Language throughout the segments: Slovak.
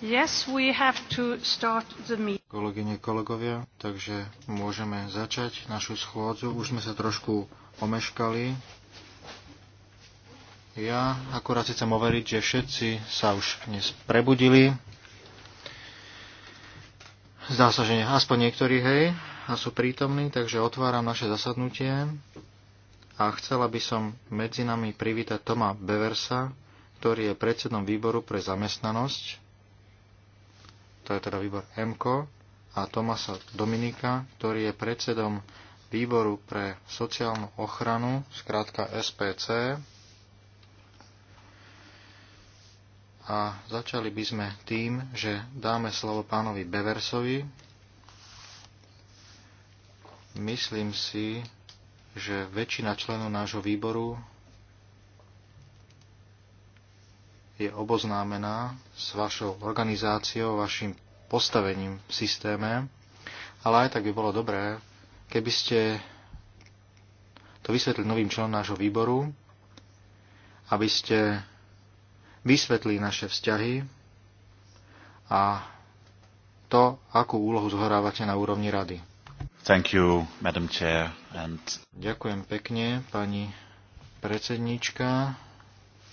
Yes, we have to start the meeting. Kolegyne, kolegovia, takže môžeme začať našu schôdzu. Už sme sa trošku omeškali. Ja akurát si chcem overiť, že všetci sa už dnes prebudili. Zdá sa, že nie, aspoň niektorí, hej, a sú prítomní, takže otváram naše zasadnutie. A chcela by som medzi nami privítať Toma Beversa, ktorý je predsedom výboru pre zamestnanosť to je teda výbor MKO, a Tomasa Dominika, ktorý je predsedom výboru pre sociálnu ochranu, zkrátka SPC. A začali by sme tým, že dáme slovo pánovi Beversovi. Myslím si, že väčšina členov nášho výboru je oboznámená s vašou organizáciou, vašim postavením v systéme, ale aj tak by bolo dobré, keby ste to vysvetlili novým členom nášho výboru, aby ste vysvetlili naše vzťahy a to, akú úlohu zohrávate na úrovni rady. Thank you, Madam Chair, and... Ďakujem pekne, pani predsednička.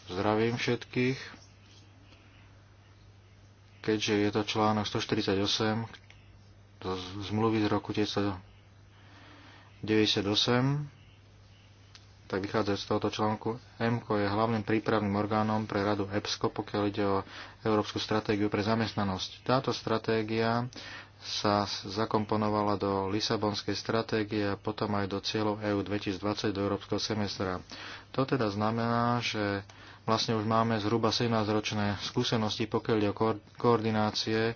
Zdravím všetkých. Keďže je to článok 148 do zmluvy z roku 1998, tak vychádza z tohoto článku. EMKO je hlavným prípravným orgánom pre radu EPSCO, pokiaľ ide o Európsku stratégiu pre zamestnanosť. Táto stratégia sa zakomponovala do Lisabonskej stratégie a potom aj do cieľov EU 2020 do Európskeho semestra. To teda znamená, že Vlastne už máme zhruba 17-ročné skúsenosti, pokiaľ ide o koordinácie e,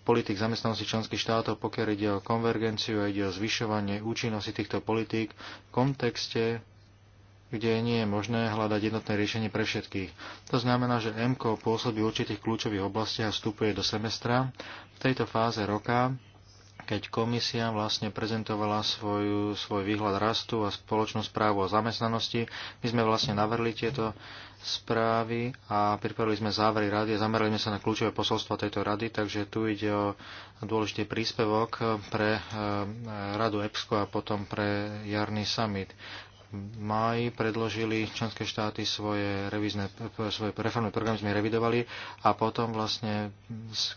politik zamestnanosti členských štátov, pokiaľ ide o konvergenciu a ide o zvyšovanie účinnosti týchto politík v kontexte kde nie je možné hľadať jednotné riešenie pre všetkých. To znamená, že MKO pôsobí v určitých kľúčových oblastiach a vstupuje do semestra. V tejto fáze roka keď komisia vlastne prezentovala svoju, svoj výhľad rastu a spoločnú správu o zamestnanosti. My sme vlastne navrli tieto správy a pripravili sme závery rady a zamerali sme sa na kľúčové posolstva tejto rady, takže tu ide o dôležitý príspevok pre eh, radu EPSCO a potom pre jarný summit máji predložili členské štáty svoje, revizné, svoje reformné programy, sme revidovali a potom vlastne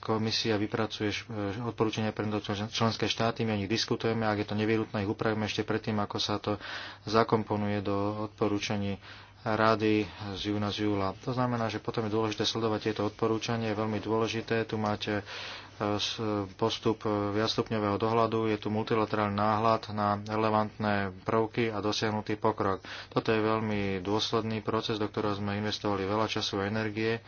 komisia vypracuje e, odporúčania pre členské štáty, my o nich diskutujeme, ak je to nevyhnutné, ich upravíme ešte predtým, ako sa to zakomponuje do odporúčaní rady z júna, z júla. To znamená, že potom je dôležité sledovať tieto odporúčanie, je veľmi dôležité, tu máte postup viacstupňového dohľadu, je tu multilaterálny náhľad na relevantné prvky a dosiahnutý pokrok. Toto je veľmi dôsledný proces, do ktorého sme investovali veľa času a energie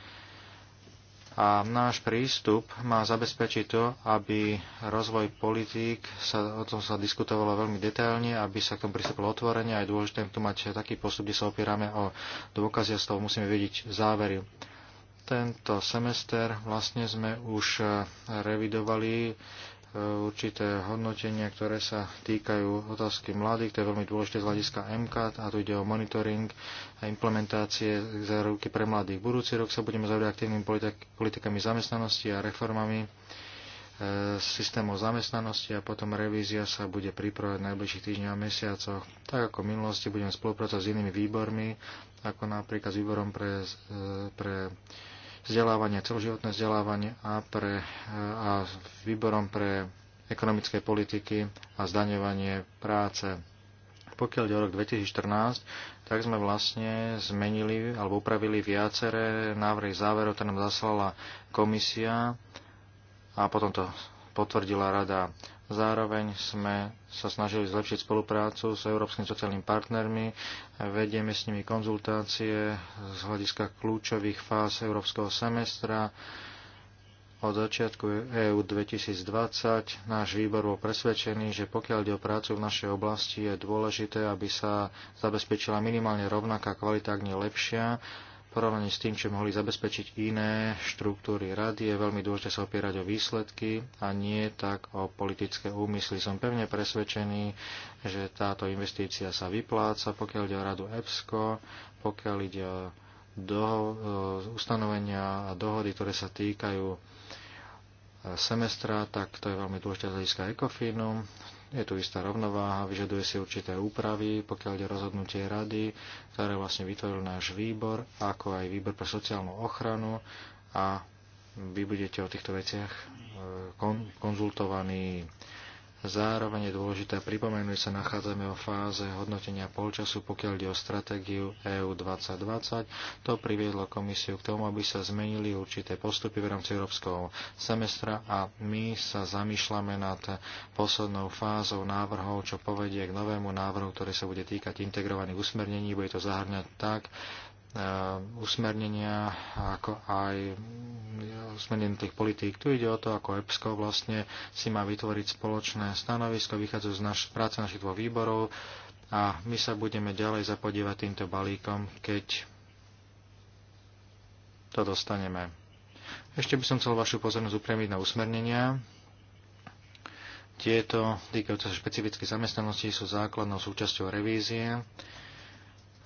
a náš prístup má zabezpečiť to, aby rozvoj politík, sa, o tom sa diskutovalo veľmi detailne, aby sa k tomu pristúpilo otvorene a je dôležité tu mať taký postup, kde sa opierame o dôkazy a z toho musíme vidieť závery tento semester vlastne sme už e, revidovali e, určité hodnotenia, ktoré sa týkajú otázky mladých, to je veľmi dôležité z hľadiska MCAT a tu ide o monitoring a implementácie záruky pre mladých. Budúci rok sa budeme zaujať aktívnymi politikami zamestnanosti a reformami e, systémov zamestnanosti a potom revízia sa bude pripravať v najbližších týždňoch a mesiacoch. Tak ako v minulosti budeme spolupracovať s inými výbormi, ako napríklad s výborom pre, pre vzdelávanie, celoživotné vzdelávanie a, pre, a výborom pre ekonomické politiky a zdaňovanie práce. Pokiaľ ide o rok 2014, tak sme vlastne zmenili alebo upravili viaceré návrhy záverov, ktoré nám zaslala komisia a potom to potvrdila rada. Zároveň sme sa snažili zlepšiť spoluprácu s európskymi sociálnymi partnermi, vedieme s nimi konzultácie z hľadiska kľúčových fáz európskeho semestra. Od začiatku EU 2020 náš výbor bol presvedčený, že pokiaľ ide o prácu v našej oblasti, je dôležité, aby sa zabezpečila minimálne rovnaká kvalita, ak nie lepšia, porovnaní s tým, čo mohli zabezpečiť iné štruktúry rady, je veľmi dôležité sa opierať o výsledky a nie tak o politické úmysly. Som pevne presvedčený, že táto investícia sa vypláca, pokiaľ ide o radu EPSCO, pokiaľ ide o doho- e, ustanovenia a dohody, ktoré sa týkajú e, semestra, tak to je veľmi dôležité z hľadiska ECOFINu je tu istá rovnováha, vyžaduje si určité úpravy, pokiaľ ide rozhodnutie rady, ktoré vlastne vytvoril náš výbor, ako aj výbor pre sociálnu ochranu a vy budete o týchto veciach e, konzultovaní Zároveň je dôležité pripomenúť sa, nachádzame o fáze hodnotenia polčasu, pokiaľ ide o stratégiu EU 2020. To priviedlo komisiu k tomu, aby sa zmenili určité postupy v rámci európskeho semestra a my sa zamýšľame nad poslednou fázou návrhov, čo povedie k novému návrhu, ktorý sa bude týkať integrovaných usmernení. Bude to zahrňať tak E, usmernenia, ako aj usmernenie tých politík. Tu ide o to, ako EPSCO vlastne si má vytvoriť spoločné stanovisko, vychádzajú z naš, práce našich dvoch výborov a my sa budeme ďalej zapodívať týmto balíkom, keď to dostaneme. Ešte by som chcel vašu pozornosť upriamiť na usmernenia. Tieto týkajúce sa špecifické zamestnanosti sú základnou súčasťou revízie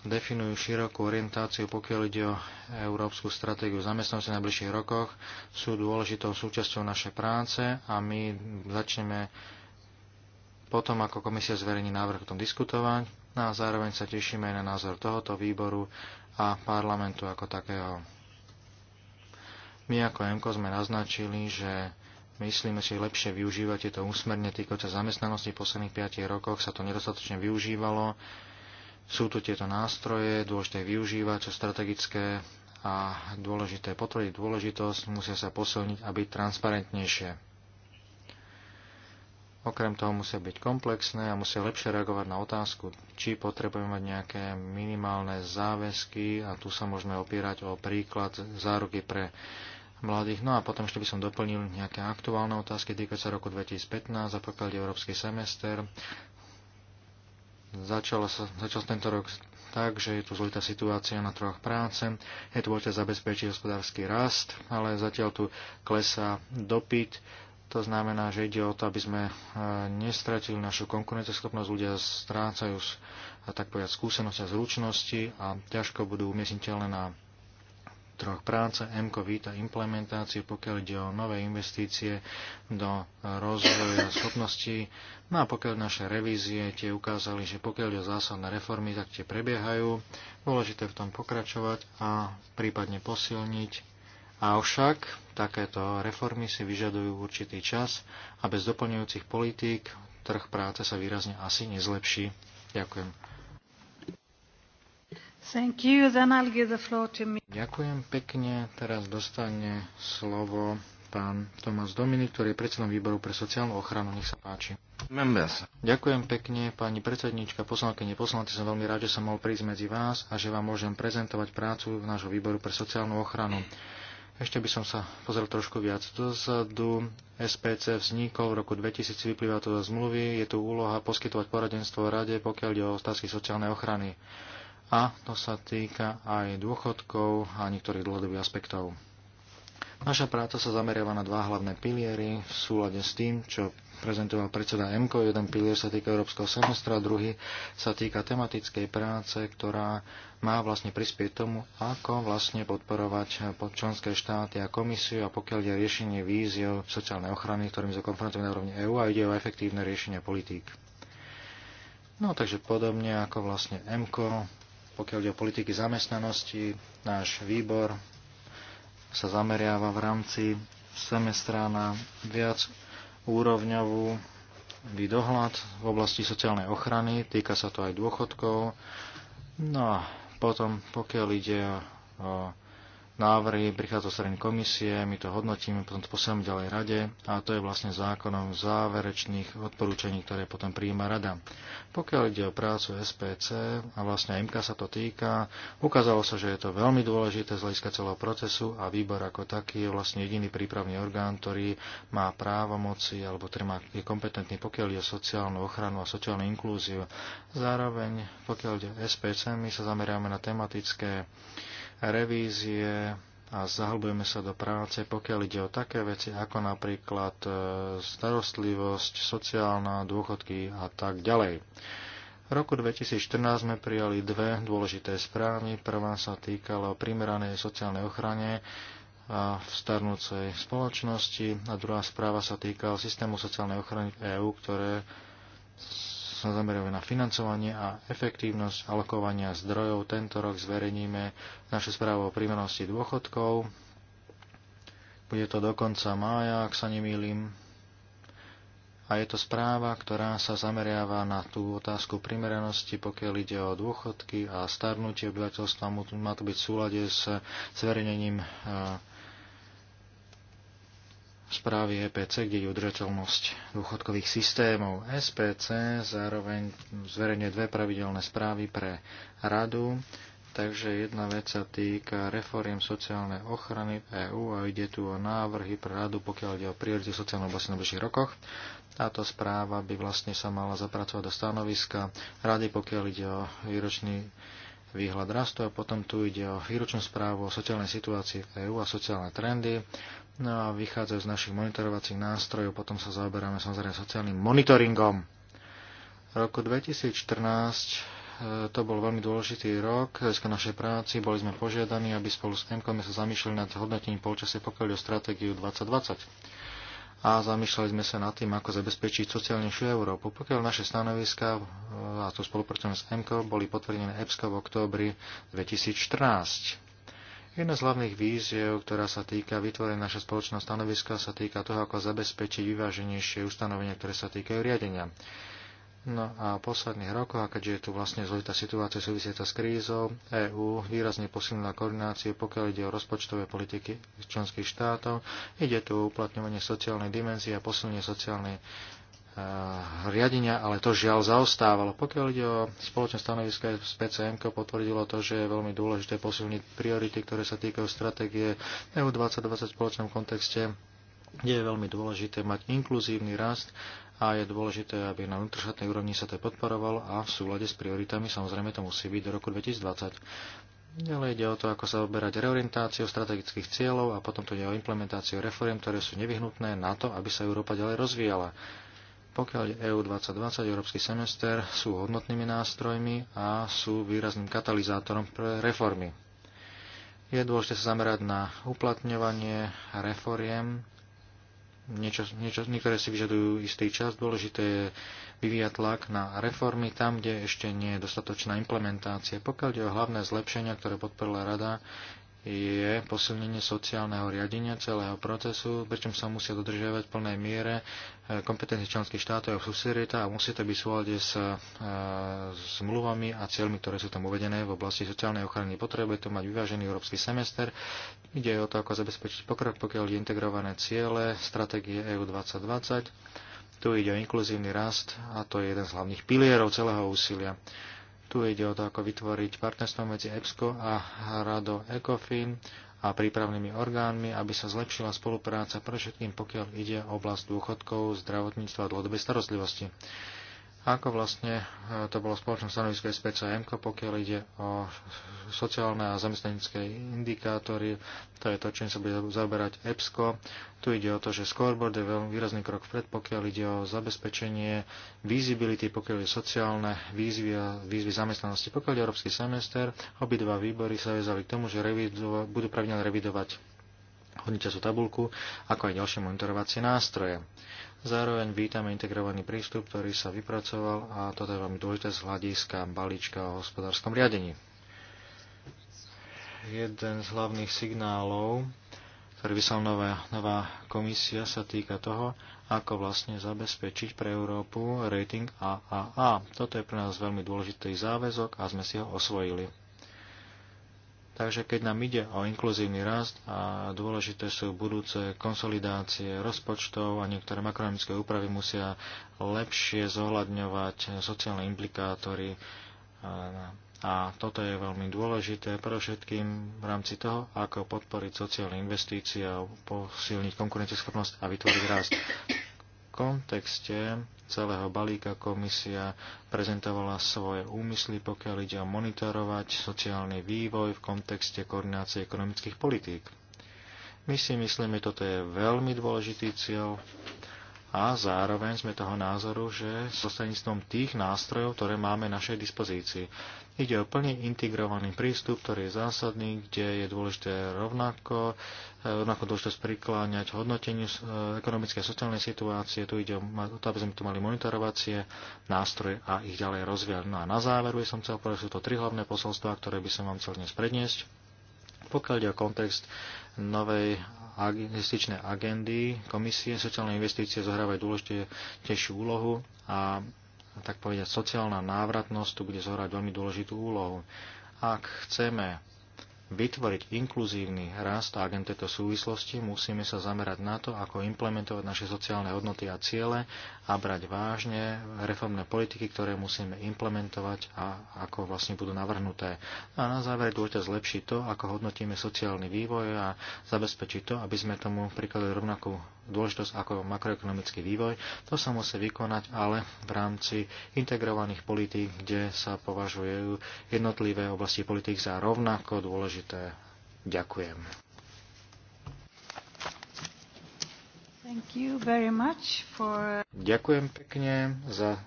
definujú širokú orientáciu, pokiaľ ide o európsku stratégiu zamestnanosti na bližších rokoch, sú dôležitou súčasťou našej práce a my začneme potom, ako komisia zverejní návrh o tom diskutovať no a zároveň sa tešíme aj na názor tohoto výboru a parlamentu ako takého. My ako EMKO sme naznačili, že Myslíme, si lepšie využívať tieto úsmerne týkajúce zamestnanosti. V posledných 5 rokoch sa to nedostatočne využívalo sú tu tieto nástroje, dôležité využívať, čo strategické a dôležité potvrdiť dôležitosť, musia sa posilniť a byť transparentnejšie. Okrem toho musia byť komplexné a musia lepšie reagovať na otázku, či potrebujeme mať nejaké minimálne záväzky a tu sa môžeme opírať o príklad záruky pre mladých. No a potom ešte by som doplnil nejaké aktuálne otázky týkajúce sa roku 2015 zapokladí európsky semester. Začal sa, začal sa tento rok tak, že je tu zložitá situácia na trhoch práce, je tu dôležité zabezpečiť hospodársky rast, ale zatiaľ tu klesá dopyt, to znamená, že ide o to, aby sme e, nestratili našu konkurenceschopnosť, ľudia strácajú tak povedať skúsenosti a zručnosti a ťažko budú umiestniteľné na troch práce MKO víta implementáciu, pokiaľ ide o nové investície do rozvoja schopností. No a pokiaľ naše revízie tie ukázali, že pokiaľ ide o zásadné reformy, tak tie prebiehajú. Dôležité v tom pokračovať a prípadne posilniť. Avšak takéto reformy si vyžadujú určitý čas a bez doplňujúcich politík trh práce sa výrazne asi nezlepší. Ďakujem. Thank you. Then I'll give the floor to me. Ďakujem pekne. Teraz dostane slovo pán Tomás Dominik, ktorý je predsedom výboru pre sociálnu ochranu. Nech sa páči. Members. Ďakujem pekne, pani predsednička, poslankyne, poslanci. Som veľmi rád, že som mohol prísť medzi vás a že vám môžem prezentovať prácu v nášho výboru pre sociálnu ochranu. Ešte by som sa pozrel trošku viac dozadu. SPC vznikol v roku 2000, vyplýva to zo zmluvy. Je tu úloha poskytovať poradenstvo rade, pokiaľ ide o otázky sociálnej ochrany a to sa týka aj dôchodkov a niektorých dlhodobých aspektov. Naša práca sa zameriava na dva hlavné piliery v súlade s tým, čo prezentoval predseda MKO. Jeden pilier sa týka európskeho semestra, druhý sa týka tematickej práce, ktorá má vlastne prispieť tomu, ako vlastne podporovať členské štáty a komisiu a pokiaľ je riešenie víziev sociálnej ochrany, ktorým sa konfrontujeme na úrovni EÚ a ide o efektívne riešenie politík. No takže podobne ako vlastne MKO, pokiaľ ide o politiky zamestnanosti, náš výbor sa zameriava v rámci semestra na viac úrovňovú dohľad v oblasti sociálnej ochrany, týka sa to aj dôchodkov. No a potom, pokiaľ ide o návrhy, prichádza strany komisie, my to hodnotíme, potom to posielame ďalej rade a to je vlastne zákonom záverečných odporúčaní, ktoré potom prijíma rada. Pokiaľ ide o prácu SPC a vlastne aj MK sa to týka, ukázalo sa, že je to veľmi dôležité z hľadiska celého procesu a výbor ako taký je vlastne jediný prípravný orgán, ktorý má právomoci alebo ktorý má, je kompetentný, pokiaľ ide o sociálnu ochranu a sociálnu inklúziu. Zároveň, pokiaľ ide o SPC, my sa zameráme na tematické revízie a zahlbujeme sa do práce, pokiaľ ide o také veci ako napríklad e, starostlivosť, sociálna, dôchodky a tak ďalej. V roku 2014 sme prijali dve dôležité správy. Prvá sa týkala primeranej sociálnej ochrane a v starnúcej spoločnosti a druhá správa sa týkala systému sociálnej ochrany EÚ, ktoré sa zamerajú na financovanie a efektívnosť alokovania zdrojov. Tento rok zverejníme našu správu o primernosti dôchodkov. Bude to do konca mája, ak sa nemýlim. A je to správa, ktorá sa zameriava na tú otázku primeranosti, pokiaľ ide o dôchodky a starnutie obyvateľstva. Má to byť v súlade s zverejnením e, správy EPC, kde je udržateľnosť dôchodkových systémov. SPC zároveň zverejne dve pravidelné správy pre radu, takže jedna vec sa týka reforiem sociálnej ochrany v EÚ a ide tu o návrhy pre radu, pokiaľ ide o prioritu sociálnej oblasti na bližších rokoch. Táto správa by vlastne sa mala zapracovať do stanoviska rady, pokiaľ ide o výročný výhľad rastu a potom tu ide o výročnú správu o sociálnej situácii v EÚ a sociálne trendy. No a vychádzajú z našich monitorovacích nástrojov, potom sa zaoberáme samozrejme sociálnym monitoringom. V roku 2014 e, to bol veľmi dôležitý rok z našej práci. Boli sme požiadaní, aby spolu s MKM sa zamýšľali nad hodnotením polčasie pokiaľ o stratégiu 2020. A zamýšľali sme sa nad tým, ako zabezpečiť sociálnejšiu Európu. Pokiaľ naše stanoviska, e, a tu spolupracujeme s MKO, boli potvrdené EPSCO v októbri 2014. Jedna z hlavných víziev, ktorá sa týka vytvorenia naše spoločného stanoviska, sa týka toho, ako zabezpečiť vyváženejšie ustanovenia, ktoré sa týkajú riadenia. No a v posledných rokoch, a keďže je tu vlastne zložitá situácia súvisiaca s krízou, EÚ výrazne posilnila koordináciu, pokiaľ ide o rozpočtové politiky členských štátov, ide tu o uplatňovanie sociálnej dimenzie a posilnenie sociálnej Eh, riadenia, ale to žiaľ zaostávalo. Pokiaľ ide o spoločné stanovisko z PCM, potvrdilo to, že je veľmi dôležité posilniť priority, ktoré sa týkajú stratégie EU 2020 v spoločnom kontexte, kde je veľmi dôležité mať inkluzívny rast a je dôležité, aby na vnútroštátnej úrovni sa to podporovalo a v súlade s prioritami samozrejme to musí byť do roku 2020. Ďalej ide o to, ako sa oberať reorientáciou strategických cieľov a potom to ide o implementáciu reforiem, ktoré sú nevyhnutné na to, aby sa Európa ďalej rozvíjala. Pokiaľ EU e 2020, Európsky semester sú hodnotnými nástrojmi a sú výrazným katalizátorom pre reformy. Je dôležité sa zamerať na uplatňovanie reforiem. Niečo, niečo, niektoré si vyžadujú istý čas. Dôležité je vyvíjať tlak na reformy tam, kde ešte nie je dostatočná implementácia. Pokiaľ ide o hlavné zlepšenia, ktoré podporila Rada, je posilnenie sociálneho riadenia celého procesu, pričom sa musia dodržiavať v plnej miere e, kompetencie členských štátov a subsidiarita a musí to byť v e, s zmluvami a cieľmi, ktoré sú tam uvedené v oblasti sociálnej ochrany. Potrebuje to mať vyvážený európsky semester. Ide o to, ako zabezpečiť pokrok, pokiaľ je integrované ciele, stratégie EU 2020. Tu ide o inkluzívny rast a to je jeden z hlavných pilierov celého úsilia. Tu ide o to, ako vytvoriť partnerstvo medzi EBSCO a Rado ECOFIN a prípravnými orgánmi, aby sa zlepšila spolupráca pre všetkým, pokiaľ ide o oblasť dôchodkov, zdravotníctva a dlhodobej starostlivosti. Ako vlastne e, to bolo spoločné stanovisko SPC SPCM, pokiaľ ide o sociálne a zamestnanické indikátory, to je to, čím sa bude zaberať EPSCO. Tu ide o to, že scoreboard je veľmi výrazný krok vpred, pokiaľ ide o zabezpečenie visibility, pokiaľ je sociálne výzvy a výzvy zamestnanosti. Pokiaľ je európsky semester, obidva výbory sa vezali k tomu, že revidova, budú pravidelne revidovať sú tabulku, ako aj ďalšie monitorovacie nástroje. Zároveň vítame integrovaný prístup, ktorý sa vypracoval a toto je veľmi dôležité z hľadiska balíčka o hospodárskom riadení. Jeden z hlavných signálov, ktorý vyslal nová, nová komisia, sa týka toho, ako vlastne zabezpečiť pre Európu rating AAA. Toto je pre nás veľmi dôležitý záväzok a sme si ho osvojili. Takže keď nám ide o inkluzívny rast a dôležité sú budúce konsolidácie rozpočtov a niektoré makronomické úpravy musia lepšie zohľadňovať sociálne implikátory a toto je veľmi dôležité pre všetkým v rámci toho, ako podporiť sociálne investície a posilniť konkurenceschopnosť a vytvoriť rast kontexte celého balíka komisia prezentovala svoje úmysly, pokiaľ ide o monitorovať sociálny vývoj v kontexte koordinácie ekonomických politík. My si myslíme, že toto je veľmi dôležitý cieľ a zároveň sme toho názoru, že s tých nástrojov, ktoré máme našej dispozícii, Ide o plne integrovaný prístup, ktorý je zásadný, kde je dôležité rovnako, e, rovnako dôležité prikláňať hodnoteniu e, ekonomickej a sociálnej situácie. Tu ide o to, aby sme tu mali monitorovacie nástroje a ich ďalej rozviať. No a na záveru som chcel povedať, sú to tri hlavné posolstvá, ktoré by som vám chcel dnes predniesť. Pokiaľ ide o kontext novej investičnej agendy komisie, sociálne investície zohrávajú dôležitejšiu úlohu a tak povedať, sociálna návratnosť tu bude zohrať veľmi dôležitú úlohu. Ak chceme vytvoriť inkluzívny rast a agent tejto súvislosti, musíme sa zamerať na to, ako implementovať naše sociálne hodnoty a ciele a brať vážne reformné politiky, ktoré musíme implementovať a ako vlastne budú navrhnuté. A na záver dôležité zlepšiť to, ako hodnotíme sociálny vývoj a zabezpečiť to, aby sme tomu prikladali rovnakú dôležitosť ako makroekonomický vývoj. To sa musí vykonať ale v rámci integrovaných politík, kde sa považujú jednotlivé oblasti politík za rovnako dôležité. Ďakujem. Thank you very much for... Ďakujem pekne za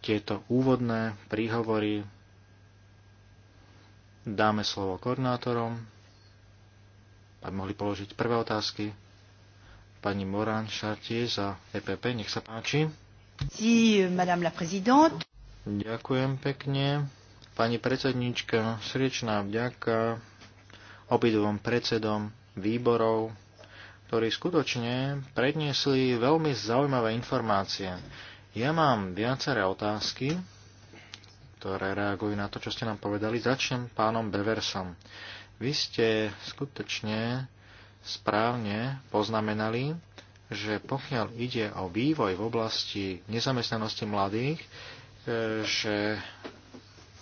tieto úvodné príhovory. Dáme slovo koordinátorom aby mohli položiť prvé otázky. Pani Morán Šartie za EPP, nech sa páči. Si, madame la présidente. Ďakujem pekne. Pani predsednička, srdečná vďaka obidvom predsedom výborov, ktorí skutočne predniesli veľmi zaujímavé informácie. Ja mám viaceré otázky, ktoré reagujú na to, čo ste nám povedali. Začnem pánom Beversom. Vy ste skutočne správne poznamenali, že pokiaľ ide o vývoj v oblasti nezamestnanosti mladých, e, že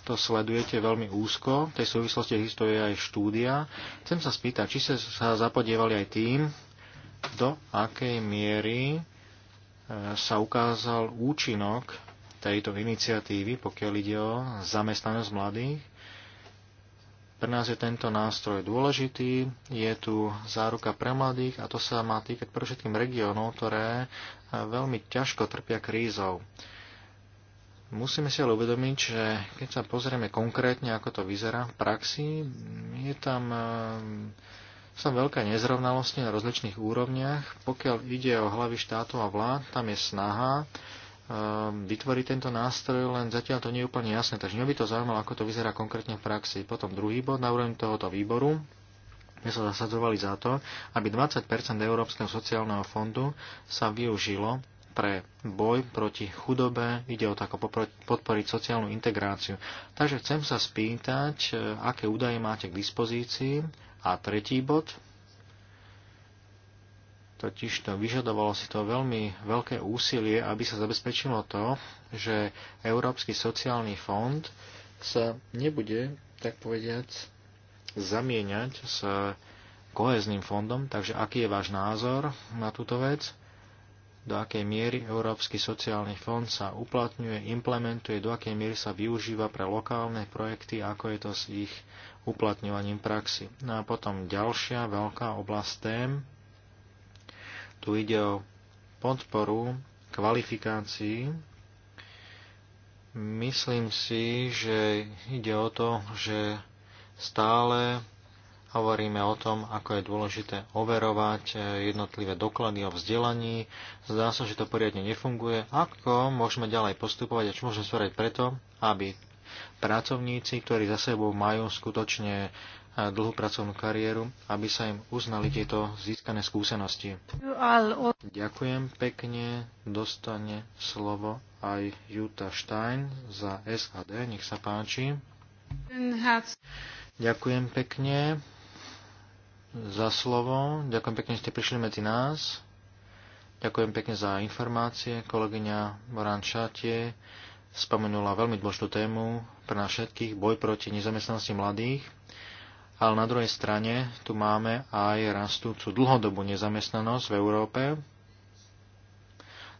to sledujete veľmi úzko. V tej súvislosti existuje aj štúdia. Chcem sa spýtať, či ste sa zapodievali aj tým, do akej miery e, sa ukázal účinok tejto iniciatívy, pokiaľ ide o zamestnanosť mladých pre nás je tento nástroj dôležitý, je tu záruka pre mladých a to sa má týkať pre všetkým regiónov, ktoré eh, veľmi ťažko trpia krízou. Musíme si ale uvedomiť, že keď sa pozrieme konkrétne, ako to vyzerá v praxi, je tam, eh, sú tam veľké nezrovnalosti na rozličných úrovniach. Pokiaľ ide o hlavy štátov a vlád, tam je snaha Ehm, vytvoriť tento nástroj, len zatiaľ to nie je úplne jasné, takže mňa by to zaujímalo, ako to vyzerá konkrétne v praxi. Potom druhý bod na úrovni tohoto výboru. My sa zasadzovali za to, aby 20 Európskeho sociálneho fondu sa využilo pre boj proti chudobe, ide o to, ako podporiť sociálnu integráciu. Takže chcem sa spýtať, e, aké údaje máte k dispozícii. A tretí bod, Totiž to vyžadovalo si to veľmi veľké úsilie, aby sa zabezpečilo to, že Európsky sociálny fond sa nebude, tak povediac, zamieňať s kohezným fondom. Takže aký je váš názor na túto vec? Do akej miery Európsky sociálny fond sa uplatňuje, implementuje, do akej miery sa využíva pre lokálne projekty, ako je to s ich uplatňovaním praxi. No a potom ďalšia veľká oblasť tém, tu ide o podporu kvalifikácií. Myslím si, že ide o to, že stále hovoríme o tom, ako je dôležité overovať jednotlivé doklady o vzdelaní. Zdá sa, že to poriadne nefunguje. Ako môžeme ďalej postupovať a čo môžeme spraviť preto, aby pracovníci, ktorí za sebou majú skutočne dlhú pracovnú kariéru, aby sa im uznali tieto získané skúsenosti. Ďakujem pekne, dostane slovo aj Jutta Stein za SAD, nech sa páči. Ďakujem pekne za slovo, ďakujem pekne, že ste prišli medzi nás. Ďakujem pekne za informácie. Kolegyňa Moran Šatie spomenula veľmi dôležitú tému pre nás všetkých, boj proti nezamestnanosti mladých ale na druhej strane tu máme aj rastúcu dlhodobú nezamestnanosť v Európe.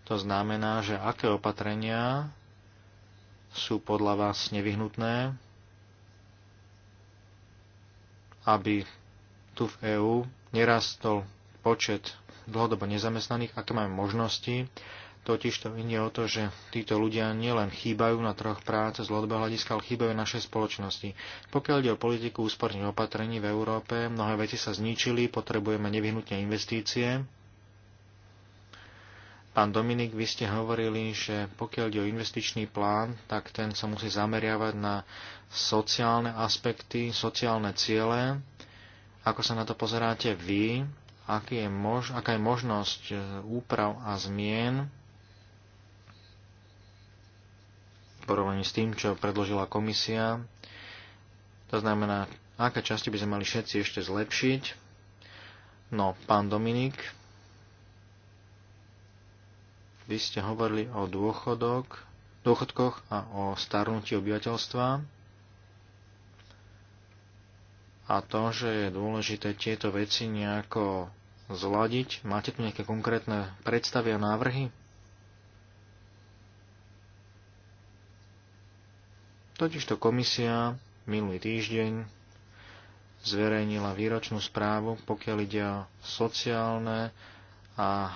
To znamená, že aké opatrenia sú podľa vás nevyhnutné, aby tu v EÚ nerastol počet dlhodobo nezamestnaných, aké máme možnosti, Totiž to ide o to, že títo ľudia nielen chýbajú na troch práce z dlhodobého hľadiska, ale chýbajú našej spoločnosti. Pokiaľ ide o politiku úsporných opatrení v Európe, mnohé veci sa zničili, potrebujeme nevyhnutne investície. Pán Dominik, vy ste hovorili, že pokiaľ ide o investičný plán, tak ten sa musí zameriavať na sociálne aspekty, sociálne ciele. Ako sa na to pozeráte vy? Aký je mož, aká je možnosť e, úprav a zmien porovnaní s tým, čo predložila komisia. To znamená, aké časti by sme mali všetci ešte zlepšiť. No, pán Dominik, vy ste hovorili o dôchodok, dôchodkoch a o starnutí obyvateľstva a to, že je dôležité tieto veci nejako zladiť. Máte tu nejaké konkrétne predstavy a návrhy? Totižto komisia minulý týždeň zverejnila výročnú správu, pokiaľ ide o sociálne a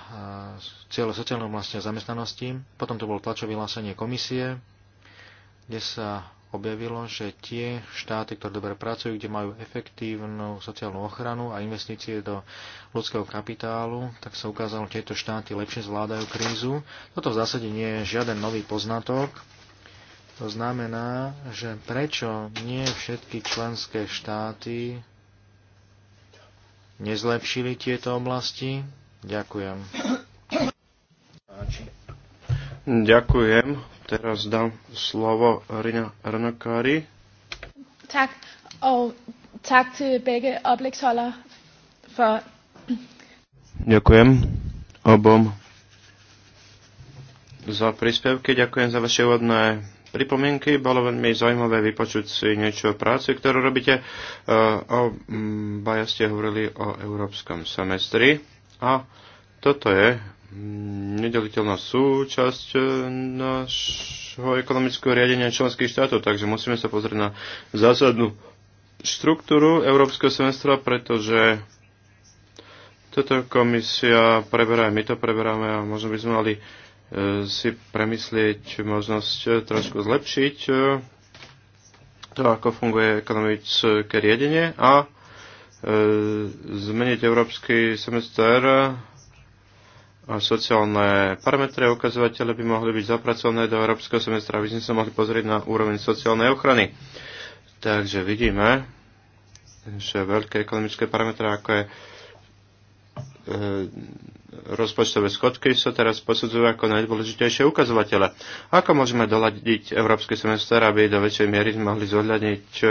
cieľe sociálnej oblasti a zamestnanosti. Potom to bolo tlačové vyhlásenie komisie, kde sa objavilo, že tie štáty, ktoré dobre pracujú, kde majú efektívnu sociálnu ochranu a investície do ľudského kapitálu, tak sa ukázalo, že tieto štáty lepšie zvládajú krízu. Toto v zásade nie je žiaden nový poznatok. To znamená, že prečo nie všetky členské štáty nezlepšili tieto oblasti? Ďakujem. Ďakujem. Teraz dám slovo Rina Ranakári. Tak, og tak til begge oplægsholdere for... Ďakujem obom za príspevky, ďakujem za vaše úvodné pripomienky. Bolo veľmi zaujímavé vypočuť si niečo o práci, ktorú robíte. E, o, mm, baja ste hovorili o európskom semestri a toto je nedeliteľná súčasť e, nášho ekonomického riadenia členských štátov, takže musíme sa pozrieť na zásadnú štruktúru európskeho semestra, pretože toto komisia preberá, my to preberáme a možno by sme mali uh, E, si premyslieť možnosť e, trošku zlepšiť e, to, ako funguje ekonomické riadenie a zmeniť európsky semester a sociálne parametre a ukazovatele by mohli byť zapracované do európskeho semestra, aby sme sa mohli pozrieť na úroveň sociálnej ochrany. Takže vidíme, že veľké ekonomické parametre, ako je rozpočtové schodky sa teraz posudzujú ako najdôležitejšie ukazovatele. Ako môžeme doladiť európsky semester, aby do väčšej miery mohli zohľadniť e,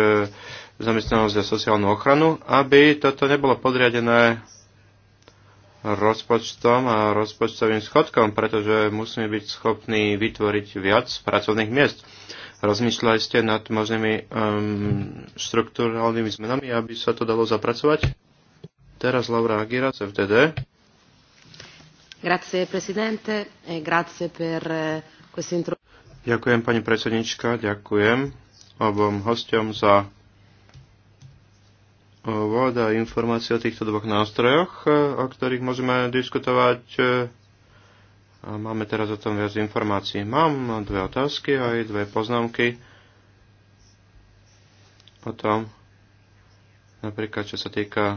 zamestnanosť a sociálnu ochranu, aby toto nebolo podriadené rozpočtom a rozpočtovým schodkom, pretože musíme byť schopní vytvoriť viac pracovných miest. Rozmýšľali ste nad možnými um, štruktúrálnymi zmenami, aby sa to dalo zapracovať? Teraz Laura Agira z FTD. E eh, ďakujem pani predsednička, ďakujem obom hostom za úvod a informácie o týchto dvoch nástrojoch, eh, o ktorých môžeme diskutovať. Eh, a máme teraz o tom viac informácií. Mám dve otázky a aj dve poznámky o tom, napríklad čo sa týka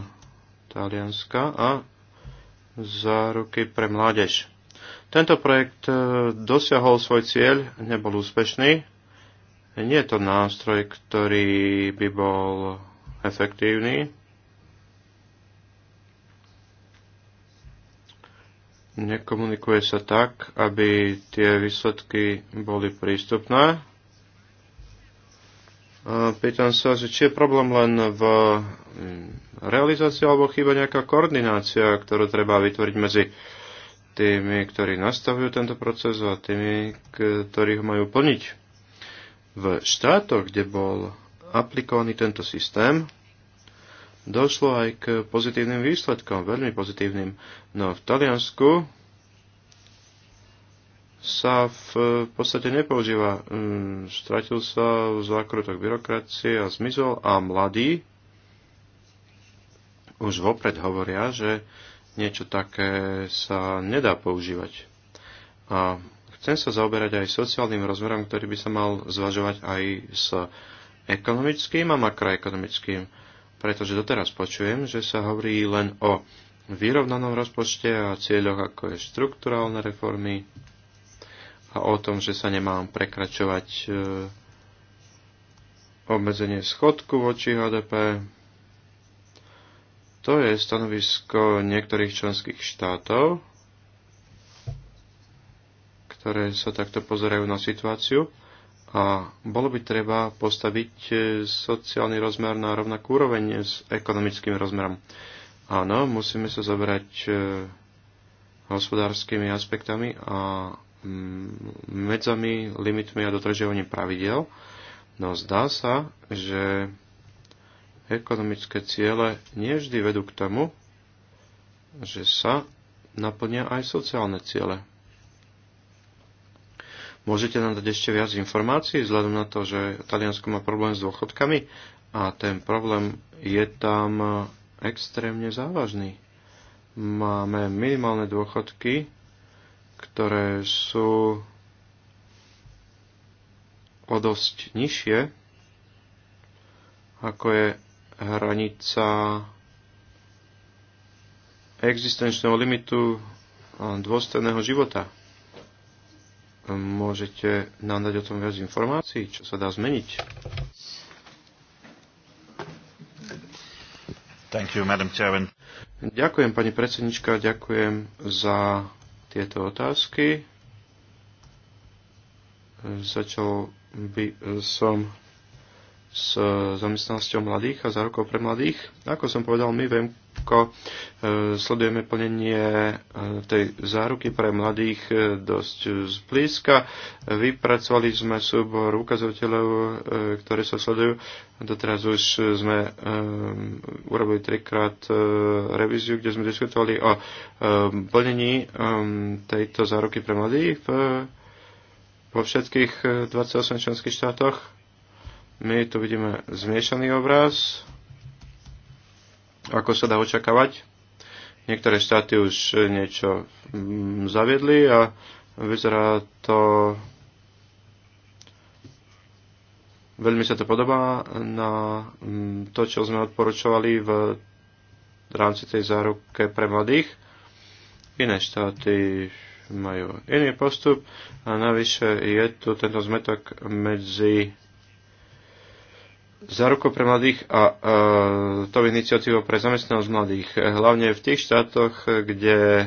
Talianska a záruky pre mládež. Tento projekt e, dosiahol svoj cieľ, nebol úspešný. Nie je to nástroj, ktorý by bol efektívny. Nekomunikuje sa tak, aby tie výsledky boli prístupné pýtam sa, že či je problém len v mm, realizácii alebo chyba nejaká koordinácia, ktorú treba vytvoriť medzi tými, ktorí nastavujú tento proces a tými, ktorí ho majú plniť. V štátoch, kde bol aplikovaný tento systém, došlo aj k pozitívnym výsledkom, veľmi pozitívnym. No v Taliansku sa v podstate nepoužíva. Mm, stratil sa v zákrutok byrokracie a zmizol a mladí už vopred hovoria, že niečo také sa nedá používať. A chcem sa zaoberať aj sociálnym rozmerom, ktorý by sa mal zvažovať aj s ekonomickým a makroekonomickým, pretože doteraz počujem, že sa hovorí len o vyrovnanom rozpočte a cieľoch ako je štrukturálne reformy, a o tom, že sa nemám prekračovať e, obmedzenie schodku voči HDP. To je stanovisko niektorých členských štátov, ktoré sa takto pozerajú na situáciu a bolo by treba postaviť e, sociálny rozmer na rovnakú úroveň s ekonomickým rozmerom. Áno, musíme sa zobrať e, hospodárskymi aspektami a medzami, limitmi a dodržiavaním pravidel. No zdá sa, že ekonomické ciele nie vždy vedú k tomu, že sa naplnia aj sociálne ciele. Môžete nám dať ešte viac informácií vzhľadom na to, že Taliansko má problém s dôchodkami a ten problém je tam extrémne závažný. Máme minimálne dôchodky, ktoré sú o dosť nižšie, ako je hranica existenčného limitu dôstojného života. Môžete nám dať o tom viac informácií, čo sa dá zmeniť. Thank you, Madam Chairman. Ďakujem, pani predsednička, ďakujem za tieto otázky. Začal by eh, som s zamestnanosťou mladých a zárokov pre mladých. Ako som povedal, my v ako e, sledujeme plnenie e, tej záruky pre mladých e, dosť zblízka. Vypracovali sme súbor ukazovateľov, ktoré sa sledujú. Doteraz už sme urobili trikrát revíziu, kde sme diskutovali o plnení tejto záruky pre mladých vo všetkých 28 členských štátoch. My tu vidíme zmiešaný obraz ako sa dá očakávať. Niektoré štáty už niečo mm, zaviedli a vyzerá to veľmi sa to podobá na mm, to, čo sme odporučovali v rámci tej záruke pre mladých. Iné štáty majú iný postup a navyše je tu tento zmetok medzi za ruku pre mladých a e, to iniciatívou pre zamestnanosť mladých, hlavne v tých štátoch, kde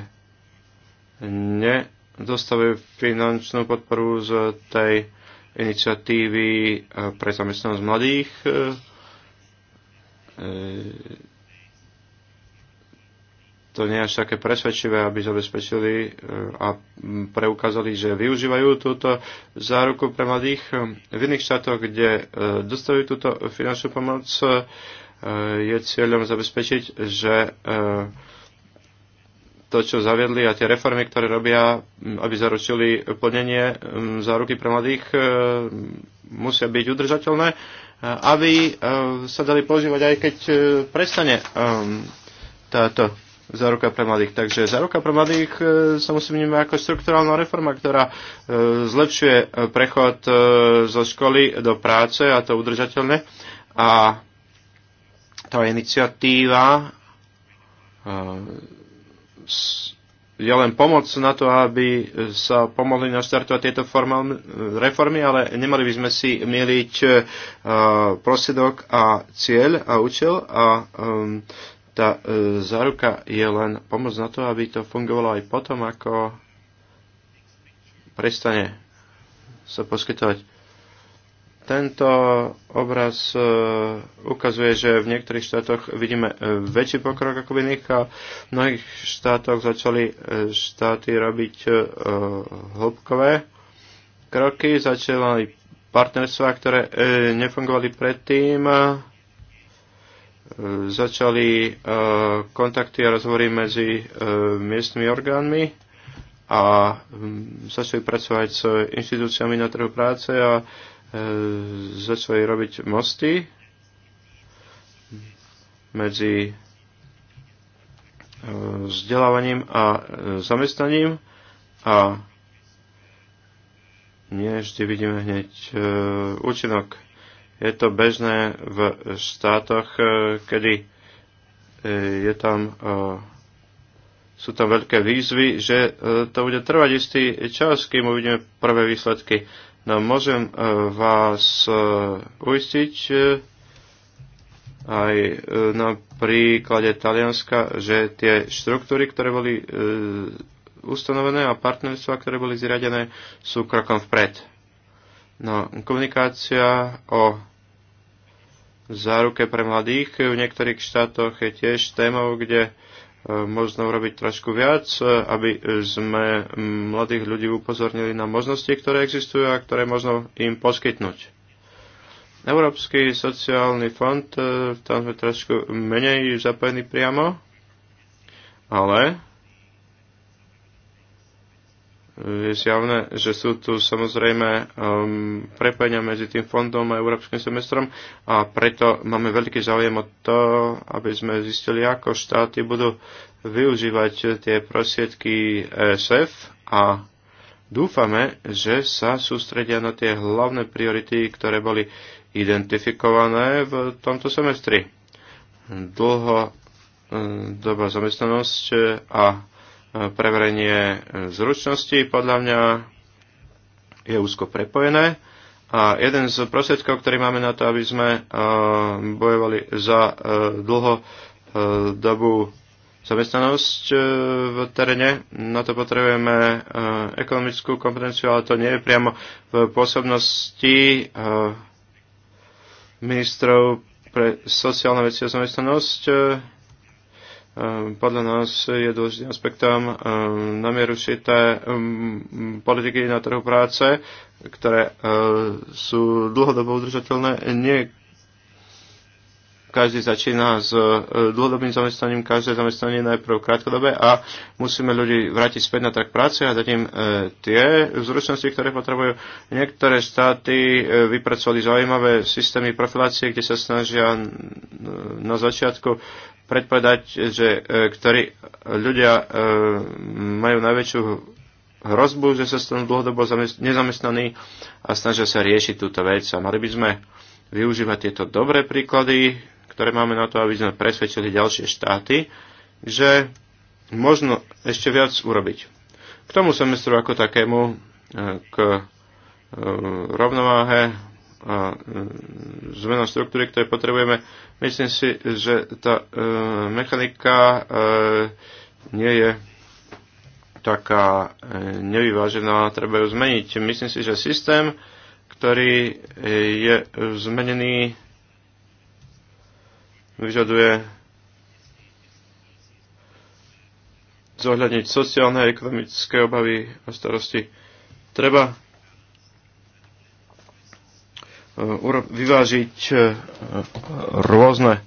nedostávajú finančnú podporu z tej iniciatívy e, pre zamestnanosť mladých. E, to nie je až také presvedčivé, aby zabezpečili e, a preukázali, že využívajú túto záruku pre mladých. V iných štátoch, kde e, dostávajú túto finančnú pomoc, e, je cieľom zabezpečiť, že to, čo zaviedli a tie reformy, ktoré robia, aby zaručili plnenie záruky pre mladých, musia byť udržateľné, aby sa dali používať aj keď prestane táto záruka pre mladých. Takže záruka pre mladých e, sa musí vnímať ako strukturálna reforma, ktorá e, zlepšuje e, prechod zo školy do práce a to udržateľne. A tá iniciatíva je len pomoc na to, aby sa pomohli naštartovať tieto formálne reformy, ale nemali by sme si mieliť prosedok a cieľ a účel a tá e, záruka je len pomoc na to, aby to fungovalo aj potom, ako prestane sa poskytovať. Tento obraz e, ukazuje, že v niektorých štátoch vidíme e, väčší pokrok ako v iných a v mnohých štátoch začali e, štáty robiť e, hĺbkové kroky, začali partnerstva, ktoré e, nefungovali predtým. E, E, začali e, kontakty a rozhovory medzi e, miestnymi orgánmi a začali pracovať s inštitúciami na trhu práce a začali robiť mosty medzi vzdelávaním a zamestnaním a nie vždy vidíme hneď účinok. Je to bežné v štátoch, e, kedy e, je tam, e, sú tam veľké výzvy, že to bude trvať istý čas, kým uvidíme prvé výsledky. No môžem vás uistiť aj na príklade Talianska, že tie štruktúry, ktoré boli ustanovené a partnerstva, ktoré boli zriadené, sú krokom vpred. No, komunikácia o záruke pre mladých. V niektorých štátoch je tiež témou, kde e, možno urobiť trošku viac, e, aby sme mladých ľudí upozornili na možnosti, ktoré existujú a ktoré možno im poskytnúť. Európsky sociálny fond, e, tam sme trošku menej zapojení priamo, ale je zjavné, že sú tu samozrejme um, prepojenia medzi tým fondom a európskym semestrom a preto máme veľký záujem o to, aby sme zistili, ako štáty budú využívať tie prosiedky ESF a dúfame, že sa sústredia na tie hlavné priority, ktoré boli identifikované v tomto semestri. Dlho um, doba zamestnanosť a preverenie e, zručnosti podľa mňa je úzko prepojené. A jeden z prostriedkov, ktorý máme na to, aby sme e, bojovali za e, dlho dobu zamestnanosť v teréne. Na to potrebujeme ekonomickú kompetenciu, ale to nie je priamo v pôsobnosti ministrov pre sociálne veci a zamestnanosť Ehm, podľa nás je dôležitým aspektom ehm, namieru ehm, politiky na trhu práce, ktoré sú dlhodobo udržateľné. Nie každý začína s dlhodobým zamestnaním, každé zamestnanie najprv krátkodobé a musíme ľudí vrátiť späť na trh práce a dať im tie zručnosti, ktoré potrebujú. Niektoré štáty vypracovali zaujímavé systémy profilácie, kde sa snažia na začiatku predpovedať, že e, ktorí ľudia e, majú najväčšiu hrozbu, že sa stanú dlhodobo nezamestnaní a snažia sa riešiť túto vec. A mali by sme využívať tieto dobré príklady, ktoré máme na to, aby sme presvedčili ďalšie štáty, že možno ešte viac urobiť. K tomu semestru ako takému, e, k rovnováhe a e, zmena štruktúry, ktoré potrebujeme. Myslím si, že tá e, mechanika e, nie je taká nevyvážená, treba ju zmeniť. Myslím si, že systém, ktorý je zmenený, vyžaduje zohľadniť sociálne a ekonomické obavy a starosti. Treba Eh, vyvážiť eh, rôzne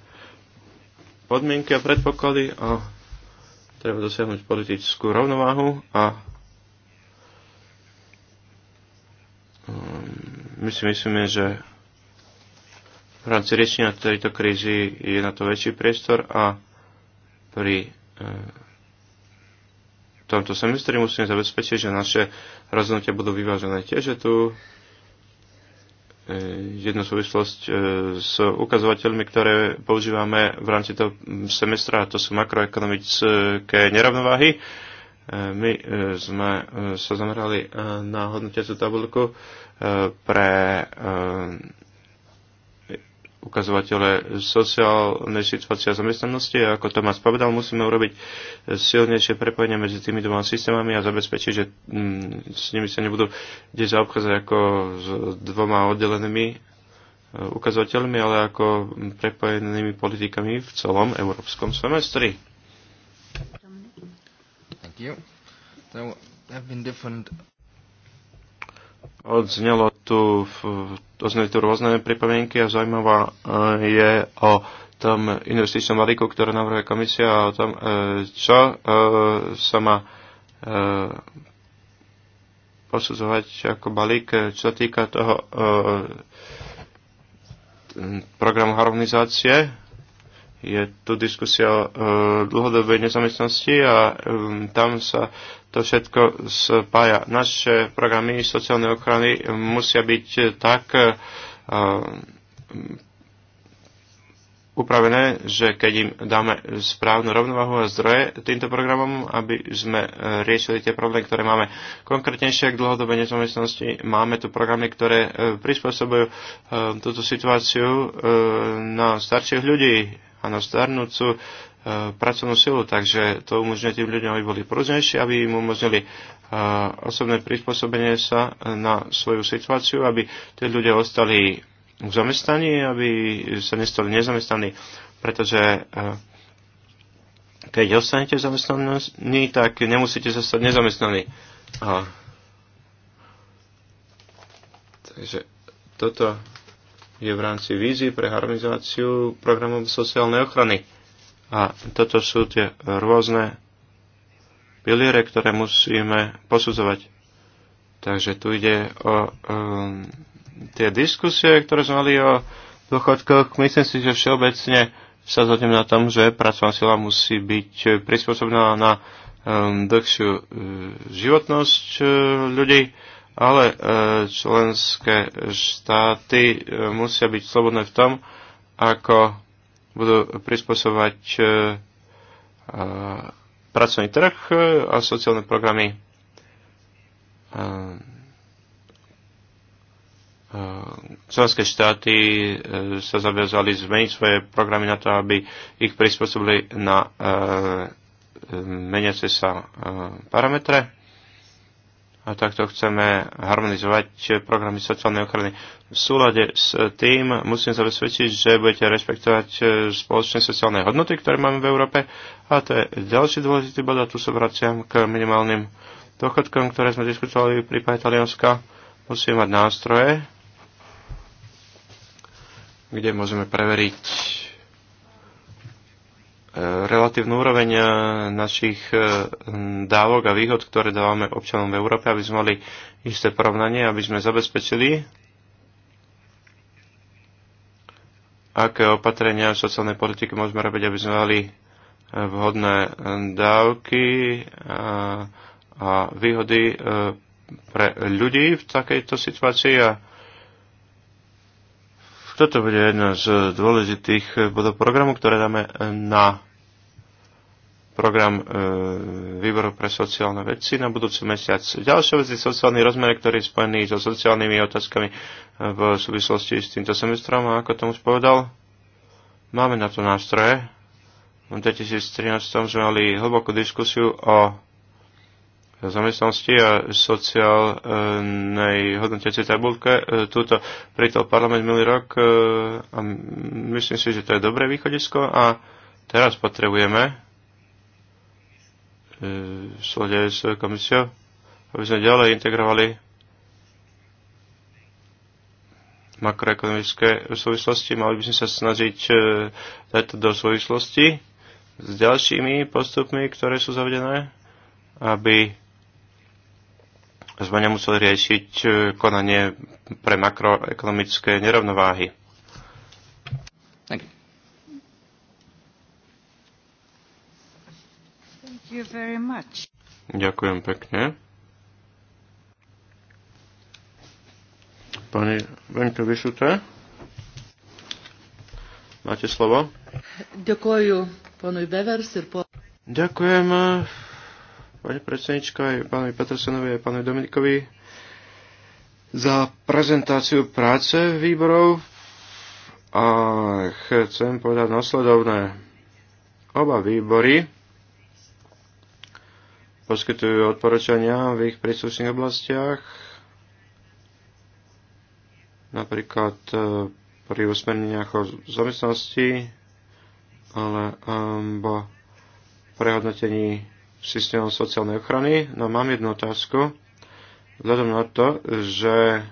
podmienky a predpoklady a treba dosiahnuť politickú rovnováhu a ehm, my si myslíme, že v rámci riešenia tejto krízy je na to väčší priestor a pri eh, tomto semestri musíme zabezpečiť, že naše rozhodnutia budú vyvážené. Tiež že tu Eh, jednu súvislosť eh, s ukazovateľmi, ktoré používame v rámci toho semestra, a to sú makroekonomické nerovnováhy. Eh, my sme sa zamerali na hodnotiacu tabulku pre ukazovatele sociálnej situácie a zamestnanosti. A ako Tomás povedal, musíme urobiť silnejšie prepojenie medzi tými dvoma systémami a zabezpečiť, že mm, s nimi sa nebudú kde zaobchádzať ako s dvoma oddelenými e, ukazovateľmi, ale ako prepojenými politikami v celom európskom semestri. Thank you. So, there have been different odznelo tu, odzneli tu rôzne pripomienky a zaujímavá eh, je o tom investičnom balíku, ktoré navrhuje komisia a o tom, eh, čo eh, sa má posudzovať ako balík, čo sa týka toho programu harmonizácie. Je tu diskusia o dlhodobej nezamestnosti a tam sa to všetko spája. Naše programy sociálnej ochrany musia byť tak eh, upravené, že keď im dáme správnu rovnovahu a zdroje týmto programom, aby sme eh, riešili tie problémy, ktoré máme. Konkrétnejšie k dlhodobej nezamestnanosti máme tu programy, ktoré eh, prispôsobujú túto situáciu na starších ľudí a na starnúcu Eh, pracovnú silu, takže to umožňuje tým ľuďom, aby boli prúznejší, aby im umožnili eh, osobné prispôsobenie sa na svoju situáciu, aby tí ľudia ostali v zamestnaní, aby sa nestali nezamestnaní, pretože eh, keď ostanete zamestnaní, tak nemusíte sa stať nezamestnaní. A... Takže toto je v rámci vízie pre harmonizáciu programov sociálnej ochrany. A toto sú tie rôzne piliere, ktoré musíme posudzovať. Takže tu ide o um, tie diskusie, ktoré sme mali o dôchodkoch. Myslím si, že všeobecne sa zhodnem na tom, že pracovná sila musí byť prispôsobená na um, dlhšiu uh, životnosť uh, ľudí, ale uh, členské štáty uh, musia byť slobodné v tom, ako budú prispôsobovať e, e, pracovný trh e, a sociálne programy členské štáty sa zaviazali zmeniť svoje programy na to, aby ich prispôsobili na meniace sa parametre a takto chceme harmonizovať programy sociálnej ochrany. V súlade s tým musím zabezpečiť, že budete rešpektovať e, spoločné sociálne hodnoty, ktoré máme v Európe. A to je ďalší dôležitý bod a tu sa vraciam k minimálnym dôchodkom, ktoré sme diskutovali v prípade Talianska. Musíme mať nástroje, kde môžeme preveriť relatívnu úroveň eh, našich eh, dávok a výhod, ktoré dávame občanom v Európe, aby sme mali isté porovnanie, aby sme zabezpečili, aké opatrenia v sociálnej politike môžeme robiť, aby sme mali eh, vhodné dávky a, a výhody pre ľudí v takejto situácii a toto bude jedna z dôležitých bodov programu, ktoré dáme na program e, výboru pre sociálne veci na budúci mesiac. Ďalšia vec je sociálny rozmer, ktorý je spojený so sociálnymi otázkami e, v súvislosti s týmto semestrom. A ako tomu spovedal, máme na to nástroje. V 2013 sme mali hlbokú diskusiu o zamestnanosti a sociálnej hodnotiacej tabulke. E, Tuto prital parlament minulý rok e, a myslím si, že to je dobré východisko a teraz potrebujeme e, v slode s komisiou, aby sme ďalej integrovali makroekonomické súvislosti. Mali by sme sa snažiť dať to do súvislosti s ďalšími postupmi, ktoré sú zavedené, aby sme nemuseli riešiť e, konanie pre makroekonomické nerovnováhy. Ďakujem pekne. Pani Venka Vysuté, máte slovo. Ďakujem, pánu Bevers. Ďakujem pani predsednička, aj pánovi Petersonovi, aj pánovi Dominikovi za prezentáciu práce výborov a chcem povedať nasledovné. Oba výbory poskytujú odporúčania v ich príslušných oblastiach, napríklad e, pri usmerneniach o zamestnanosti, ale e, alebo prehodnotení systémom sociálnej ochrany. No mám jednu otázku. Vzhľadom na to, že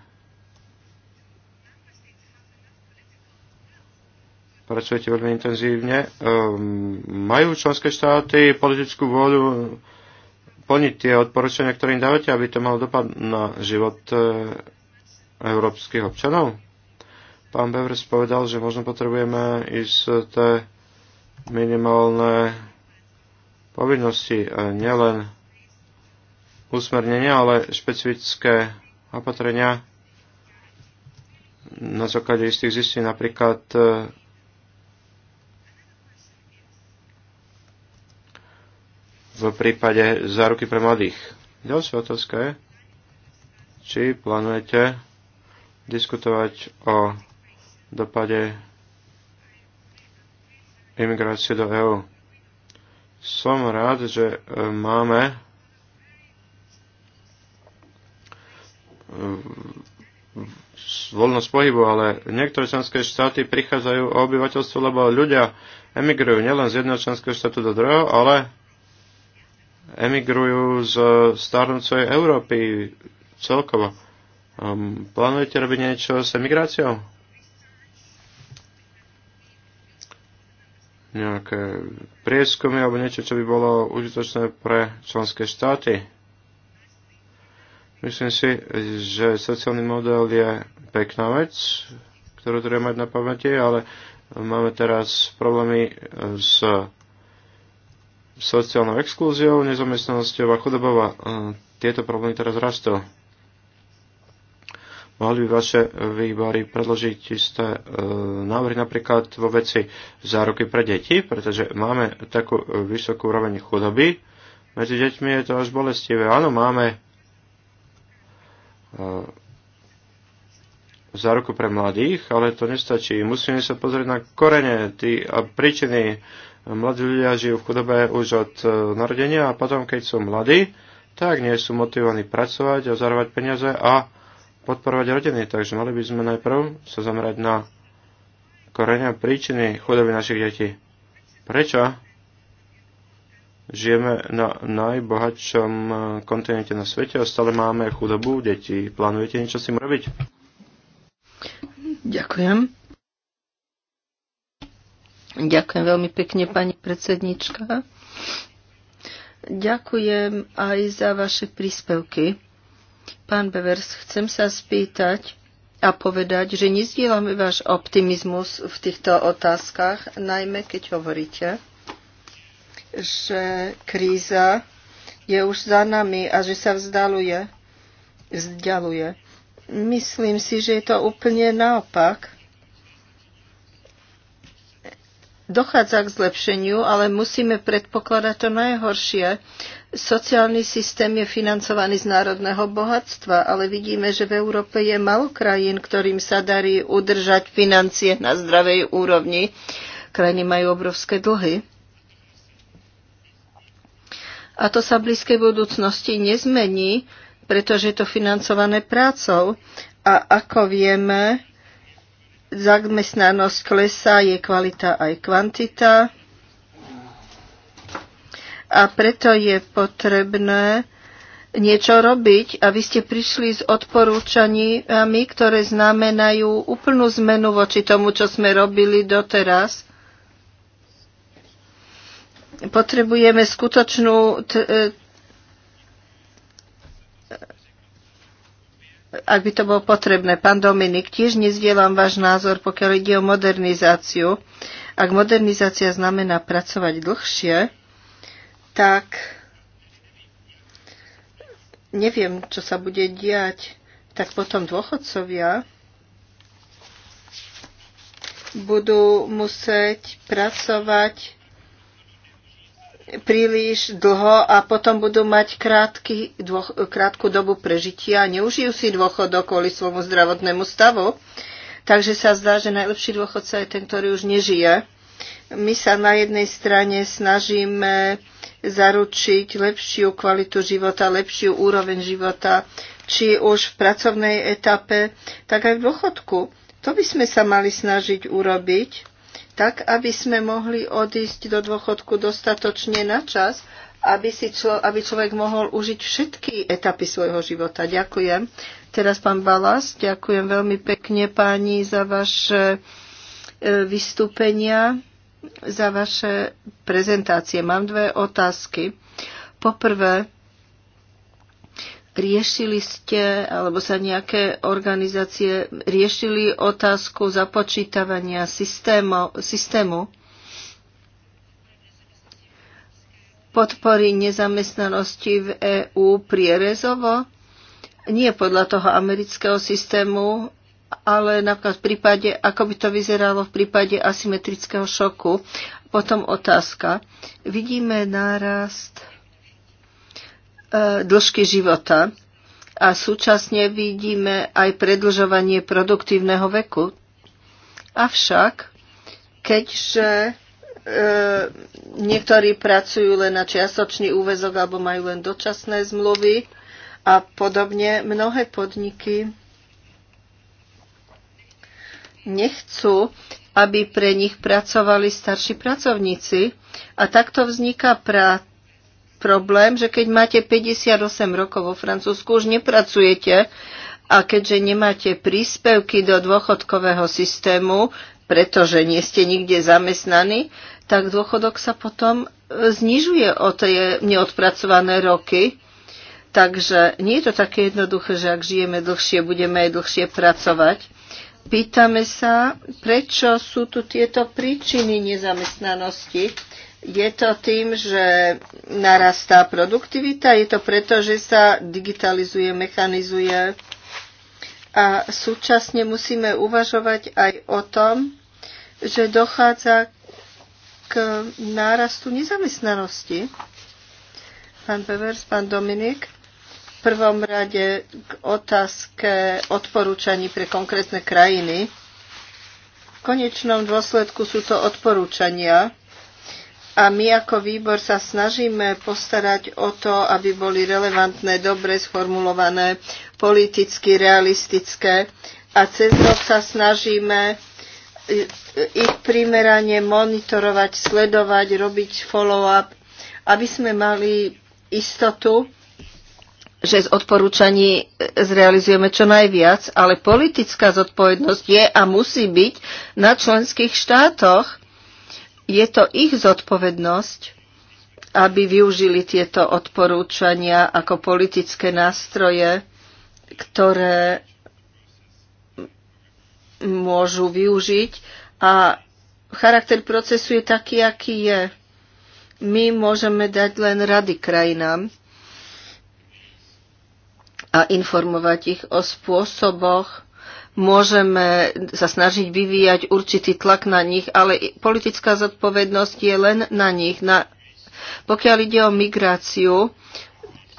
pracujete veľmi intenzívne, ehm, majú členské štáty politickú vôľu plniť tie odporúčania, ktoré im dávate, aby to malo dopad na život e, európskych občanov? Pán Bevers povedal, že možno potrebujeme ísť tie minimálne povinnosti, e, nielen usmernenia, ale špecifické opatrenia na základe istých zistí, napríklad e, v prípade záruky pre mladých. Ďalšia otázka je, či plánujete diskutovať o dopade imigrácie do EÚ. Som rád, že e, máme e, voľnosť pohybu, ale niektoré členské štáty prichádzajú o obyvateľstvo, lebo ľudia emigrujú nielen z jedného členského štátu do druhého, ale emigrujú z starnúcej Európy celkovo. Um, plánujete robiť niečo s emigráciou? nejaké prieskumy alebo niečo, čo by bolo užitočné pre členské štáty. Myslím si, že sociálny model je pekná vec, ktorú treba mať na pamäti, ale máme teraz problémy s sociálnou exklúziou, nezamestnanosťou a chudobou a e, tieto problémy teraz rastú mohli by vaše výbory predložiť isté e, návrhy napríklad vo veci záruky pre deti, pretože máme takú vysokú úroveň chudoby. Medzi deťmi je to až bolestivé. Áno, máme e, záruku pre mladých, ale to nestačí. Musíme sa pozrieť na korene tý, a príčiny. Mladí ľudia žijú v chudobe už od e, narodenia a potom, keď sú mladí, tak nie sú motivovaní pracovať a zarovať peniaze a podporovať rodiny, takže mali by sme najprv sa zamerať na korenia príčiny chudoby našich detí. Prečo žijeme na najbohatšom kontinente na svete a stále máme chudobu detí? Plánujete niečo s tým robiť? Ďakujem. Ďakujem veľmi pekne, pani predsednička. Ďakujem aj za vaše príspevky. Pán Bevers, chcem sa spýtať a povedať, že nezdielame váš optimizmus v týchto otázkach, najmä keď hovoríte, že kríza je už za nami a že sa vzdaluje. Vzdialuje. Myslím si, že je to úplne naopak dochádza k zlepšeniu, ale musíme predpokladať to najhoršie. Sociálny systém je financovaný z národného bohatstva, ale vidíme, že v Európe je malo krajín, ktorým sa darí udržať financie na zdravej úrovni. Krajiny majú obrovské dlhy. A to sa v blízkej budúcnosti nezmení, pretože je to financované prácou. A ako vieme, zamestnanosť klesá, je kvalita aj kvantita. A preto je potrebné niečo robiť a vy ste prišli s odporúčaniami, ktoré znamenajú úplnú zmenu voči tomu, čo sme robili doteraz. Potrebujeme skutočnú ak by to bolo potrebné. Pán Dominik, tiež nezdielam váš názor, pokiaľ ide o modernizáciu. Ak modernizácia znamená pracovať dlhšie, tak neviem, čo sa bude diať. Tak potom dôchodcovia budú musieť pracovať príliš dlho a potom budú mať krátky, dôch, krátku dobu prežitia a neužijú si dôchodok kvôli svojmu zdravotnému stavu. Takže sa zdá, že najlepší dôchodca je ten, ktorý už nežije. My sa na jednej strane snažíme zaručiť lepšiu kvalitu života, lepšiu úroveň života, či už v pracovnej etape, tak aj v dôchodku. To by sme sa mali snažiť urobiť tak aby sme mohli odísť do dôchodku dostatočne na čas, aby, si člo, aby človek mohol užiť všetky etapy svojho života. Ďakujem. Teraz pán Balas, ďakujem veľmi pekne páni za vaše e, vystúpenia, za vaše prezentácie. Mám dve otázky. Poprvé, Riešili ste, alebo sa nejaké organizácie riešili otázku započítavania systému, systému podpory nezamestnanosti v EÚ prierezovo? Nie podľa toho amerického systému, ale napríklad v prípade, ako by to vyzeralo v prípade asymetrického šoku. Potom otázka. Vidíme nárast E, dĺžky života a súčasne vidíme aj predlžovanie produktívneho veku. Avšak, keďže e, niektorí pracujú len na čiastočný úvezok alebo majú len dočasné zmluvy a podobne, mnohé podniky nechcú, aby pre nich pracovali starší pracovníci a takto vzniká prác problém, že keď máte 58 rokov vo Francúzsku, už nepracujete a keďže nemáte príspevky do dôchodkového systému, pretože nie ste nikde zamestnaní, tak dôchodok sa potom e, znižuje o tie neodpracované roky. Takže nie je to také jednoduché, že ak žijeme dlhšie, budeme aj dlhšie pracovať. Pýtame sa, prečo sú tu tieto príčiny nezamestnanosti je to tým, že narastá produktivita, je to preto, že sa digitalizuje, mechanizuje a súčasne musíme uvažovať aj o tom, že dochádza k nárastu nezamestnanosti. Pán Bevers, pán Dominik, v prvom rade k otázke odporúčaní pre konkrétne krajiny. V konečnom dôsledku sú to odporúčania, a my ako výbor sa snažíme postarať o to, aby boli relevantné, dobre sformulované, politicky realistické. A cez rok sa snažíme e, e, ich primerane monitorovať, sledovať, robiť follow-up, aby sme mali istotu, že z odporúčaní e, zrealizujeme čo najviac, ale politická zodpovednosť je a musí byť na členských štátoch, je to ich zodpovednosť, aby využili tieto odporúčania ako politické nástroje, ktoré môžu využiť a charakter procesu je taký, aký je. My môžeme dať len rady krajinám a informovať ich o spôsoboch, môžeme sa snažiť vyvíjať určitý tlak na nich, ale politická zodpovednosť je len na nich. Na, pokiaľ ide o migráciu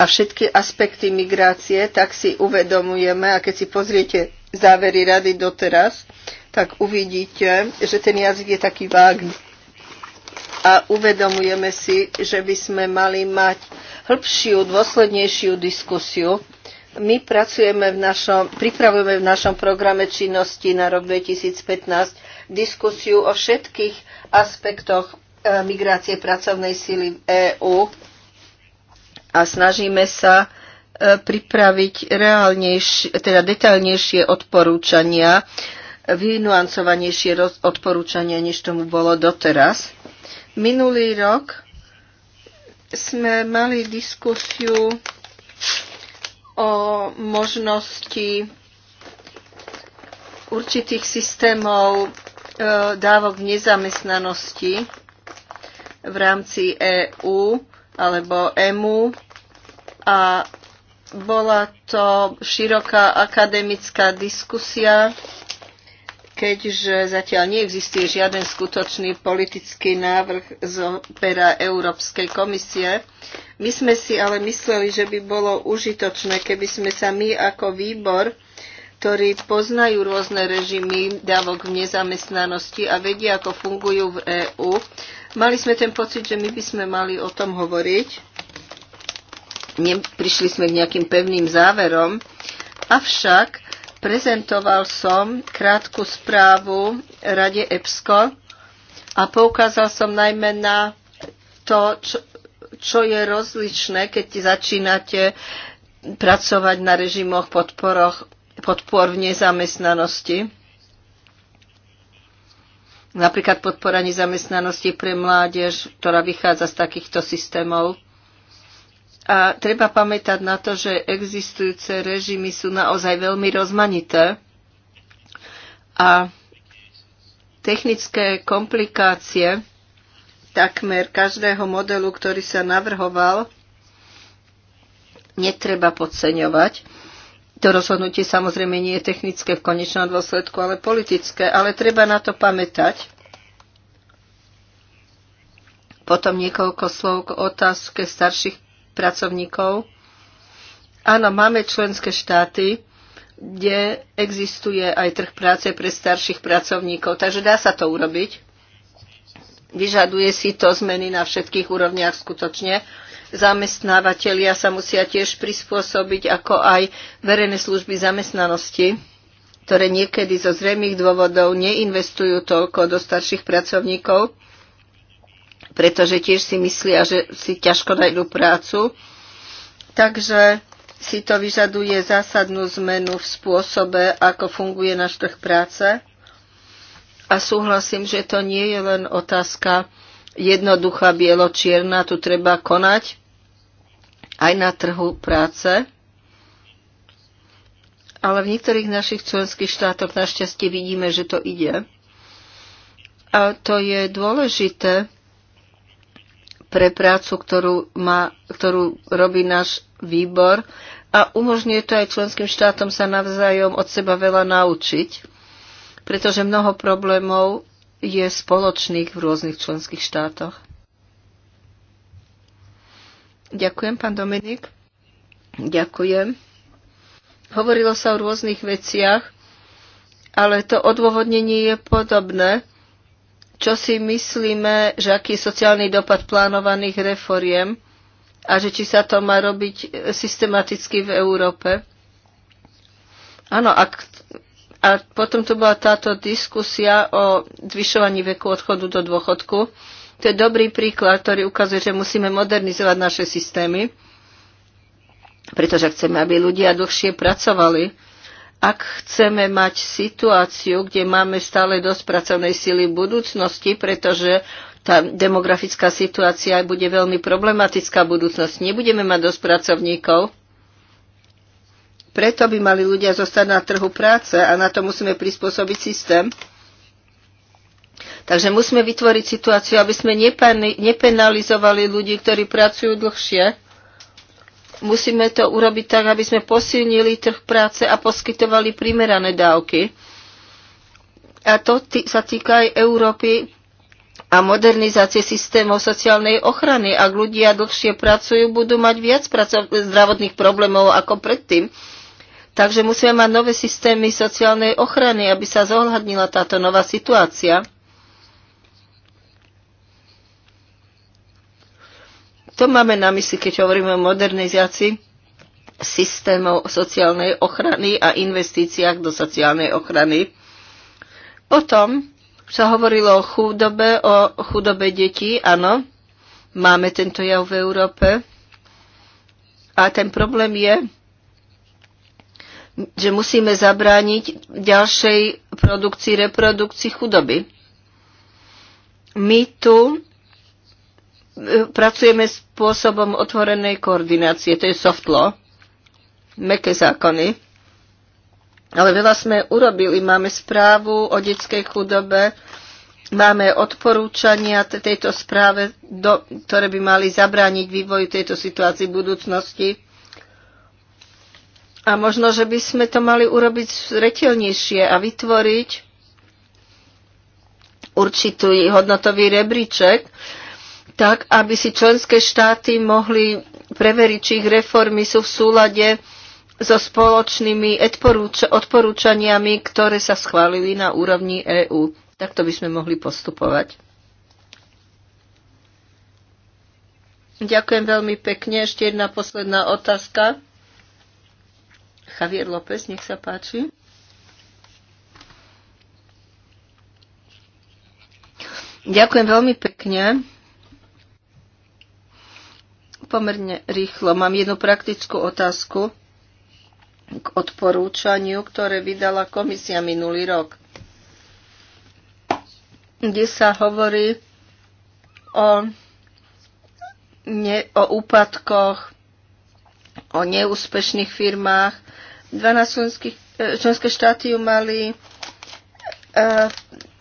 a všetky aspekty migrácie, tak si uvedomujeme, a keď si pozriete závery rady doteraz, tak uvidíte, že ten jazyk je taký vágny. A uvedomujeme si, že by sme mali mať hĺbšiu, dôslednejšiu diskusiu my pracujeme v našom, pripravujeme v našom programe činnosti na rok 2015 diskusiu o všetkých aspektoch e, migrácie pracovnej síly v EÚ a snažíme sa e, pripraviť reálnejšie, teda detailnejšie odporúčania, vynuancovanejšie odporúčania, než tomu bolo doteraz. Minulý rok sme mali diskusiu o možnosti určitých systémov e, dávok v nezamestnanosti v rámci EU alebo EMU a bola to široká akademická diskusia keďže zatiaľ neexistuje žiaden skutočný politický návrh z opera Európskej komisie. My sme si ale mysleli, že by bolo užitočné, keby sme sa my ako výbor, ktorí poznajú rôzne režimy dávok v nezamestnanosti a vedia, ako fungujú v EÚ, mali sme ten pocit, že my by sme mali o tom hovoriť. Neprišli sme k nejakým pevným záverom, avšak Prezentoval som krátku správu Rade EPSCO a poukázal som najmä na to, čo, čo je rozličné, keď začínate pracovať na režimoch podporoch, podpor v nezamestnanosti. Napríklad podpora nezamestnanosti pre mládež, ktorá vychádza z takýchto systémov a treba pamätať na to, že existujúce režimy sú naozaj veľmi rozmanité a technické komplikácie takmer každého modelu, ktorý sa navrhoval, netreba podceňovať. To rozhodnutie samozrejme nie je technické v konečnom dôsledku, ale politické, ale treba na to pamätať. Potom niekoľko slov k otázke starších pracovníkov. Áno, máme členské štáty, kde existuje aj trh práce pre starších pracovníkov, takže dá sa to urobiť. Vyžaduje si to zmeny na všetkých úrovniach skutočne. Zamestnávateľia sa musia tiež prispôsobiť, ako aj verejné služby zamestnanosti, ktoré niekedy zo zrejmých dôvodov neinvestujú toľko do starších pracovníkov pretože tiež si myslia, že si ťažko nájdu prácu. Takže si to vyžaduje zásadnú zmenu v spôsobe, ako funguje náš trh práce. A súhlasím, že to nie je len otázka jednoduchá bielo-čierna, tu treba konať aj na trhu práce. Ale v niektorých našich členských štátoch našťastie vidíme, že to ide. A to je dôležité, pre prácu, ktorú, má, ktorú robí náš výbor a umožňuje to aj členským štátom sa navzájom od seba veľa naučiť, pretože mnoho problémov je spoločných v rôznych členských štátoch. Ďakujem, pán Dominik. Ďakujem. Hovorilo sa o rôznych veciach, ale to odôvodnenie je podobné čo si myslíme, že aký je sociálny dopad plánovaných reforiem a že či sa to má robiť e, systematicky v Európe. Áno, a, a potom tu bola táto diskusia o zvyšovaní veku odchodu do dôchodku. To je dobrý príklad, ktorý ukazuje, že musíme modernizovať naše systémy, pretože chceme, aby ľudia dlhšie pracovali ak chceme mať situáciu, kde máme stále dosť pracovnej síly v budúcnosti, pretože tá demografická situácia bude veľmi problematická v budúcnosti. Nebudeme mať dosť pracovníkov. Preto by mali ľudia zostať na trhu práce a na to musíme prispôsobiť systém. Takže musíme vytvoriť situáciu, aby sme nepenalizovali ľudí, ktorí pracujú dlhšie. Musíme to urobiť tak, aby sme posilnili trh práce a poskytovali primerané dávky. A to sa týka aj Európy a modernizácie systémov sociálnej ochrany. Ak ľudia dlhšie pracujú, budú mať viac zdravotných problémov ako predtým. Takže musíme mať nové systémy sociálnej ochrany, aby sa zohľadnila táto nová situácia. To máme na mysli, keď hovoríme o modernizácii systémov sociálnej ochrany a investíciách do sociálnej ochrany. Potom sa hovorilo o chudobe, o chudobe detí, áno. Máme tento jav v Európe. A ten problém je, že musíme zabrániť ďalšej produkcii, reprodukcii chudoby. My tu pracujeme spôsobom otvorenej koordinácie, to je soft law, meké zákony. Ale veľa sme urobili. Máme správu o detskej chudobe, máme odporúčania tejto správe, do, ktoré by mali zabrániť vývoju tejto situácii v budúcnosti. A možno, že by sme to mali urobiť zretelnejšie a vytvoriť určitý hodnotový rebríček, tak aby si členské štáty mohli preveriť, či ich reformy sú v súlade so spoločnými odporúčaniami, ktoré sa schválili na úrovni EÚ. Takto by sme mohli postupovať. Ďakujem veľmi pekne. Ešte jedna posledná otázka. Javier López, nech sa páči. Ďakujem veľmi pekne pomerne rýchlo. Mám jednu praktickú otázku k odporúčaniu, ktoré vydala komisia minulý rok, kde sa hovorí o, ne, o úpadkoch, o neúspešných firmách. 12 eh, členské štáty mali eh,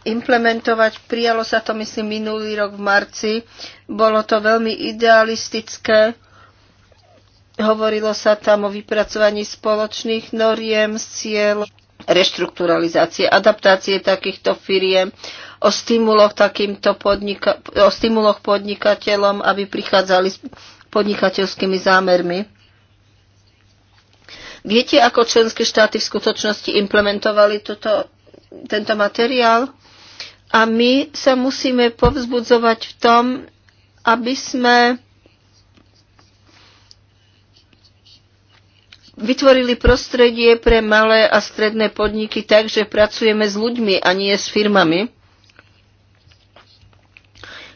implementovať. Prijalo sa to, myslím, minulý rok v marci. Bolo to veľmi idealistické. Hovorilo sa tam o vypracovaní spoločných noriem cieľ, reštrukturalizácie, adaptácie takýchto firiem, o stimuloch, takýmto podnika- o stimuloch podnikateľom, aby prichádzali s podnikateľskými zámermi. Viete, ako členské štáty v skutočnosti implementovali toto, tento materiál? A my sa musíme povzbudzovať v tom, aby sme vytvorili prostredie pre malé a stredné podniky tak, že pracujeme s ľuďmi a nie s firmami.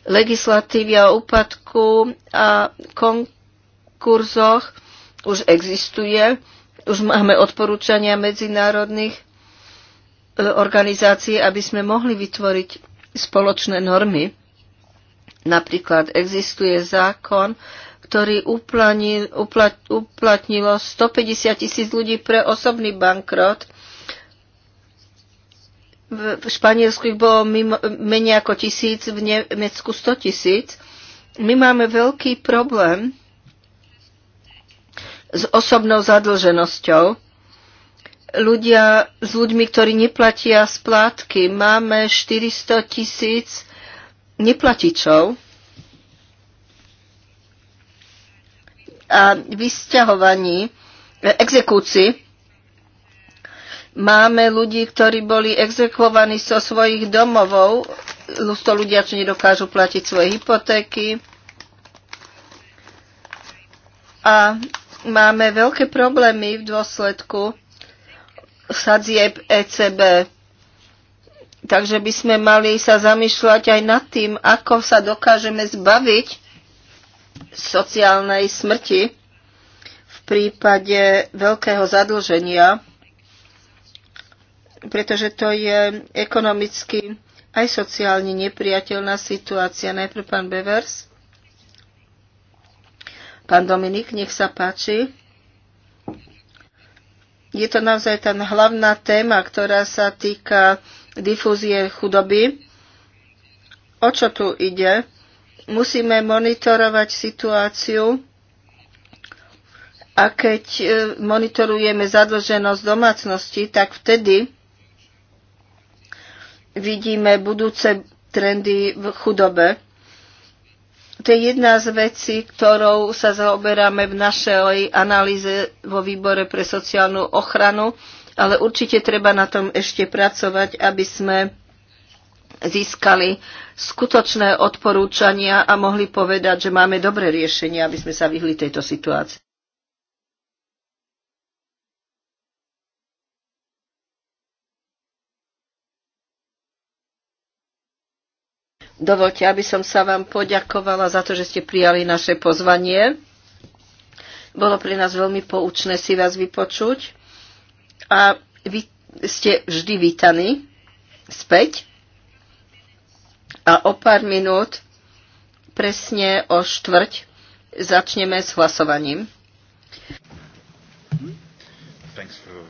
Legislatívy o úpadku a konkurzoch už existuje, už máme odporúčania medzinárodných organizácie, aby sme mohli vytvoriť spoločné normy. Napríklad existuje zákon, ktorý uplanil, uplat, uplatnilo 150 tisíc ľudí pre osobný bankrot. V Španielsku ich bolo mimo, menej ako tisíc, v Nemecku 100 tisíc. My máme veľký problém s osobnou zadlženosťou ľudia s ľuďmi, ktorí neplatia splátky. Máme 400 tisíc neplatičov a vysťahovaní, e, exekúcii Máme ľudí, ktorí boli exekovaní zo so svojich domovov, to ľudia, čo nedokážu platiť svoje hypotéky. A máme veľké problémy v dôsledku sadzieb ECB. Takže by sme mali sa zamýšľať aj nad tým, ako sa dokážeme zbaviť sociálnej smrti v prípade veľkého zadlženia, pretože to je ekonomicky aj sociálne nepriateľná situácia. Najprv pán Bevers. Pán Dominik, nech sa páči je to naozaj tá hlavná téma, ktorá sa týka difúzie chudoby. O čo tu ide? Musíme monitorovať situáciu a keď e, monitorujeme zadlženosť domácnosti, tak vtedy vidíme budúce trendy v chudobe to je jedna z vecí, ktorou sa zaoberáme v našej analýze vo výbore pre sociálnu ochranu, ale určite treba na tom ešte pracovať, aby sme získali skutočné odporúčania a mohli povedať, že máme dobré riešenie, aby sme sa vyhli tejto situácii. Dovolte, aby som sa vám poďakovala za to, že ste prijali naše pozvanie. Bolo pre nás veľmi poučné si vás vypočuť a vy ste vždy vítaní späť. A o pár minút, presne o štvrť, začneme s hlasovaním. Thanks for,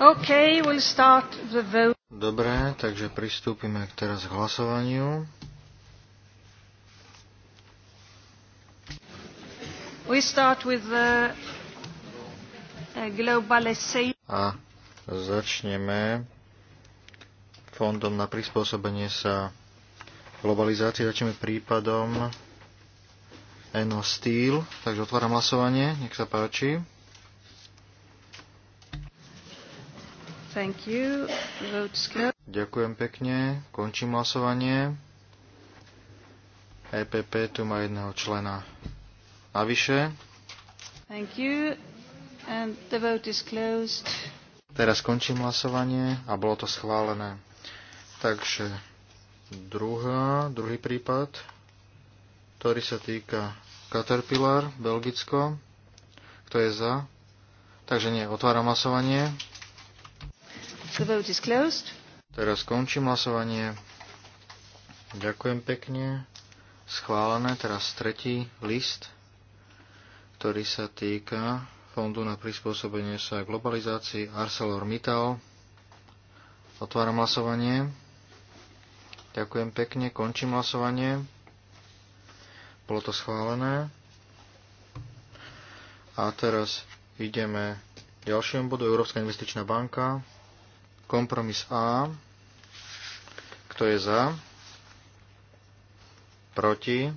Okay, we'll start the vote. Dobre, takže pristúpime k teraz k hlasovaniu. We start with the uh, globalization. A začneme fondom na prispôsobenie sa globalizácii. Začneme prípadom Eno Steel. Takže otváram hlasovanie. Nech sa páči. Thank you. Ďakujem pekne. Končím hlasovanie. EPP tu má jedného člena navyše. Thank you. And the vote is closed. Teraz končím hlasovanie a bolo to schválené. Takže druhá, druhý prípad, ktorý sa týka Caterpillar, Belgicko. Kto je za? Takže nie, otváram hlasovanie. The vote is closed. Teraz končím hlasovanie. Ďakujem pekne. Schválené teraz tretí list, ktorý sa týka Fondu na prispôsobenie sa globalizácii ArcelorMittal. Otváram hlasovanie. Ďakujem pekne. Končím hlasovanie. Bolo to schválené. A teraz ideme k ďalšiemu bodu Európska investičná banka. Kompromis A. Kto je za? Proti?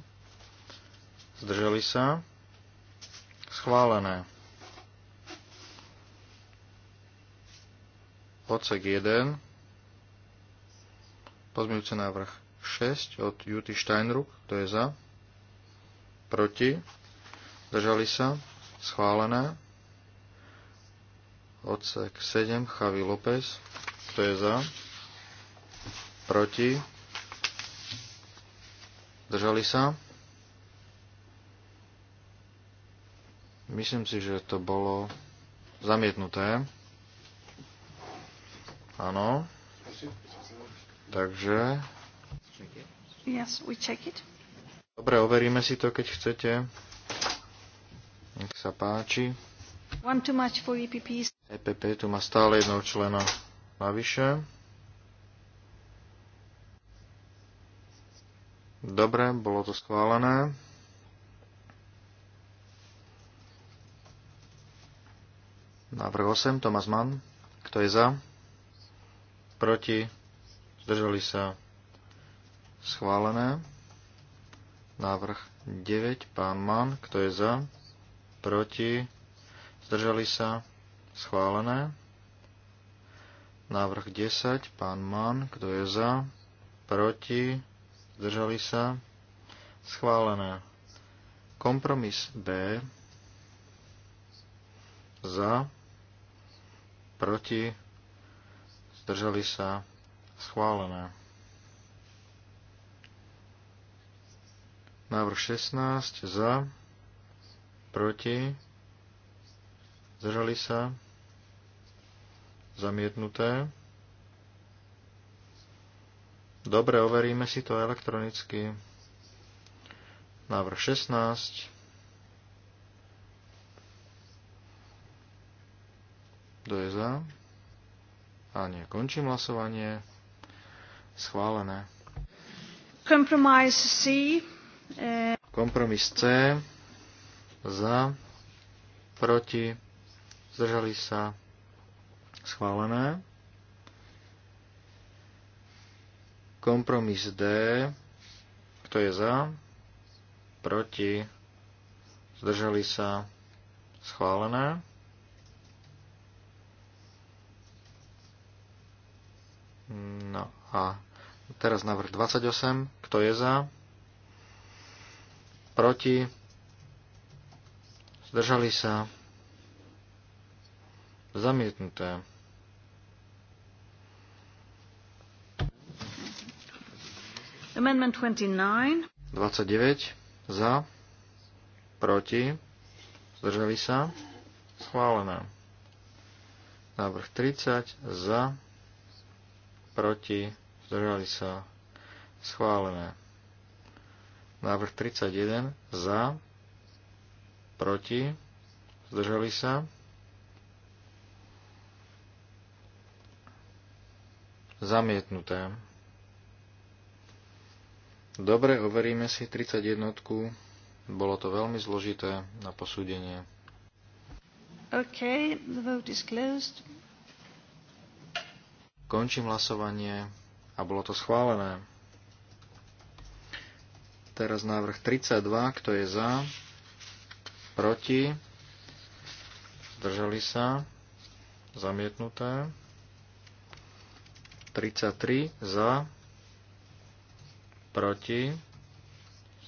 Zdržali sa? Schválené. Odsek 1. Pozmiňujúce návrh 6 od Juty Steinruck. Kto je za? Proti? Zdržali sa? Schválené. Odsek 7, Chavi López. Kto je za? Proti? Držali sa? Myslím si, že to bolo zamietnuté. Áno. Takže... Yes, we check it. Dobre, overíme si to, keď chcete. Nech sa páči. One too much for e EPP tu má stále jednoho člena navyše. Dobre, bolo to schválené. Návrh 8, Tomas Mann. Kto je za? Proti? Zdržali sa? Schválené. Návrh 9, pán Mann. Kto je za? Proti? Zdržali sa? schválené. Návrh 10, pán Mann, kto je za, proti, zdržali sa, schválené. Kompromis B, za, proti, zdržali sa, schválené. Návrh 16, za, proti, Zdržali sa? Zamietnuté. Dobre, overíme si to elektronicky. Návrh 16. Kto je za? A nie, končím hlasovanie. Schválené. Kompromis C. Eh. Kompromis C. Za. Proti zdržali sa schválené. Kompromis D, kto je za, proti, zdržali sa schválené. No a teraz návrh 28. Kto je za? Proti? Zdržali sa? Zamietnuté. Amendment 29. 29 za, proti, zdržali sa, schválené. Návrh 30 za, proti, zdržali sa, schválené. Návrh 31 za, proti, zdržali sa, schválené Zamietnuté. Dobre, overíme si 31. Bolo to veľmi zložité na posúdenie. OK, the vote is closed. Končím hlasovanie a bolo to schválené. Teraz návrh 32, kto je za, proti, zdržali sa, zamietnuté. 33 za, proti,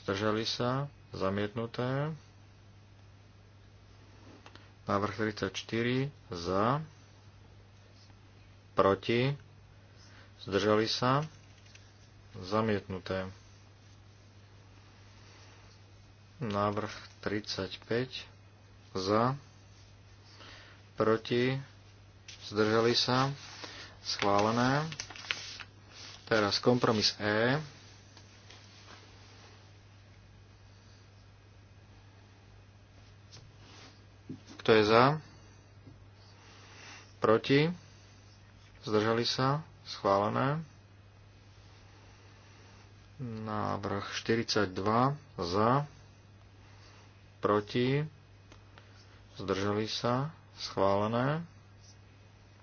zdržali sa, zamietnuté. Návrh 34 za, proti, zdržali sa, zamietnuté. Návrh 35 za, proti, zdržali sa, Schválené. Teraz kompromis E. Kto je za? Proti? Zdržali sa? Schválené. Návrh 42 za. Proti? Zdržali sa? Schválené.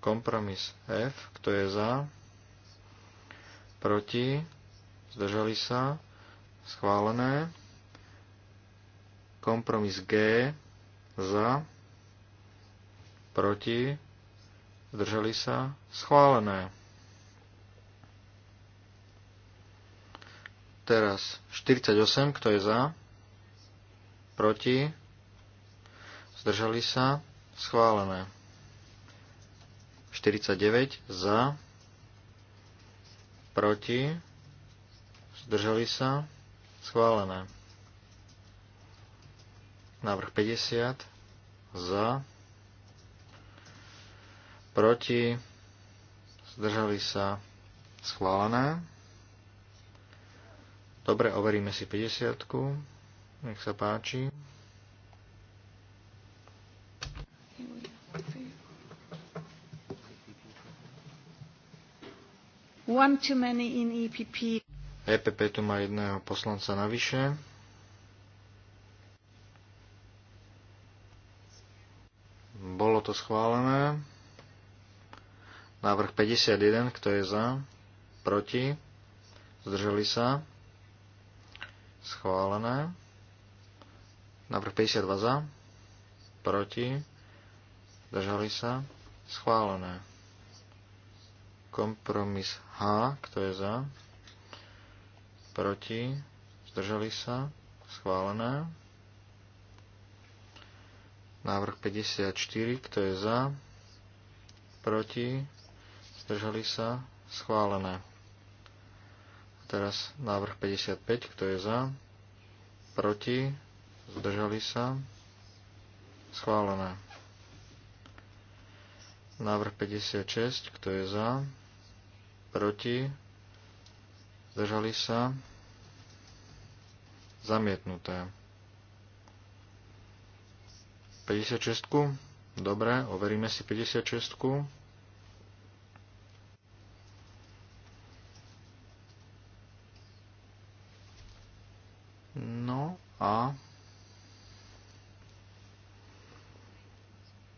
Kompromis F, kto je za, proti, zdržali sa, schválené. Kompromis G, za, proti, zdržali sa, schválené. Teraz 48, kto je za, proti, zdržali sa, schválené. 49 za, proti, zdržali sa, schválené. Návrh 50 za, proti, zdržali sa, schválené. Dobre, overíme si 50. Nech sa páči. One too many in EPP. EPP tu má jedného poslanca navyše. Bolo to schválené. Návrh 51, kto je za? Proti? Zdržali sa? Schválené. Návrh 52 za? Proti? Zdržali sa? Schválené. Kompromis H, kto je za? Proti? Zdržali sa? Schválené. Návrh 54, kto je za? Proti? Zdržali sa? Schválené. A teraz návrh 55, kto je za? Proti? Zdržali sa? Schválené. Návrh 56, kto je za? proti, zdržali sa, zamietnuté. 56. Dobre, overíme si 56. No a...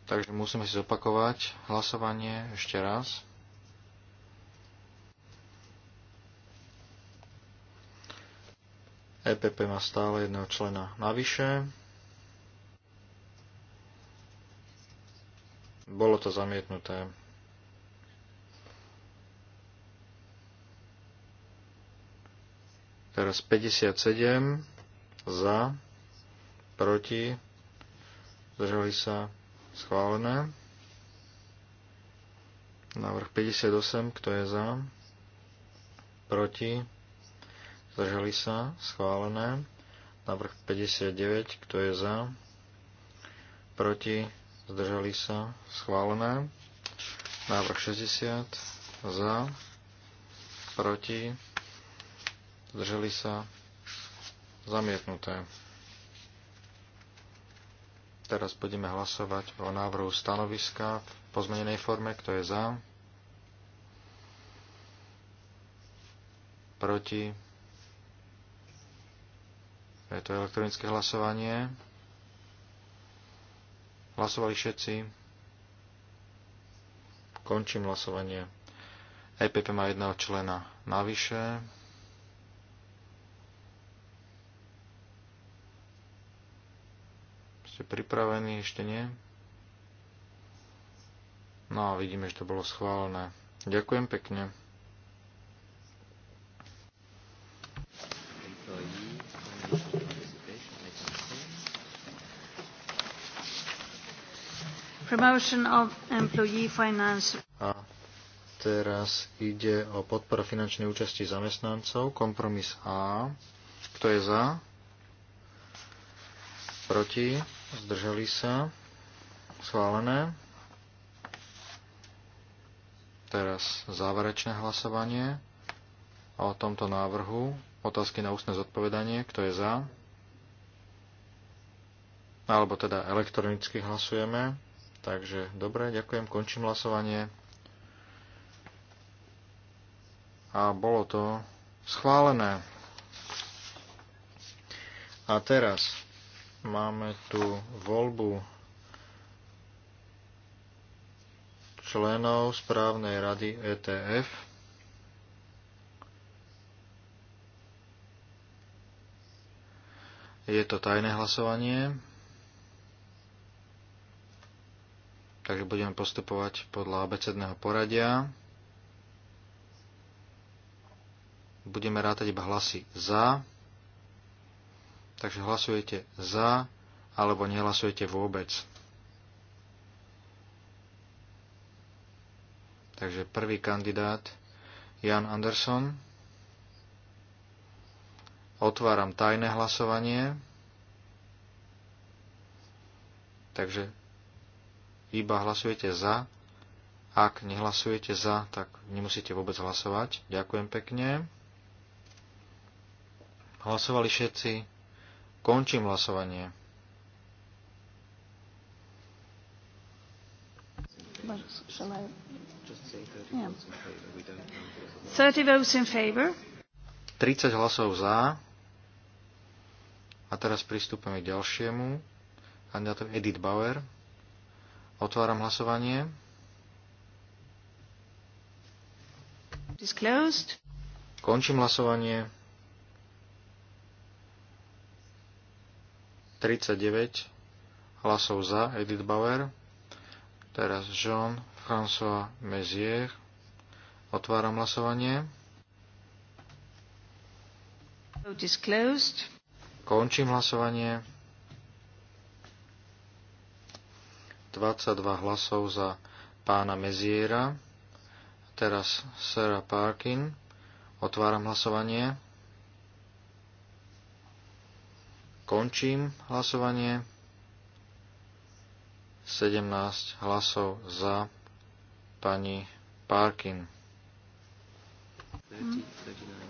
Takže musíme si zopakovať hlasovanie ešte raz. EPP má stále jedného člena navyše. Bolo to zamietnuté. Teraz 57 za, proti, zdržali sa schválené. Návrh 58, kto je za, proti, Zdržali sa? Schválené. Návrh 59. Kto je za? Proti? Zdržali sa? Schválené. Návrh 60. Za? Proti? Zdržali sa? Zamietnuté. Teraz budeme hlasovať o návrhu stanoviska v pozmenenej forme. Kto je za? Proti? Je to elektronické hlasovanie. Hlasovali všetci. Končím hlasovanie. EPP má jedného člena navyše. Ste pripravení? Ešte nie? No a vidíme, že to bolo schválené. Ďakujem pekne. Promotion of employee finance. A teraz ide o podporu finančnej účasti zamestnancov. Kompromis A. Kto je za? Proti? Zdržali sa? Schválené. Teraz záverečné hlasovanie o tomto návrhu. Otázky na ústne zodpovedanie. Kto je za? Alebo teda elektronicky hlasujeme. Takže dobre, ďakujem, končím hlasovanie. A bolo to schválené. A teraz máme tu voľbu členov správnej rady ETF. Je to tajné hlasovanie. takže budeme postupovať podľa abecedného poradia. Budeme rátať iba hlasy za, takže hlasujete za alebo nehlasujete vôbec. Takže prvý kandidát Jan Anderson. Otváram tajné hlasovanie. Takže iba hlasujete za. Ak nehlasujete za, tak nemusíte vôbec hlasovať. Ďakujem pekne. Hlasovali všetci. Končím hlasovanie. Yeah. 30 hlasov za. A teraz pristúpame k ďalšiemu. Kandidátom Edith Bauer. Otváram hlasovanie. Disclosed. Končím hlasovanie. 39 hlasov za Edith Bauer. Teraz Jean-François Mezier. Otváram hlasovanie. Disclosed. Končím hlasovanie. 22 hlasov za pána Meziera. Teraz Sarah Parkin. Otváram hlasovanie. Končím hlasovanie. 17 hlasov za pani Parkin. Mm.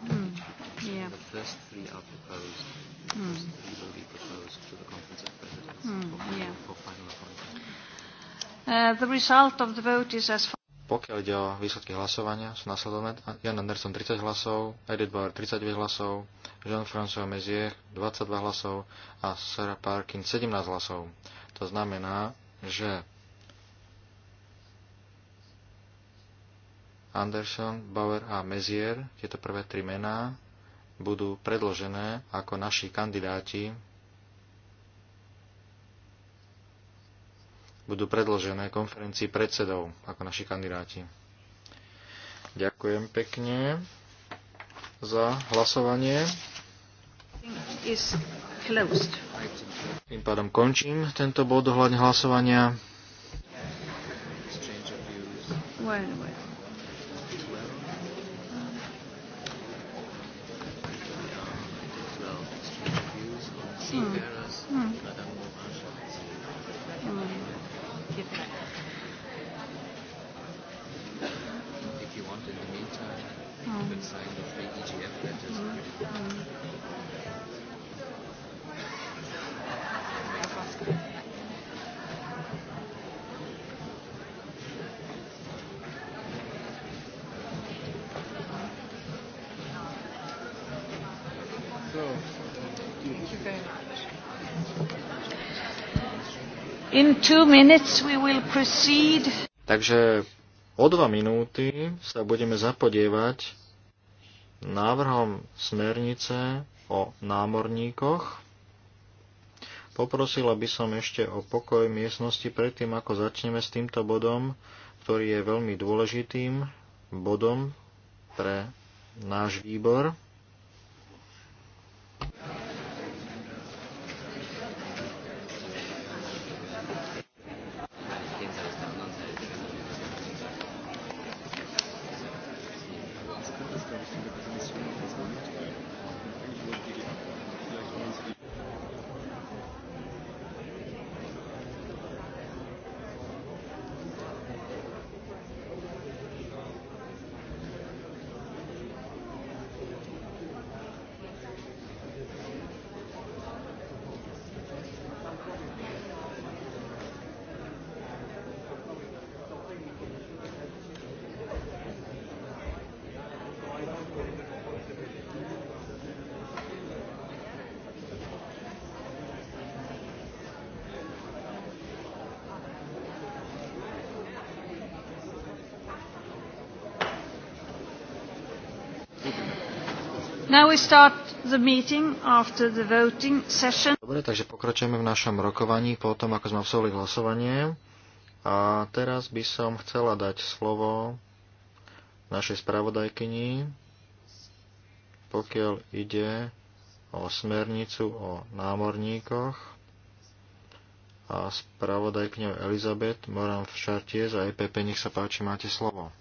Mm. Yeah. mm. yeah. Uh, the result of the vote is as Pokiaľ ide o výsledky hlasovania, sú nasledovné Jan Anderson 30 hlasov, Edith Bauer 39 hlasov, Jean-François Mezier 22 hlasov a Sarah Parkin 17 hlasov. To znamená, že Anderson, Bauer a Mezier, tieto prvé tri mená, budú predložené ako naši kandidáti budú predložené konferencii predsedov ako naši kandidáti. Ďakujem pekne za hlasovanie. Tým pádom končím tento bod ohľadne hlasovania. Mm. Mm. If you want, in the meantime, you can sign the free In two minutes we will proceed. Takže o dva minúty sa budeme zapodievať návrhom smernice o námorníkoch. Poprosila by som ešte o pokoj miestnosti predtým, ako začneme s týmto bodom, ktorý je veľmi dôležitým bodom pre náš výbor. Dobre, takže pokračujeme v našom rokovaní po tom, ako sme absolvovali hlasovanie. A teraz by som chcela dať slovo našej spravodajkyni, pokiaľ ide o smernicu o námorníkoch a spravodajkňou Elizabeth Moran v šartie za EPP. Nech sa páči, máte slovo.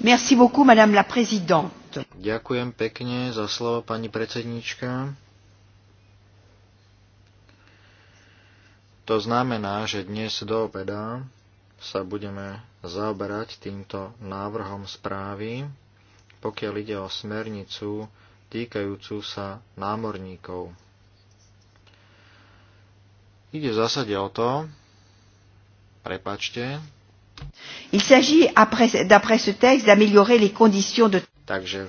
Merci beaucoup, madame la présidente. Ďakujem pekne za slovo, pani predsednička. To znamená, že dnes do obeda sa budeme zaoberať týmto návrhom správy, pokiaľ ide o smernicu týkajúcu sa námorníkov. Ide v zásade o to, prepačte, Il s'agit, d'après ce texte, d'améliorer les conditions de... Takže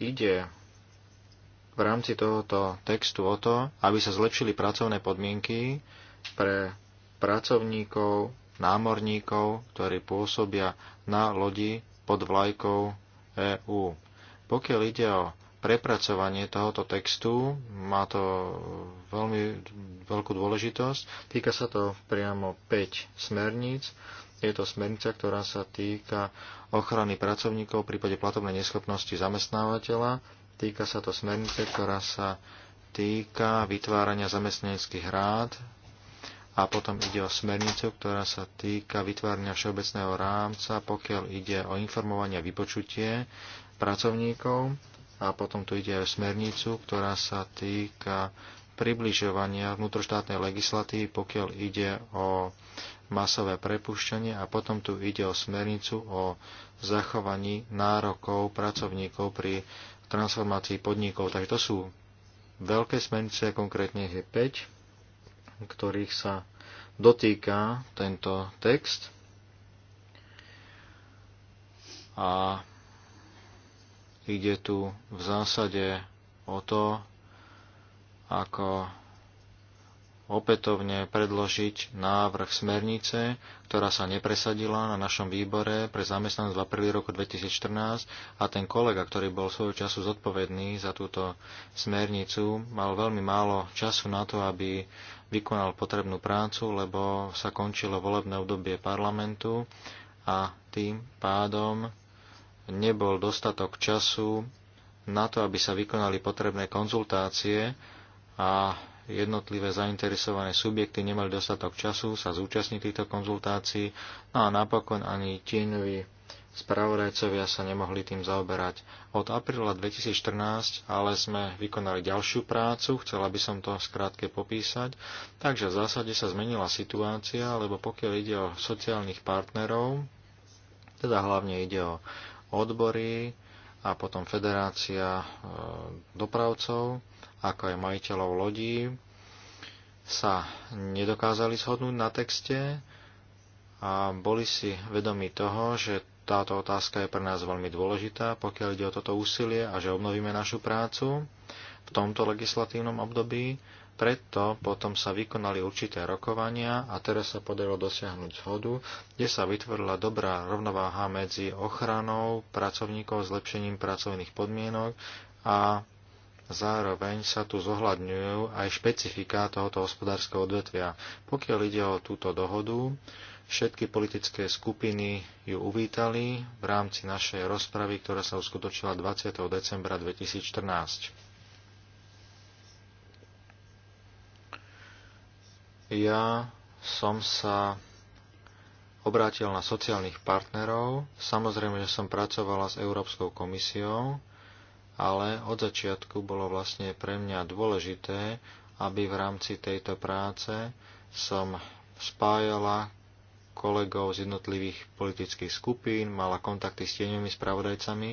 ide v rámci tohoto textu o to, aby sa zlepšili pracovné podmienky pre pracovníkov, námorníkov, ktorí pôsobia na lodi pod vlajkou EÚ. Pokiaľ ide o prepracovanie tohoto textu, má to veľmi veľkú dôležitosť. Týka sa to priamo 5 smerníc. Je to smernica, ktorá sa týka ochrany pracovníkov v prípade platobnej neschopnosti zamestnávateľa. Týka sa to smernice, ktorá sa týka vytvárania zamestnaneckých rád a potom ide o smernicu, ktorá sa týka vytvárania všeobecného rámca, pokiaľ ide o informovanie a vypočutie pracovníkov a potom tu ide aj o smernicu, ktorá sa týka približovania vnútroštátnej legislatívy, pokiaľ ide o masové prepušťanie a potom tu ide o smernicu o zachovaní nárokov pracovníkov pri transformácii podnikov. Takže to sú veľké smernice, konkrétne je 5, ktorých sa dotýka tento text. A ide tu v zásade o to, ako opätovne predložiť návrh smernice, ktorá sa nepresadila na našom výbore pre zamestnanosť v apríli roku 2014 a ten kolega, ktorý bol svojho času zodpovedný za túto smernicu, mal veľmi málo času na to, aby vykonal potrebnú prácu, lebo sa končilo volebné obdobie parlamentu a tým pádom nebol dostatok času na to, aby sa vykonali potrebné konzultácie a jednotlivé zainteresované subjekty nemali dostatok času sa zúčastniť týchto konzultácií, no a napokon ani tieňoví spravodajcovia sa nemohli tým zaoberať. Od apríla 2014 ale sme vykonali ďalšiu prácu, chcela by som to skrátke popísať, takže v zásade sa zmenila situácia, lebo pokiaľ ide o sociálnych partnerov, teda hlavne ide o odbory a potom federácia e, dopravcov, ako aj majiteľov lodí, sa nedokázali shodnúť na texte a boli si vedomi toho, že táto otázka je pre nás veľmi dôležitá, pokiaľ ide o toto úsilie a že obnovíme našu prácu v tomto legislatívnom období. Preto potom sa vykonali určité rokovania a teraz sa podarilo dosiahnuť zhodu, kde sa vytvorila dobrá rovnováha medzi ochranou pracovníkov, zlepšením pracovných podmienok a Zároveň sa tu zohľadňujú aj špecifika tohoto hospodárskeho odvetvia. Pokiaľ ide o túto dohodu, všetky politické skupiny ju uvítali v rámci našej rozpravy, ktorá sa uskutočila 20. decembra 2014. Ja som sa obrátil na sociálnych partnerov. Samozrejme, že som pracovala s Európskou komisiou ale od začiatku bolo vlastne pre mňa dôležité, aby v rámci tejto práce som spájala kolegov z jednotlivých politických skupín, mala kontakty s tieňovými spravodajcami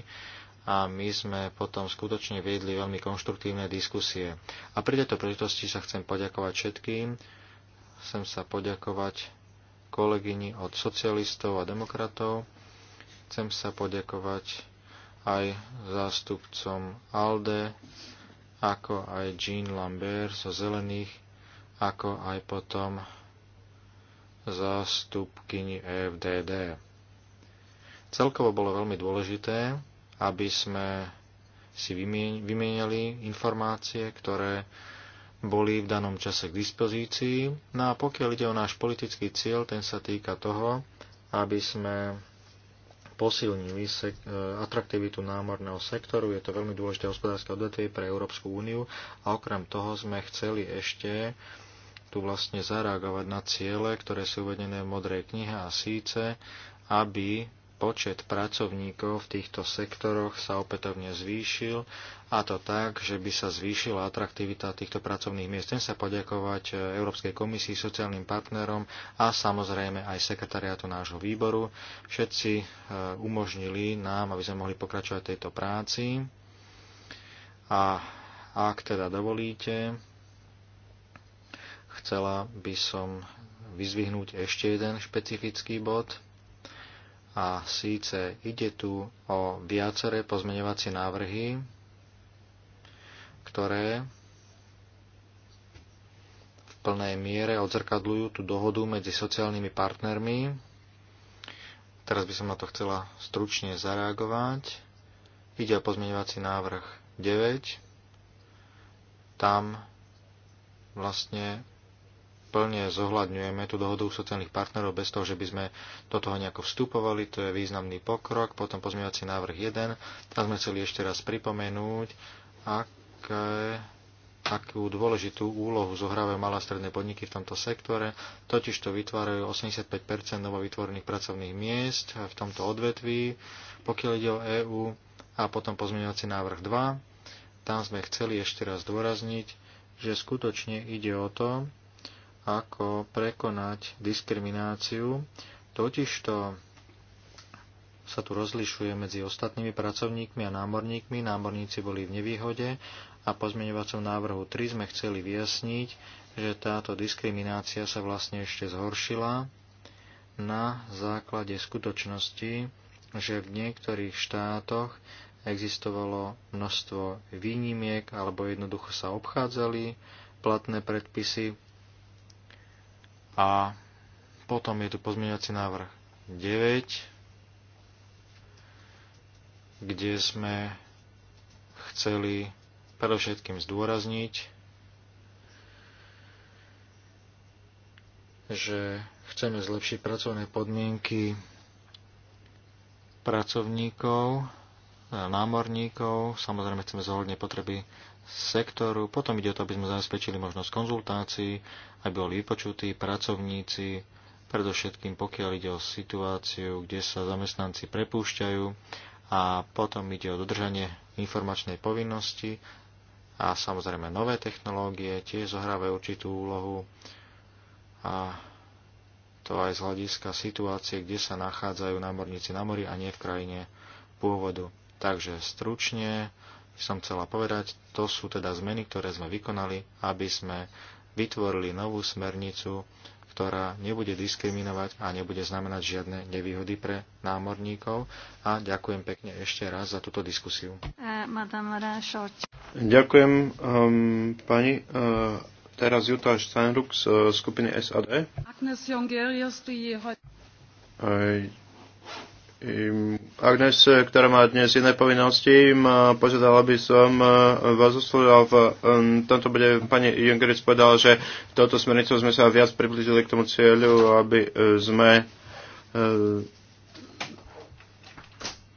a my sme potom skutočne viedli veľmi konštruktívne diskusie. A pri tejto príležitosti sa chcem poďakovať všetkým. Chcem sa poďakovať kolegyni od socialistov a demokratov. Chcem sa poďakovať aj zástupcom ALDE, ako aj Jean Lambert zo Zelených, ako aj potom zástupkyni e FDD. Celkovo bolo veľmi dôležité, aby sme si vymieniali informácie, ktoré boli v danom čase k dispozícii. No a pokiaľ ide o náš politický cieľ, ten sa týka toho, aby sme posilnili e, atraktivitu námorného sektoru. Je to veľmi dôležité hospodárske odvetvie pre Európsku úniu a okrem toho sme chceli ešte tu vlastne zareagovať na ciele, ktoré sú uvedené v modrej knihe a síce, aby počet pracovníkov v týchto sektoroch sa opätovne zvýšil a to tak, že by sa zvýšila atraktivita týchto pracovných miest. Chcem sa poďakovať e, Európskej komisii, sociálnym partnerom a samozrejme aj sekretariátu nášho výboru. Všetci e, umožnili nám, aby sme mohli pokračovať tejto práci. A ak teda dovolíte, chcela by som vyzvihnúť ešte jeden špecifický bod, a síce ide tu o viaceré pozmeňovacie návrhy, ktoré v plnej miere odzrkadľujú tú dohodu medzi sociálnymi partnermi. Teraz by som na to chcela stručne zareagovať. Ide o pozmeňovací návrh 9. Tam vlastne plne zohľadňujeme tú dohodu sociálnych partnerov bez toho, že by sme do toho nejako vstupovali. To je významný pokrok. Potom pozmeňovací návrh 1. Tam sme chceli ešte raz pripomenúť, aké akú dôležitú úlohu zohrávajú malé a stredné podniky v tomto sektore. Totiž to vytvárajú 85 vytvorených pracovných miest v tomto odvetví, pokiaľ ide o EÚ. A potom pozmeňovací návrh 2. Tam sme chceli ešte raz dôrazniť, že skutočne ide o to, ako prekonať diskrimináciu, totižto sa tu rozlišuje medzi ostatnými pracovníkmi a námorníkmi. Námorníci boli v nevýhode a po zmeňovacom návrhu 3 sme chceli vyjasniť, že táto diskriminácia sa vlastne ešte zhoršila na základe skutočnosti, že v niektorých štátoch existovalo množstvo výnimiek alebo jednoducho sa obchádzali platné predpisy a potom je tu pozmeňovací návrh 9, kde sme chceli predovšetkým zdôrazniť, že chceme zlepšiť pracovné podmienky pracovníkov, námorníkov, samozrejme chceme zohľadniť potreby sektoru. Potom ide o to, aby sme zabezpečili možnosť konzultácií, aby boli vypočutí pracovníci, predovšetkým pokiaľ ide o situáciu, kde sa zamestnanci prepúšťajú a potom ide o dodržanie informačnej povinnosti a samozrejme nové technológie tiež zohrávajú určitú úlohu a to aj z hľadiska situácie, kde sa nachádzajú námorníci na mori a nie v krajine pôvodu. Takže stručne som chcela povedať, to sú teda zmeny, ktoré sme vykonali, aby sme vytvorili novú smernicu, ktorá nebude diskriminovať a nebude znamenať žiadne nevýhody pre námorníkov. A ďakujem pekne ešte raz za túto diskusiu. Eh, ďakujem um, pani. Uh, teraz Jutta Steinruck z uh, skupiny SAD. Agnes Jongerius, die... uh, Agnes, ktorá má dnes iné povinnosti, požiadala by som eh, vás oslovila v tomto bude pani Jungeric povedala, že touto smernicou sme sa viac priblížili k tomu cieľu, aby eh, sme eh,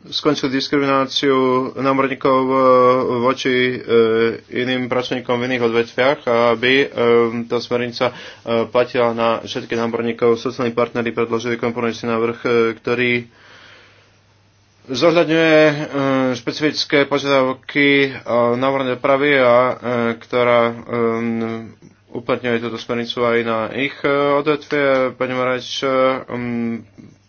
skončili diskrimináciu námorníkov voči iným pracovníkom v iných odvetviach, aby tá smernica platila na všetky námorníkov. Sociálni partnery predložili kompromisný návrh, ktorý zohľadňuje e, špecifické požiadavky e, námornej dopravy, a, e, ktorá uplatňuje túto smernicu aj na ich odvetvie. Pani Marač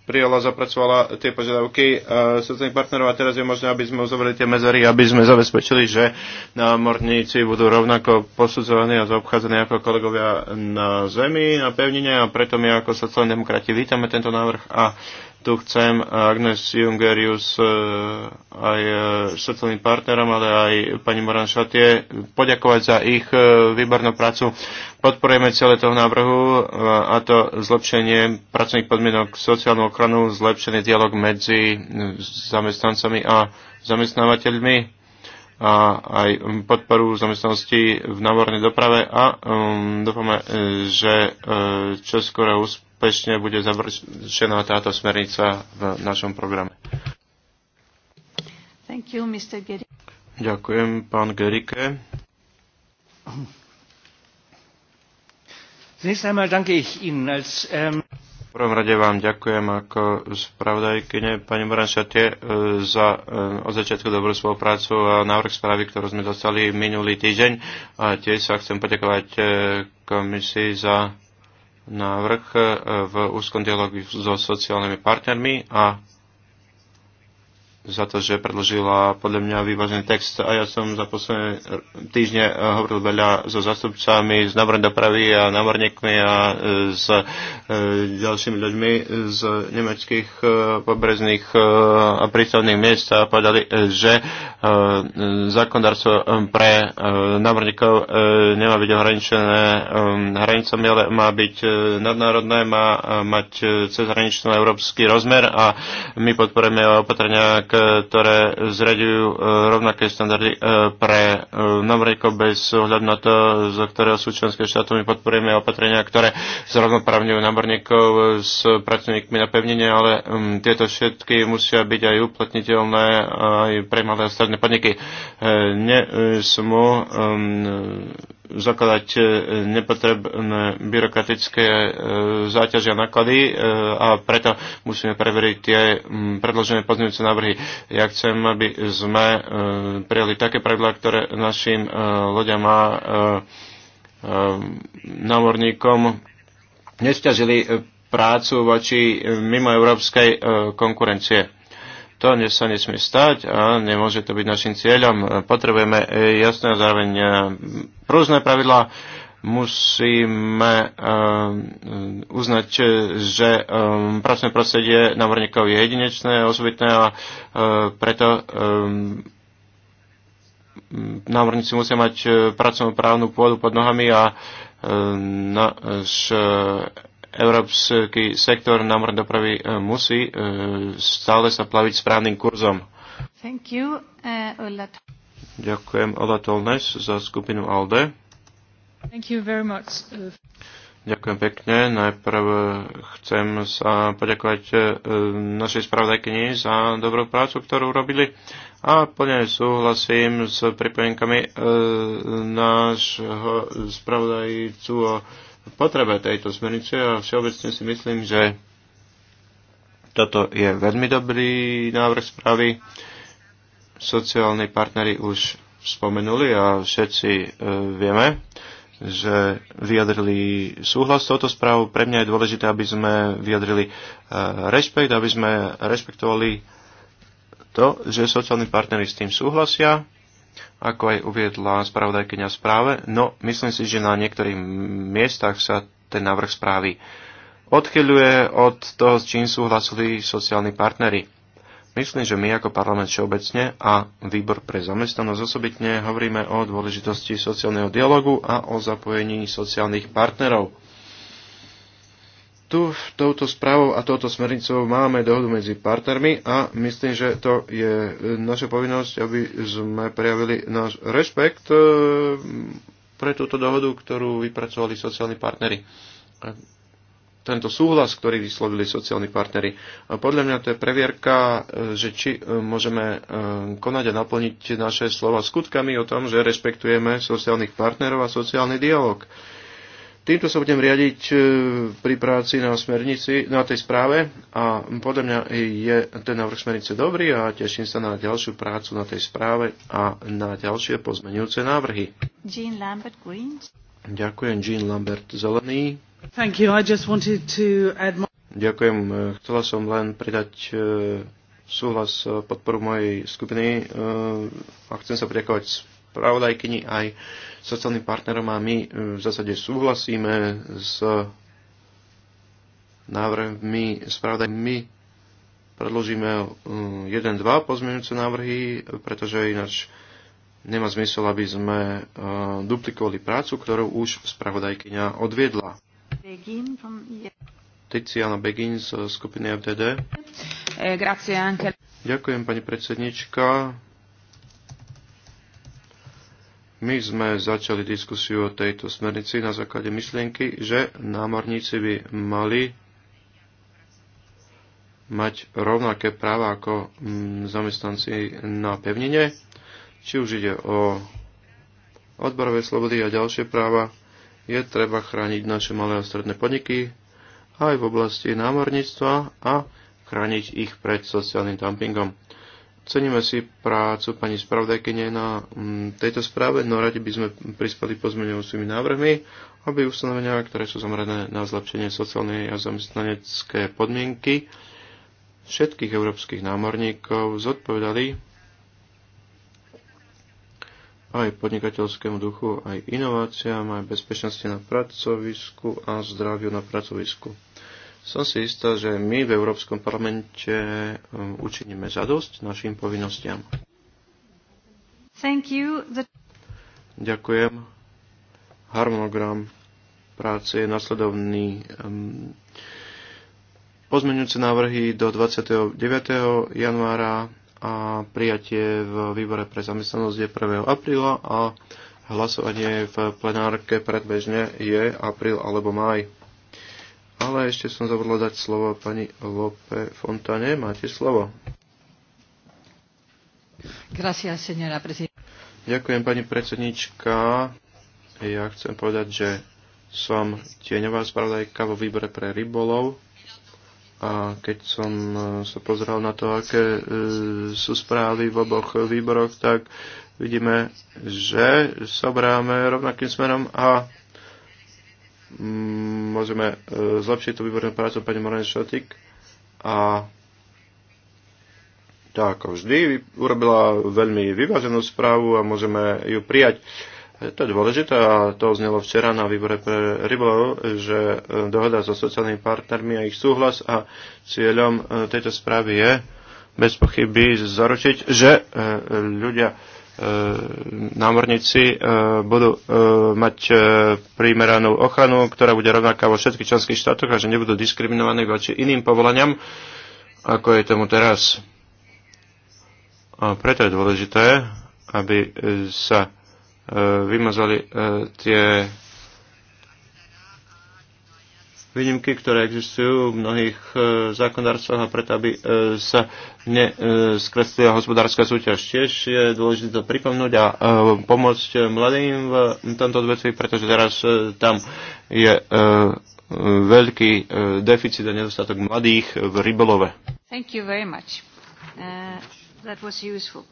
prijala, zapracovala tie požiadavky sociálnych partnerov a teraz je možné, aby sme uzavreli tie mezery, aby sme zabezpečili, že námorníci budú rovnako posudzovaní a zaobchádzaní ako kolegovia na zemi, na pevnine a preto my ako sociálni demokrati vítame tento návrh a tu chcem eh, Agnes Jungerius eh, aj eh, sociálnym partnerom, ale aj pani Moran Šatie poďakovať za ich výbornú prácu. Podporujeme celé toho návrhu a to zlepšenie pracovných podmienok, sociálnu ochranu, zlepšený dialog medzi zamestnancami a zamestnávateľmi a aj podporu zamestnanosti v námornej doprave a um, dúfame, že uh, čoskoro usp- úspešne bude završená táto smernica v našom programe. Thank you, Mr. Ďakujem, pán Gerike. Ähm, v prvom rade vám ďakujem ako spravodajkyne pani Moranšate e, za e, od začiatku dobrú spoluprácu a návrh správy, ktorú sme dostali minulý týždeň. A tiež sa chcem poďakovať e, komisii za návrh e, v úzkom dialogu so sociálnymi partnermi a za to, že predložila podľa mňa vyvážený text a ja som za posledné týždne eh, hovoril veľa so zastupcami z námornej dopravy a námorníkmi a eh, s eh, ďalšími ľuďmi z nemeckých pobrezných a prístavných miest a povedali, že zákonodárstvo pre námorníkov nemá byť ohraničené hranicami, ale má byť nadnárodné, má mať cezhraničný európsky rozmer a my podporujeme opatrenia k E, ktoré zraďujú e, rovnaké standardy e, pre Namrejko bez ohľadu na to, za ktorého sú členské štáty. My podporujeme opatrenia, ktoré zrovnoprávňujú námorníkov s pracovníkmi na pevnenie, ale tieto všetky musia byť aj uplatniteľné aj pre malé a stredné podniky. Nesmú zakladať e, nepotrebné byrokratické e, záťaže a náklady e, a preto musíme preveriť tie predložené pozmeňujúce návrhy. Ja chcem, aby sme prijali také pravidlá, ktoré našim ľuďom a námorníkom nestiažili prácu voči mimoeurópskej konkurencie. To sa nesmie stať a nemôže to byť našim cieľom. Potrebujeme e, jasné a zároveň e, prúzne pravidlá. Musíme e, uznať, že pracovné prostredie námorníkov je jedinečné, osobitné a preto námorníci musia mať pracovnú právnu pôdu pod nohami a náš európsky sektor na mor dopravy e, musí e, stále sa plaviť správnym kurzom. Thank you, uh, Ďakujem Ola Tolnes za skupinu ALDE. Thank you very much. Ďakujem pekne. Najprv chcem sa poďakovať našej spravodajkyni za dobrú prácu, ktorú robili. A plne súhlasím s pripojenkami nášho spravodajcu o potrebe tejto smernice a všeobecne si myslím, že toto je veľmi dobrý návrh správy. Sociálni partnery už spomenuli a všetci e, vieme, že vyjadrili súhlas s touto správou. Pre mňa je dôležité, aby sme vyjadrili e, rešpekt, aby sme rešpektovali to, že sociálni partnery s tým súhlasia ako aj uviedla spravodajkyňa správe, no myslím si, že na niektorých miestach sa ten návrh správy odchyľuje od toho, s čím súhlasili sociálni partnery. Myslím, že my ako parlament všeobecne a výbor pre zamestnanosť osobitne hovoríme o dôležitosti sociálneho dialogu a o zapojení sociálnych partnerov tu touto správou a touto smernicou máme dohodu medzi partnermi a myslím, že to je e, naša povinnosť, aby sme prejavili náš rešpekt e, pre túto dohodu, ktorú vypracovali sociálni partnery. E, tento súhlas, ktorý vyslovili sociálni partnery. podľa mňa to je previerka, že či môžeme konať a naplniť naše slova skutkami o tom, že rešpektujeme sociálnych partnerov a sociálny dialog. Týmto sa budem riadiť e, pri práci na smernici, na tej správe a podľa mňa je ten návrh smernice dobrý a teším sa na ďalšiu prácu na tej správe a na ďalšie pozmenujúce návrhy. Jean Lambert, Green. Ďakujem, Jean Lambert, Zelený. Thank you. I just wanted to add my... Ďakujem. E, chcela som len pridať e, súhlas podporu mojej skupiny a chcem sa poďakovať spravodajkyni aj sociálnym partnerom a my e, v zásade súhlasíme s návrhmi spravodajkyni. My predložíme 1-2 e, pozmeňujúce návrhy, pretože ináč nemá zmysel, aby sme e, duplikovali prácu, ktorú už spravodajkyňa odviedla. Tiziana Begin z skupiny FDD. Eh, Ďakujem, pani predsednička. My sme začali diskusiu o tejto smernici na základe myšlienky, že námorníci by mali mať rovnaké práva ako mm, zamestnanci na pevnine, či už ide o odborové slobody a ďalšie práva, je treba chrániť naše malé a stredné podniky aj v oblasti námorníctva a chrániť ich pred sociálnym dumpingom. Ceníme si prácu pani spravodajkyne na mm, tejto správe, no radi by sme prispeli pozmeňujúcimi návrhmi, aby ustanovenia, ktoré sú zamerané na zlepšenie sociálnej a zamestnanecké podmienky všetkých európskych námorníkov, zodpovedali aj podnikateľskému duchu, aj inováciám, aj bezpečnosti na pracovisku a zdraviu na pracovisku. Som si istá, že my v Európskom parlamente um, učiníme zadosť našim povinnostiam. Thank you. The... Ďakujem. Harmonogram práce je nasledovný. Um, pozmeňujúce návrhy do 29. januára a prijatie v výbore pre zamestnanosť je 1. apríla a hlasovanie v plenárke predbežne je apríl alebo maj ale ešte som zabudla dať slovo pani Lope Fontane. Máte slovo. Gracias, señora Ďakujem, pani predsednička. Ja chcem povedať, že som tieňová spravodajka vo výbore pre rybolov a keď som eh, sa pozrel na to, aké eh, sú správy v oboch výboroch, tak vidíme, že sobráme rovnakým smerom a Mm, môžeme e, zlepšiť tú výbornú prácu pani Morane Šotik a tak ako vždy urobila veľmi vyváženú správu a môžeme ju prijať. E, to je dôležité a to znelo včera na výbore pre rybolov, že e, dohoda so sociálnymi partnermi a ich súhlas a cieľom tejto správy je bez pochyby zaručiť, že ľudia E, námorníci e, budú e, mať primeranú ochranu, ktorá bude rovnaká vo všetkých členských štátoch a že nebudú diskriminovaní voči iným povolaniam, ako je tomu teraz. A preto je dôležité, aby sa vymazali tie výnimky, ktoré existujú v mnohých e, zákonodárstvách a preto, aby e, sa neskreslila e, hospodárska súťaž. Tiež je dôležité to pripomnúť a e, pomôcť mladým v tomto odvetví, pretože teraz e, tam je e, veľký e, deficit a nedostatok mladých v rybolove. Thank you very much. Uh, that was useful.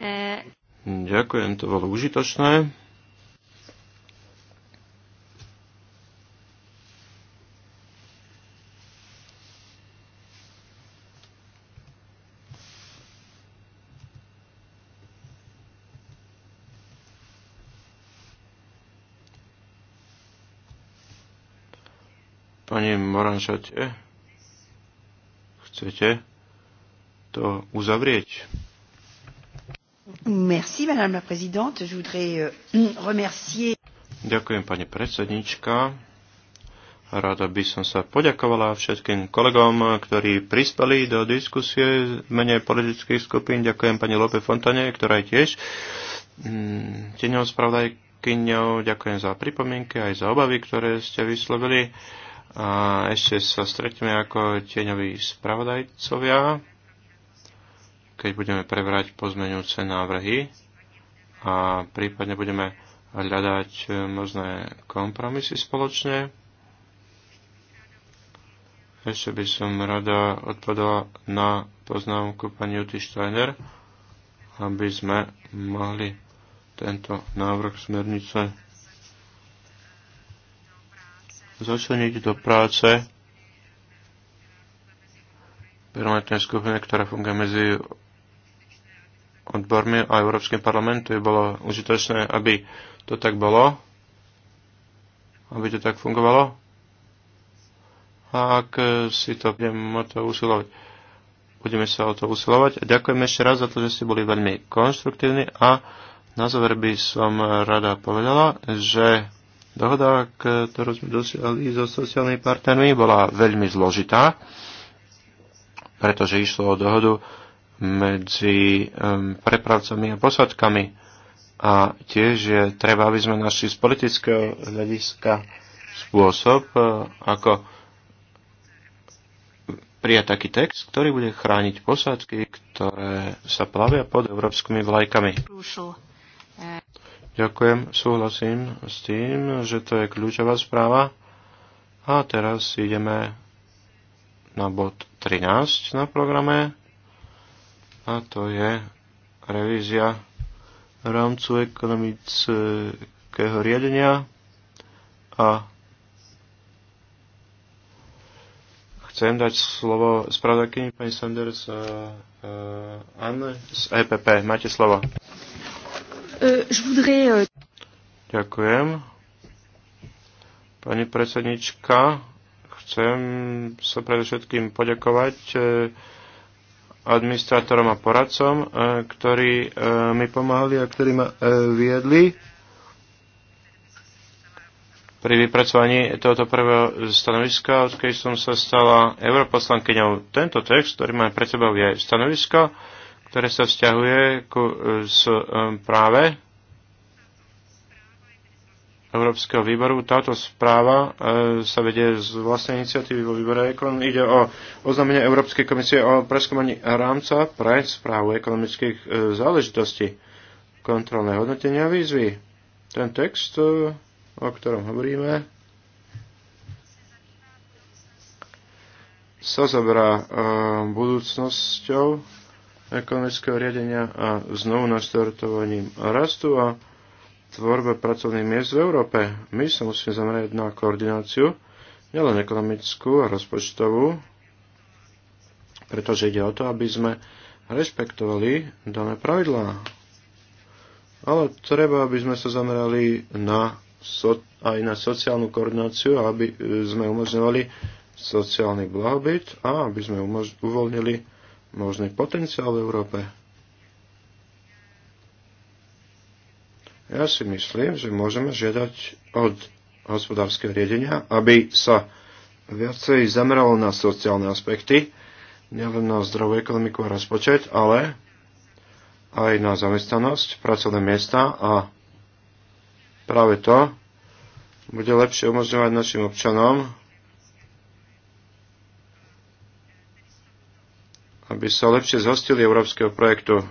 Uh... Ďakujem, to bolo užitočné. Pani Moranšate, eh, chcete to uzavrieť? Merci, madame la présidente. Je voudrais euh, remercier... Ďakujem, pani predsednička. Rada by som sa poďakovala všetkým kolegom, ktorí prispeli do diskusie v mene politických skupín. Ďakujem pani Lope Fontane, ktorá je tiež mm, teňou spravodajkyňou. Ďakujem za pripomienky aj za obavy, ktoré ste vyslovili. A ešte sa stretneme ako tieňoví spravodajcovia, keď budeme prebrať pozmeňujúce návrhy a prípadne budeme hľadať e, možné kompromisy spoločne. Ešte by som rada odpadala na poznámku pani Juty Steiner, aby sme mohli tento návrh smernice začleniť do práce permanentnej skupiny, ktorá funguje medzi odbormi a Európskym parlamentom. Je bolo užitočné, aby to tak bolo, aby to tak fungovalo. A ak si to budeme o to usilovať, budeme sa o to usilovať. A ďakujem ešte raz za to, že ste boli veľmi konstruktívni a na záver by som rada povedala, že Dohoda, ktorú sme dosiahli so sociálnymi partnermi, bola veľmi zložitá, pretože išlo o dohodu medzi prepravcami a posadkami. A tiež je treba, aby sme našli z politického hľadiska spôsob, eh, ako prijať taký text, ktorý bude chrániť posádky, ktoré sa plavia pod európskymi vlajkami. Eh, Ďakujem, súhlasím s tým, že to je kľúčová správa. A teraz ideme na bod 13 na programe. A to je revízia rámcu ekonomického riadenia a chcem dať slovo spravodajkyni pani Sanders uh, uh, Anne z EPP. Máte slovo. Euh, je voudrais... Euh, Ďakujem. Pani predsednička, chcem sa predovšetkým poďakovať e, administrátorom a poradcom, e, ktorí e, mi pomáhali a ktorí ma viedli pri vypracovaní tohoto prvého stanoviska, odkedy som sa stala europoslankyňou. Tento text, ktorý máme pred sebou, je stanovisko, ktoré sa vzťahuje ku e, s, e, práve Európskeho výboru. Táto správa e, sa vedie z vlastnej iniciatívy vo výbore Ekon. Ide o oznámenie Európskej komisie o preskúmaní rámca pre správu ekonomických e, záležitostí. Kontrolné hodnotenia výzvy. Ten text, e, o ktorom hovoríme, sa zabrá e, budúcnosťou ekonomického riadenia a znovu naštartovaním rastu a tvorbe pracovných miest v Európe. My sa musíme zamerať na koordináciu, nielen ekonomickú a rozpočtovú, pretože ide o to, aby sme rešpektovali dané pravidlá. Ale treba, aby sme sa zamerali na so, aj na sociálnu koordináciu, aby sme umožňovali sociálny blahobyt a aby sme umož- uvoľnili možný potenciál v Európe? Ja si myslím, že môžeme žiadať od hospodárskeho riadenia, aby sa viacej zameralo na sociálne aspekty, nielen na zdravú ekonomiku a rozpočet, ale aj na zamestnanosť, pracovné miesta a práve to bude lepšie umožňovať našim občanom aby sa lepšie zhostili európskeho projektu.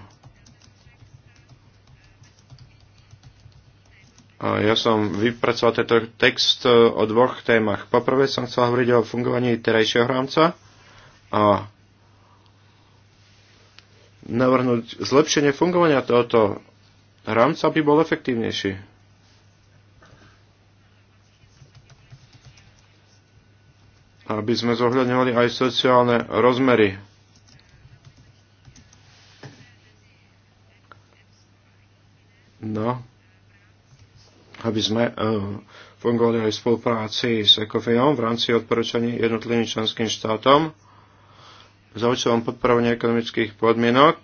A ja som vypracoval tento text e, o dvoch témach. Poprvé som chcel hovoriť o fungovaní terajšieho rámca a navrhnúť zlepšenie fungovania tohoto rámca, aby bol efektívnejší. Aby sme zohľadňovali aj sociálne rozmery No, aby sme eh, fungovali aj v spolupráci s ECOFIOM v rámci odporúčaní jednotlivým členským štátom za účelom podporovania ekonomických podmienok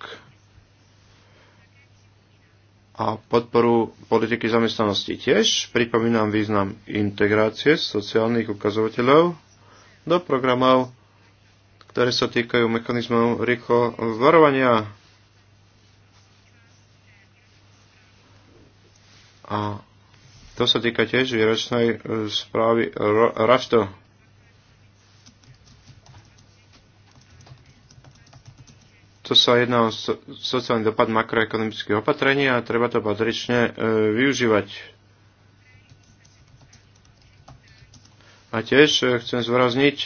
a podporu politiky zamestnanosti tiež. Pripomínam význam integrácie sociálnych ukazovateľov do programov, ktoré sa týkajú mechanizmov rýchlo varovania A to sa týka tiež výročnej e, správy Rašto. To sa jedná o so, sociálny dopad makroekonomických opatrení a treba to patrične e, využívať. A tiež e, chcem zvorazniť,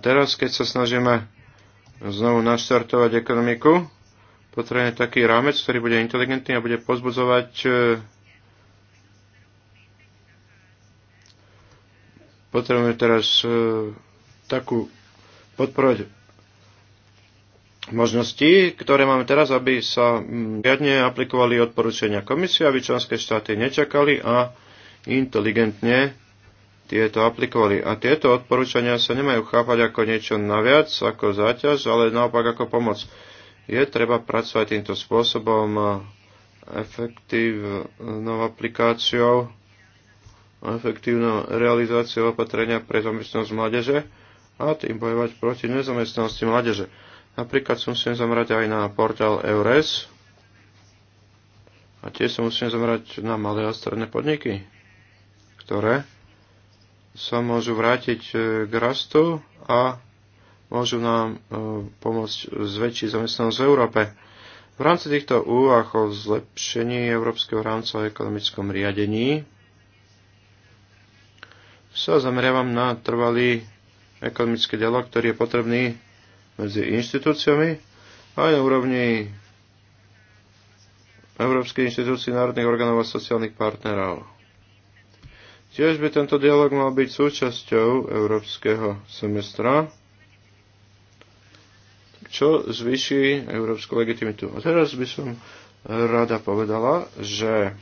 teraz, keď sa snažíme znovu naštartovať ekonomiku, potrebujeme taký rámec, ktorý bude inteligentný a bude pozbudzovať e, potrebujeme teraz e, takú podporovať možnosti, ktoré máme teraz, aby sa mm, riadne aplikovali odporúčania komisie, aby členské štáty nečakali a inteligentne tieto aplikovali. A tieto odporúčania sa nemajú chápať ako niečo naviac, ako záťaž, ale naopak ako pomoc. Je treba pracovať týmto spôsobom efektívnou aplikáciou a efektívnou realizáciou opatrenia pre zamestnanosť mládeže a tým bojovať proti nezamestnanosti mládeže. Napríklad som musím zamerať aj na portál EURES a tiež som musím zamerať na malé a stredné podniky, ktoré sa môžu vrátiť e, k rastu a môžu nám e, pomôcť zväčšiť zamestnanosť v Európe. V rámci týchto úvah o zlepšení Európskeho rámca o ekonomickom riadení sa zameriavam na trvalý ekonomický dialog, ktorý je potrebný medzi inštitúciami aj na úrovni Európskej inštitúcii národných orgánov a sociálnych partnerov. Tiež by tento dialog mal byť súčasťou európskeho semestra, čo zvýši európsku legitimitu. A teraz by som rada povedala, že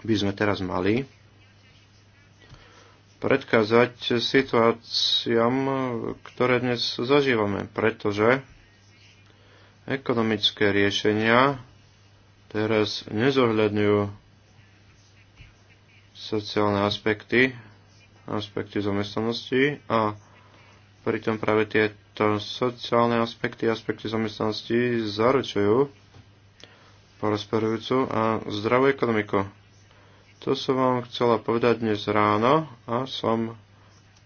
by sme teraz mali predkázať situáciám, ktoré dnes zažívame, pretože ekonomické riešenia teraz nezohľadňujú sociálne aspekty, aspekty zamestnanosti a pritom práve tieto sociálne aspekty, aspekty zamestnanosti zaručujú prosperujúcu a zdravú ekonomiku. To som vám chcela povedať dnes ráno a som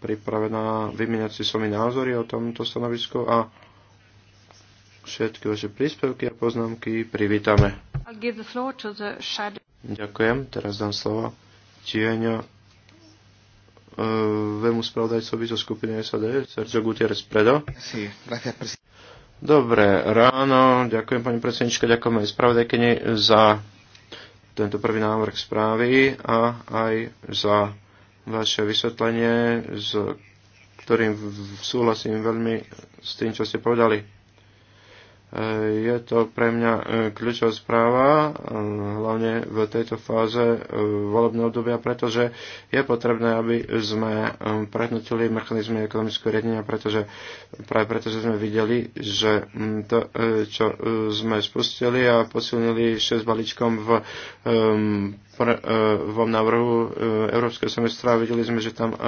pripravená vymeniať si svoje názory o tomto stanovisku a všetky vaše príspevky a poznámky privítame. Ďakujem, teraz dám slovo tieňa e, vemu spravodajcovi zo skupiny SAD, Sergio Gutierrez Predo. Dobre, ráno, ďakujem pani predsednička, ďakujem aj spravodajkyni za tento prvý návrh správy a aj za vaše vysvetlenie, s ktorým súhlasím veľmi s tým, čo ste povedali je to pre mňa e, kľúčová správa, e, hlavne v tejto fáze e, volebného obdobia, pretože je potrebné, aby sme prehnutili mechanizmy ekonomického riadenia, pretože práve pretože sme videli, že to, čo sme spustili a posilnili 6 balíčkom v E, vo návrhu e, Európskeho semestra videli sme, že tam e,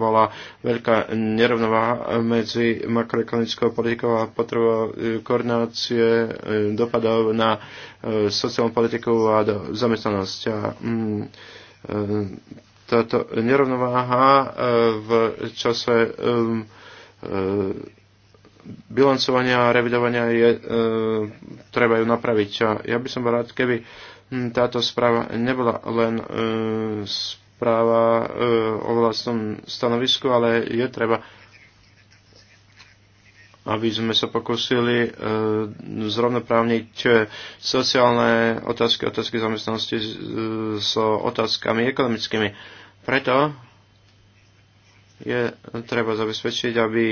bola veľká nerovnováha medzi makroekonomickou politikou a potrebou koordinácie dopadov na sociálnu politiku a zamestnanosť. A, mm, táto nerovnováha v čase bilancovania a revidovania je, treba ju napraviť. A ja by som bol rád, keby Hm, táto správa nebola len e, správa e, o vlastnom stanovisku, ale je treba aby sme sa pokúsili e, zrovnoprávniť e, sociálne otázky, otázky zamestnanosti e, s otázkami ekonomickými. Preto je treba zabezpečiť, aby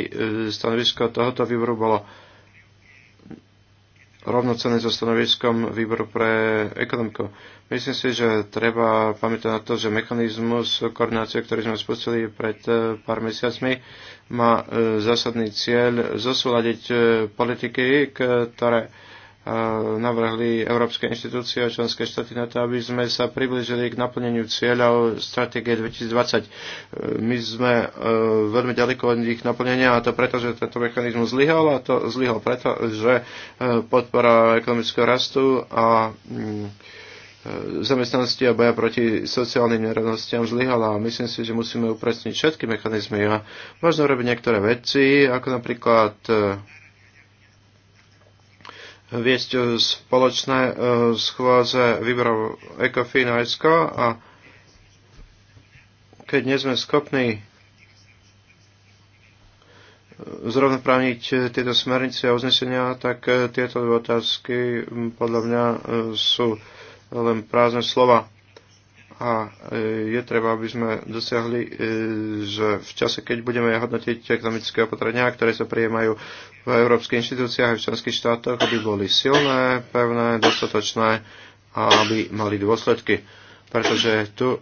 stanovisko tohoto výboru bolo e, rovnocené so stanoviskom výboru pre ekonomiku. Myslím si, že treba pamätať na to, že mechanizmus koordinácie, ktorý sme spustili pred eh, pár mesiacmi, má eh, zásadný cieľ zosúľadiť eh, politiky, ktoré navrhli európske inštitúcie a členské štáty na to, aby sme sa približili k naplneniu cieľov stratégie 2020. My sme e, veľmi ďaleko od ich naplnenia a to preto, že tento mechanizmus zlyhal a to zlyhal preto, že e, podpora ekonomického rastu a mm, e, zamestnanosti a boja proti sociálnym nerovnostiam zlyhala a myslím si, že musíme upresniť všetky mechanizmy a možno robiť niektoré veci, ako napríklad viesť e, spoločné e, schôze výborov ECOFIN a ESCO a keď nie sme schopní e, zrovnoprávniť tieto smernice a uznesenia, tak tieto otázky podľa mňa sú len prázdne slova a e, je treba, aby sme dosiahli, e, že v čase, keď budeme hodnotiť ekonomické opatrenia, ktoré sa prijímajú v európskych inštitúciách a v členských štátoch, aby boli silné, pevné, dostatočné a aby mali dôsledky. Pretože tu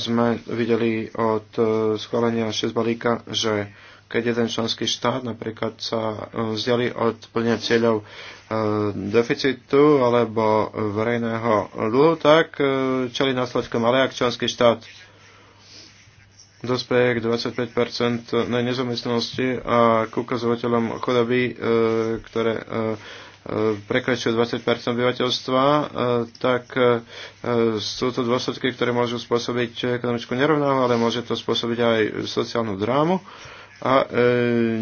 sme videli od e, schválenia 6 balíka, že keď jeden členský štát napríklad sa e, vzdiali od plne cieľov e, deficitu alebo verejného dlhu, tak e, čeli následkom, ale ak členský štát dospeje k 25% nezamestnanosti a k ukazovateľom chodoby, ktoré prekračujú 20 obyvateľstva, tak sú to dôsledky, ktoré môžu spôsobiť ekonomickú nerovnáhu, ale môže to spôsobiť aj sociálnu drámu a e,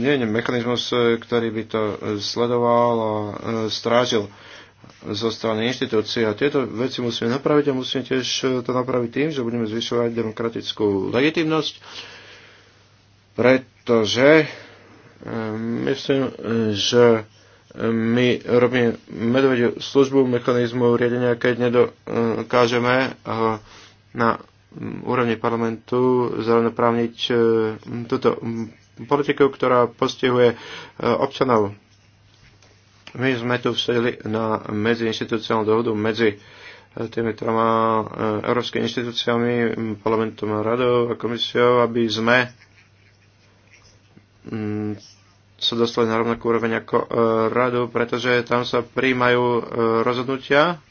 nie je mechanizmus, e, ktorý by to e, sledoval a e, strážil zo strany inštitúcií. A tieto veci musíme napraviť a musíme tiež e, to napraviť tým, že budeme zvyšovať demokratickú legitimnosť, pretože e, myslím, že my robíme medvediu službu mechanizmu riadenia, keď nedokážeme na úrovni parlamentu zrovnoprávniť túto politiku, ktorá postihuje e, občanov. My sme tu vsedili na medziinstitucionálnu dohodu medzi e, tými troma e, európskymi inštitúciami, parlamentom a radou a komisiou, aby sme sa dostali na rovnakú úroveň ako radu, pretože tam sa príjmajú rozhodnutia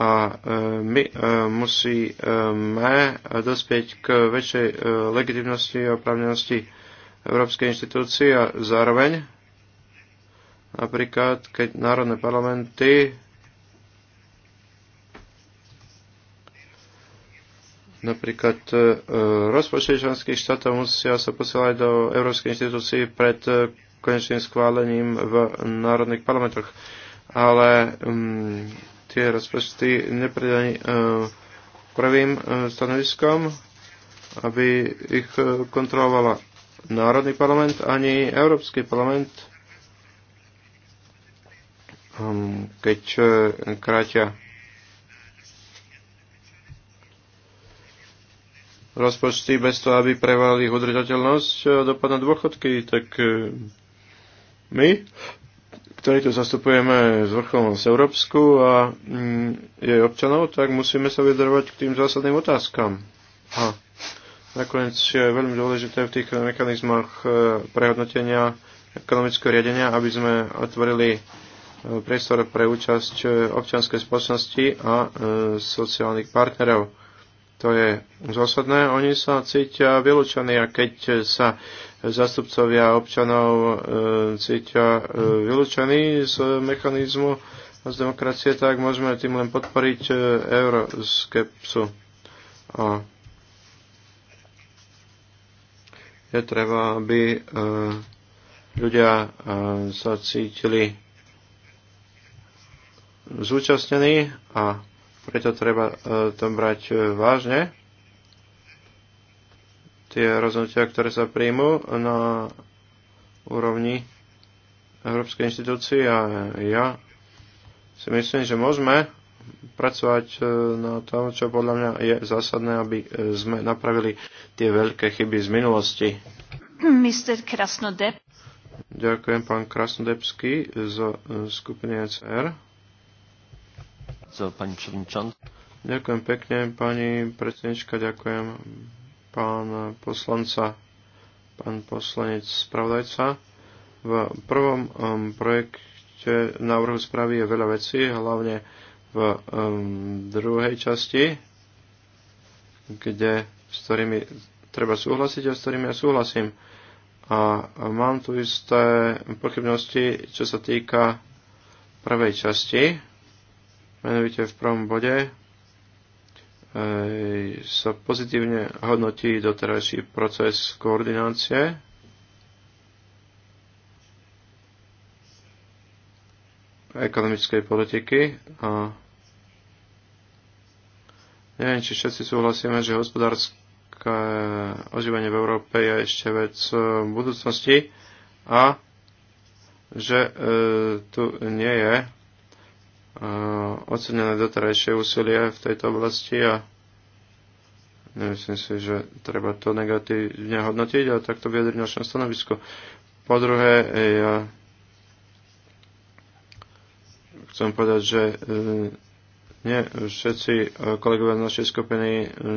a e, my e, musíme e, dospieť k väčšej legitimnosti a oprávnenosti Európskej inštitúcie a zároveň napríklad, keď národné parlamenty Napríklad rozpočty členských štátov musia sa posielať do Európskej inštitúcii pred konečným schválením v národných parlamentoch. Ale um, tie rozpočty nepredali e, prvým e, stanoviskom, aby ich e, kontrolovala Národný parlament ani Európsky parlament, hm, keď kráťa rozpočty bez toho, aby prevali ich udržateľnosť a dopad na dôchodky, tak my ktorí tu zastupujeme z vrcholnosť Európsku a mm, jej občanov, tak musíme sa vyjadrovať k tým zásadným otázkam. A nakoniec je veľmi dôležité v tých mechanizmoch e, prehodnotenia ekonomického riadenia, aby sme otvorili e, priestor pre účasť e, občianskej spoločnosti a sociálnych partnerov. To je zásadné. Oni sa cítia vylúčení a keď sa zastupcovia občanov e, cítia e, vylúčení z mechanizmu a z demokracie, tak môžeme tým len podporiť e, euroskepsu. A je treba, aby ľudia sa cítili zúčastnení a preto treba e, to brať e, vážne. Tie rozhodnutia, ktoré sa príjmú na úrovni Európskej inštitúcie a ja si myslím, že môžeme pracovať e, na tom, čo podľa mňa je zásadné, aby sme napravili tie veľké chyby z minulosti. Mr. Krasnodeb. Ďakujem pán Krasnodebský z skupiny ECR bardzo, pani przewodnicząca. Ďakujem pekne, pani predsednička, ďakujem pán poslanca, pán poslanec spravodajca. V prvom um, projekte návrhu správy je veľa vecí, hlavne v um, druhej časti, kde, s ktorými treba súhlasiť a s ktorými ja súhlasím. A mám tu isté pochybnosti, čo sa týka prvej časti Menovite v prvom bode e, sa pozitívne hodnotí doterajší proces koordinácie. ekonomickej politiky a neviem, či všetci súhlasíme, že hospodárske oživenie v Európe je ešte vec e, budúcnosti a že e, tu nie je Eh, ocenené doterajšie úsilie v tejto oblasti a nemyslím si, že treba to negatívne hodnotiť a takto vyjadriť naše stanovisko. Po druhé, ja chcem povedať, že eh, nie všetci eh, kolegovia z našej skupiny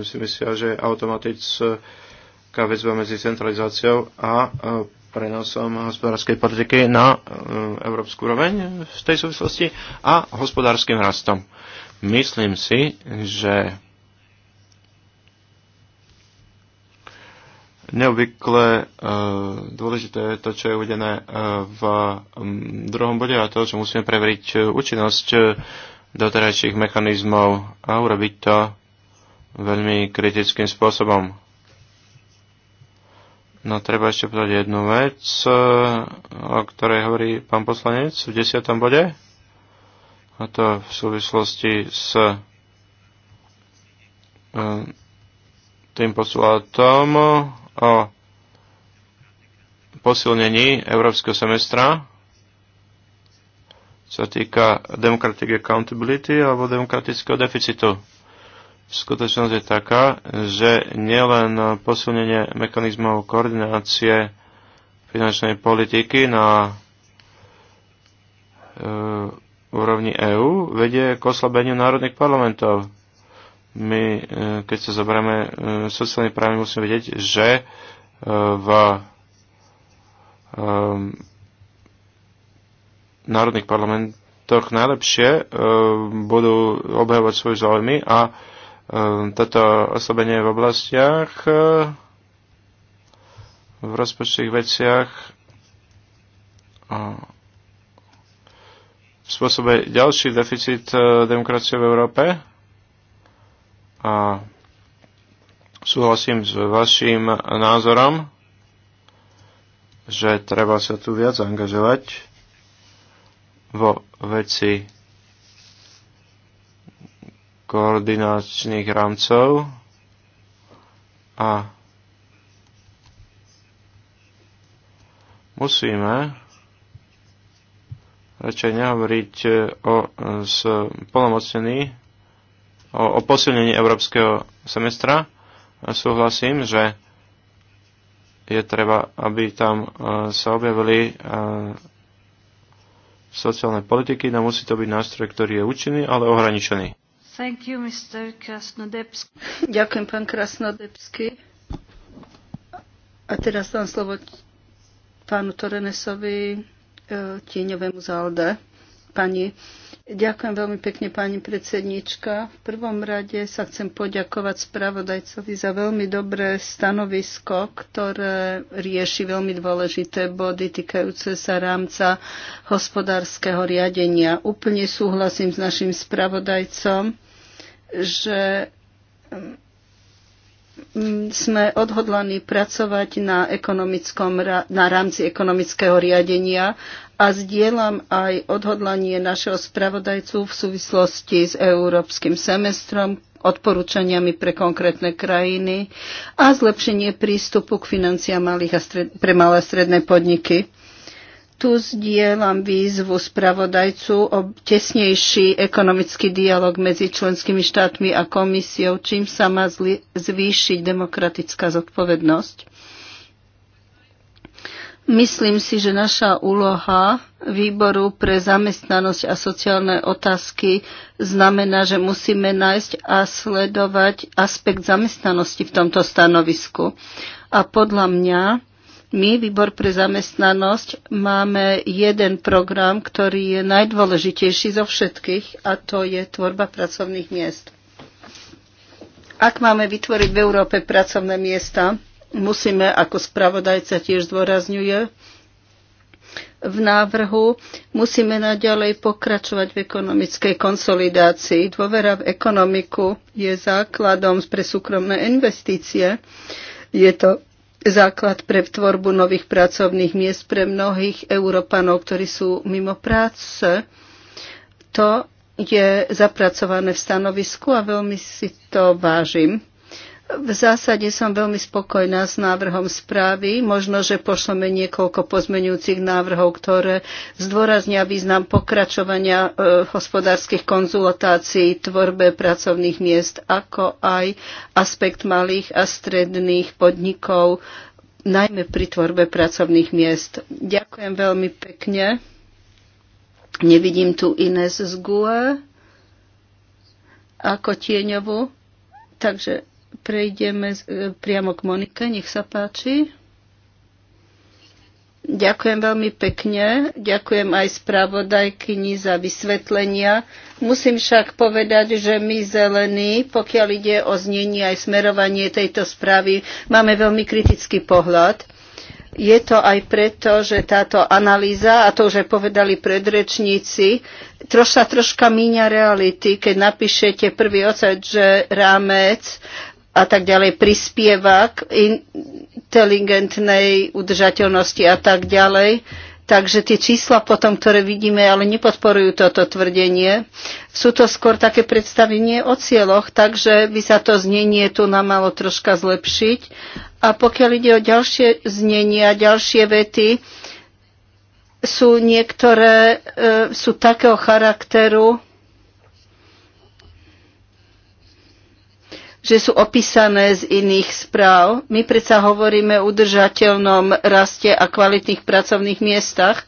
si myslia, že automatická väzba medzi centralizáciou a prenosom hospodárskej politiky na e, európsku roveň v tej súvislosti a hospodárskym rastom. Myslím si, že neobvykle e, dôležité je to, čo je uvedené e, v druhom bode a to, že musíme preveriť účinnosť doterajších mechanizmov a urobiť to veľmi kritickým spôsobom. No treba ešte povedať jednu vec, eh, o ktorej hovorí pán poslanec v desiatom bode. A to v súvislosti s eh, tým posulátom o posilnení európskeho semestra sa týka democratic accountability alebo demokratického deficitu skutočnosť je taká, že nielen posunenie mechanizmov koordinácie finančnej politiky na e, úrovni EÚ vedie k oslabeniu národných parlamentov. My, e, keď sa zoberieme e, sociálne právy, musíme vedieť, že e, v e, národných parlamentoch najlepšie e, budú obhajovať svoje záujmy a e, Ehm, toto osobenie v oblastiach, e, v rozpočtových veciach, spôsobe ďalší deficit e, demokracie v Európe. A súhlasím s vašim názorom, že treba sa tu viac angažovať vo veci koordinačných rámcov a musíme radšej nehovoriť o plnomocnení, o, o posilnení európskeho semestra. Súhlasím, že je treba, aby tam e, sa objavili e, sociálne politiky, no musí to byť nástroj, ktorý je účinný, ale ohraničený. Thank you, Mr. Krasnodebsky. Ďakujem, pán Krasnodebsky. A teraz dám slovo pánu Torenesovi, e, tieňovému Zalde. Pani, ďakujem veľmi pekne, pani predsednička. V prvom rade sa chcem poďakovať spravodajcovi za veľmi dobré stanovisko, ktoré rieši veľmi dôležité body týkajúce sa rámca hospodárskeho riadenia. Úplne súhlasím s našim spravodajcom že mm, mm, sme odhodlaní pracovať na, ekonomickom, na rámci ekonomického riadenia a zdieľam aj odhodlanie našeho spravodajcu v súvislosti s európskym semestrom, odporúčaniami pre konkrétne krajiny a zlepšenie prístupu k financiám malých a stred, pre malé a stredné podniky. Tu zdieľam výzvu spravodajcu o tesnejší ekonomický dialog medzi členskými štátmi a komisiou, čím sa má zvýšiť demokratická zodpovednosť. Myslím si, že naša úloha výboru pre zamestnanosť a sociálne otázky znamená, že musíme nájsť a sledovať aspekt zamestnanosti v tomto stanovisku. A podľa mňa my, Výbor pre zamestnanosť, máme jeden program, ktorý je najdôležitejší zo všetkých a to je tvorba pracovných miest. Ak máme vytvoriť v Európe pracovné miesta, musíme, ako spravodajca tiež zdôrazňuje, v návrhu musíme naďalej pokračovať v ekonomickej konsolidácii. Dôvera v ekonomiku je základom pre súkromné investície. Je to základ pre tvorbu nových pracovných miest pre mnohých Európanov, ktorí sú mimo práce. To je zapracované v stanovisku a veľmi si to vážim. V zásade som veľmi spokojná s návrhom správy. Možno, že pošleme niekoľko pozmenujúcich návrhov, ktoré zdôraznia význam pokračovania e, hospodárskych konzultácií, tvorbe pracovných miest, ako aj aspekt malých a stredných podnikov, najmä pri tvorbe pracovných miest. Ďakujem veľmi pekne. Nevidím tu Ines z GUE ako tieňovú. Takže prejdeme e, priamo k Monike, nech sa páči. Ďakujem veľmi pekne. Ďakujem aj spravodajkyni za vysvetlenia. Musím však povedať, že my zelení, pokiaľ ide o znenie aj smerovanie tejto správy, máme veľmi kritický pohľad. Je to aj preto, že táto analýza, a to už aj povedali predrečníci, troška troška míňa reality, keď napíšete prvý ocet, že rámec a tak ďalej prispieva k inteligentnej udržateľnosti a tak ďalej. Takže tie čísla potom, ktoré vidíme, ale nepodporujú toto tvrdenie. Sú to skôr také predstavenie o cieľoch, takže by sa to znenie tu nám malo troška zlepšiť. A pokiaľ ide o ďalšie znenia, ďalšie vety, sú niektoré e, sú takého charakteru, že sú opísané z iných správ. My predsa hovoríme o udržateľnom raste a kvalitných pracovných miestach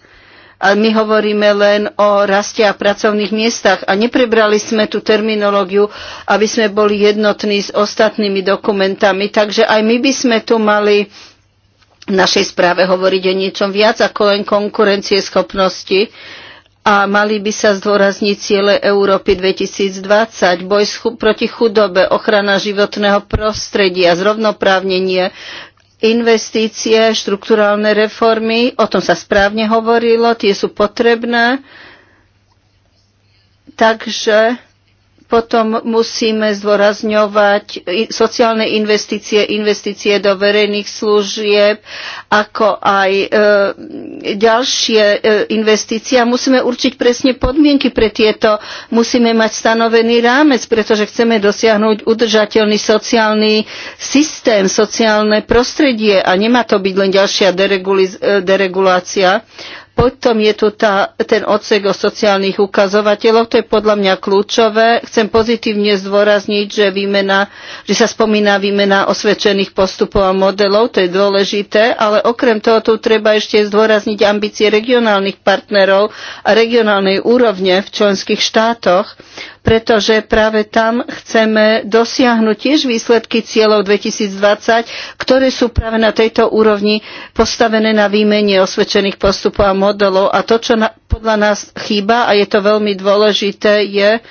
a my hovoríme len o raste a pracovných miestach a neprebrali sme tú terminológiu, aby sme boli jednotní s ostatnými dokumentami. Takže aj my by sme tu mali v našej správe hovoriť o niečom viac ako len konkurencieschopnosti. schopnosti a mali by sa zdôrazniť ciele Európy 2020, boj proti chudobe, ochrana životného prostredia, zrovnoprávnenie, investície, štrukturálne reformy, o tom sa správne hovorilo, tie sú potrebné. Takže potom musíme zdôrazňovať sociálne investície, investície do verejných služieb, ako aj e, ďalšie e, investície. A musíme určiť presne podmienky pre tieto. Musíme mať stanovený rámec, pretože chceme dosiahnuť udržateľný sociálny systém, sociálne prostredie a nemá to byť len ďalšia e, deregulácia. Potom je tu tá, ten odsek o sociálnych ukazovateľoch, to je podľa mňa kľúčové. Chcem pozitívne zdôrazniť, že, výmena, že sa spomína výmena osvedčených postupov a modelov, to je dôležité, ale okrem toho tu treba ešte zdôrazniť ambície regionálnych partnerov a regionálnej úrovne v členských štátoch pretože práve tam chceme dosiahnuť tiež výsledky cieľov 2020, ktoré sú práve na tejto úrovni postavené na výmene osvedčených postupov a modelov. A to, čo na, podľa nás chýba, a je to veľmi dôležité, je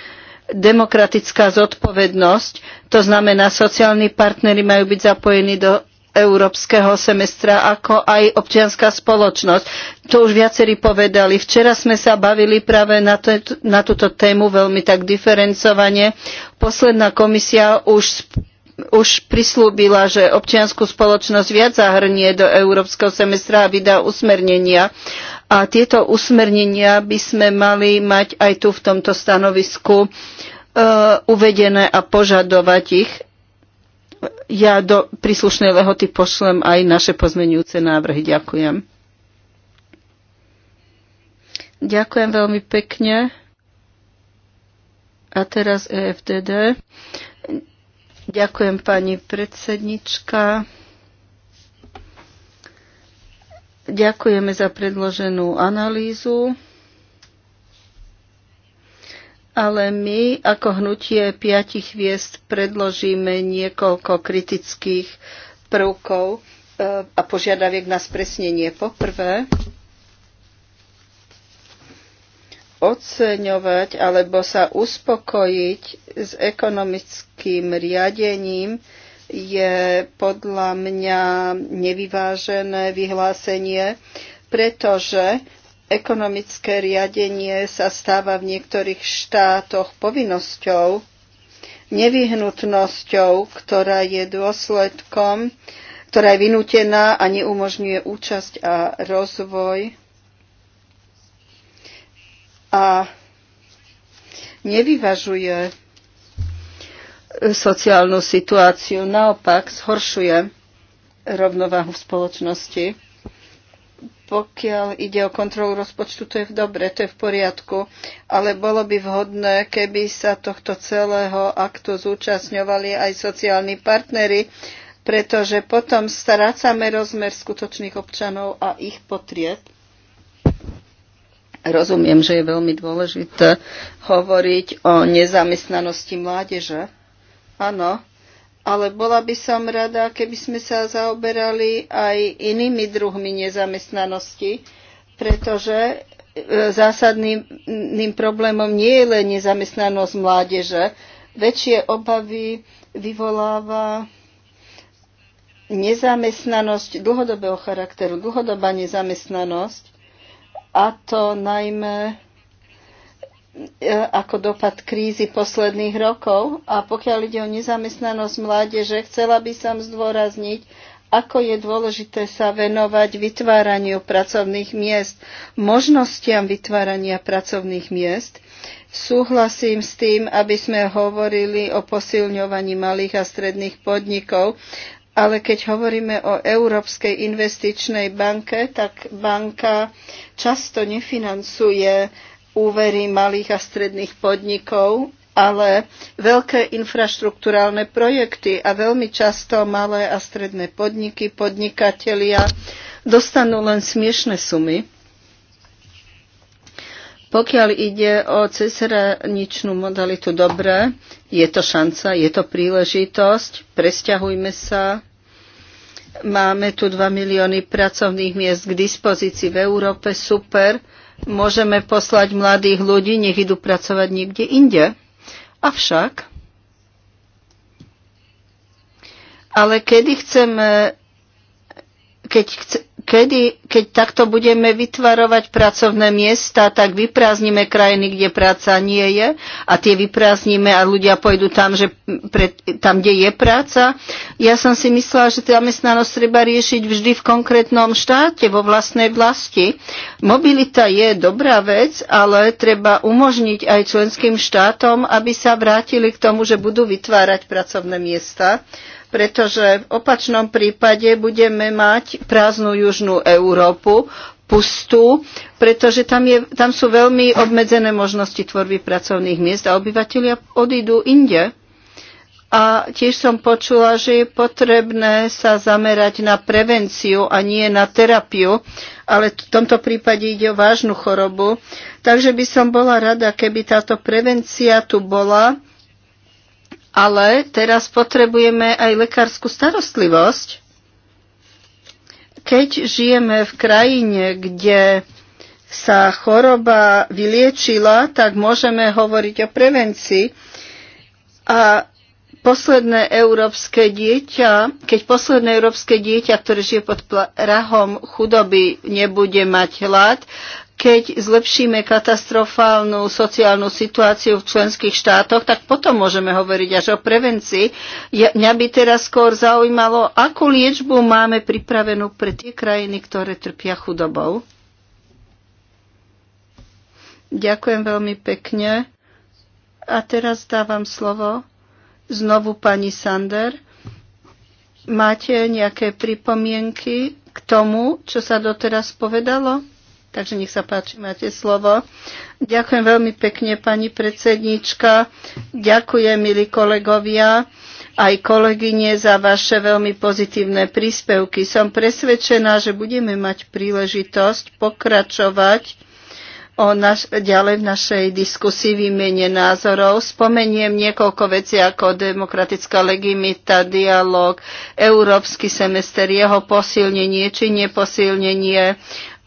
demokratická zodpovednosť. To znamená, sociálni partnery majú byť zapojení do európskeho semestra, ako aj občianská spoločnosť. To už viacerí povedali. Včera sme sa bavili práve na, to, na túto tému veľmi tak diferencovane. Posledná komisia už už prislúbila, že občianskú spoločnosť viac zahrnie do európskeho semestra a vydá usmernenia. A tieto usmernenia by sme mali mať aj tu v tomto stanovisku e, uvedené a požadovať ich ja do príslušnej lehoty pošlem aj naše pozmenujúce návrhy. Ďakujem. Ďakujem veľmi pekne. A teraz EFDD. Ďakujem pani predsednička. Ďakujeme za predloženú analýzu ale my ako hnutie piatich hviezd predložíme niekoľko kritických prvkov e, a požiadaviek na spresnenie. Poprvé, oceňovať alebo sa uspokojiť s ekonomickým riadením je podľa mňa nevyvážené vyhlásenie, pretože ekonomické riadenie sa stáva v niektorých štátoch povinnosťou, nevyhnutnosťou, ktorá je dôsledkom, ktorá je vynútená a neumožňuje účasť a rozvoj. A nevyvažuje sociálnu situáciu, naopak zhoršuje rovnováhu v spoločnosti pokiaľ ide o kontrolu rozpočtu, to je dobre, to je v poriadku, ale bolo by vhodné, keby sa tohto celého aktu zúčastňovali aj sociálni partnery, pretože potom strácame rozmer skutočných občanov a ich potrieb. Rozumiem, že je veľmi dôležité hovoriť o nezamestnanosti mládeže. Áno, ale bola by som rada, keby sme sa zaoberali aj inými druhmi nezamestnanosti, pretože e, zásadným problémom nie je len nezamestnanosť mládeže. Väčšie obavy vyvoláva nezamestnanosť dlhodobého charakteru, dlhodobá nezamestnanosť, a to najmä E, ako dopad krízy posledných rokov. A pokiaľ ide o nezamestnanosť mládeže, chcela by som zdôrazniť, ako je dôležité sa venovať vytváraniu pracovných miest, možnostiam vytvárania pracovných miest. Súhlasím s tým, aby sme hovorili o posilňovaní malých a stredných podnikov, ale keď hovoríme o Európskej investičnej banke, tak banka často nefinancuje úvery malých a stredných podnikov, ale veľké infraštruktúrálne projekty a veľmi často malé a stredné podniky, podnikatelia dostanú len smiešne sumy. Pokiaľ ide o cezhraničnú modalitu dobré, je to šanca, je to príležitosť, presťahujme sa. Máme tu 2 milióny pracovných miest k dispozícii v Európe, super Môžeme poslať mladých ľudí, nech idú pracovať niekde inde. Avšak, ale kedy chceme, keď chceme kedy, keď takto budeme vytvarovať pracovné miesta, tak vyprázdnime krajiny, kde práca nie je a tie vyprázdnime a ľudia pôjdu tam, že pre, tam, kde je práca. Ja som si myslela, že zamestnanosť treba riešiť vždy v konkrétnom štáte, vo vlastnej vlasti. Mobilita je dobrá vec, ale treba umožniť aj členským štátom, aby sa vrátili k tomu, že budú vytvárať pracovné miesta pretože v opačnom prípade budeme mať prázdnu južnú Európu, pustú, pretože tam, je, tam sú veľmi obmedzené možnosti tvorby pracovných miest a obyvateľia odídu inde. A tiež som počula, že je potrebné sa zamerať na prevenciu a nie na terapiu, ale v tomto prípade ide o vážnu chorobu. Takže by som bola rada, keby táto prevencia tu bola ale teraz potrebujeme aj lekárskú starostlivosť. Keď žijeme v krajine, kde sa choroba vyliečila, tak môžeme hovoriť o prevencii. A posledné európske dieťa, keď posledné európske dieťa, ktoré žije pod prahom chudoby, nebude mať hlad, keď zlepšíme katastrofálnu sociálnu situáciu v členských štátoch, tak potom môžeme hovoriť až o prevencii. Ja, mňa by teraz skôr zaujímalo, akú liečbu máme pripravenú pre tie krajiny, ktoré trpia chudobou. Ďakujem veľmi pekne. A teraz dávam slovo znovu pani Sander. Máte nejaké pripomienky k tomu, čo sa doteraz povedalo? Takže nech sa páči, máte slovo. Ďakujem veľmi pekne, pani predsednička. Ďakujem, milí kolegovia, aj kolegyne za vaše veľmi pozitívne príspevky. Som presvedčená, že budeme mať príležitosť pokračovať o naš, ďalej v našej diskusii výmene názorov. Spomeniem niekoľko vecí ako demokratická legimita, dialog, európsky semester, jeho posilnenie či neposilnenie,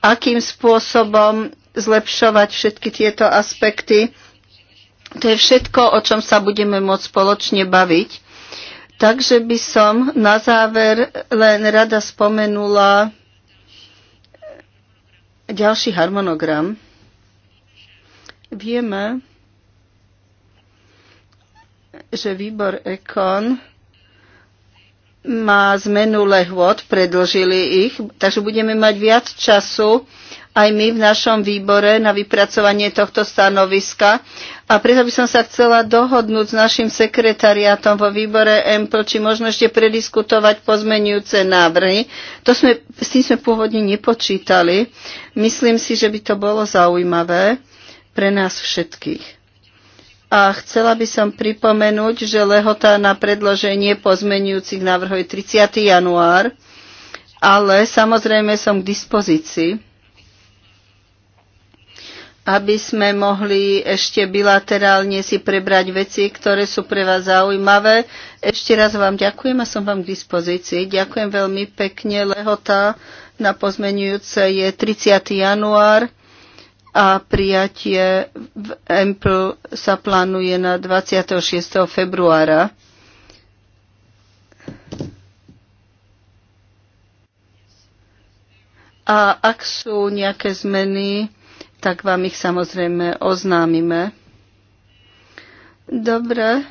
akým spôsobom zlepšovať všetky tieto aspekty. To je všetko, o čom sa budeme môcť spoločne baviť. Takže by som na záver len rada spomenula ďalší harmonogram. Vieme, že výbor EKON má zmenu lehôd, predlžili ich, takže budeme mať viac času aj my v našom výbore na vypracovanie tohto stanoviska. A preto by som sa chcela dohodnúť s našim sekretariátom vo výbore EMPL, či možno ešte prediskutovať pozmenujúce návrhy. To sme, s tým sme pôvodne nepočítali. Myslím si, že by to bolo zaujímavé pre nás všetkých. A chcela by som pripomenúť, že lehota na predloženie pozmenujúcich návrhov je 30. január, ale samozrejme som k dispozícii, aby sme mohli ešte bilaterálne si prebrať veci, ktoré sú pre vás zaujímavé. Ešte raz vám ďakujem a som vám k dispozícii. Ďakujem veľmi pekne. Lehota na pozmenujúce je 30. január a prijatie v EMPL sa plánuje na 26. februára. A ak sú nejaké zmeny, tak vám ich samozrejme oznámime. Dobre.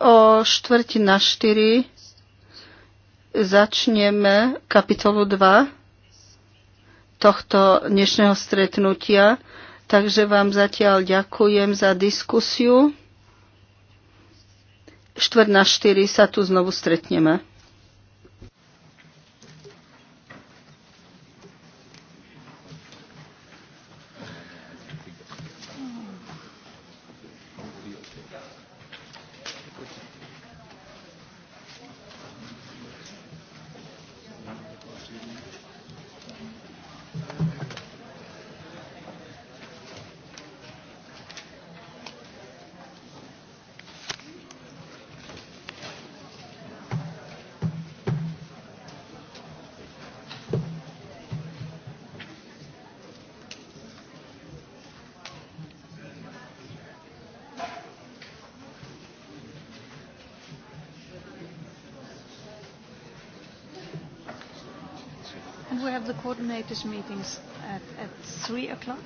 O štvrti na štyri začneme kapitolu 2 tohto dnešného stretnutia. Takže vám zatiaľ ďakujem za diskusiu. Štvrt na štyri sa tu znovu stretneme. latest meetings at, at 3 o'clock.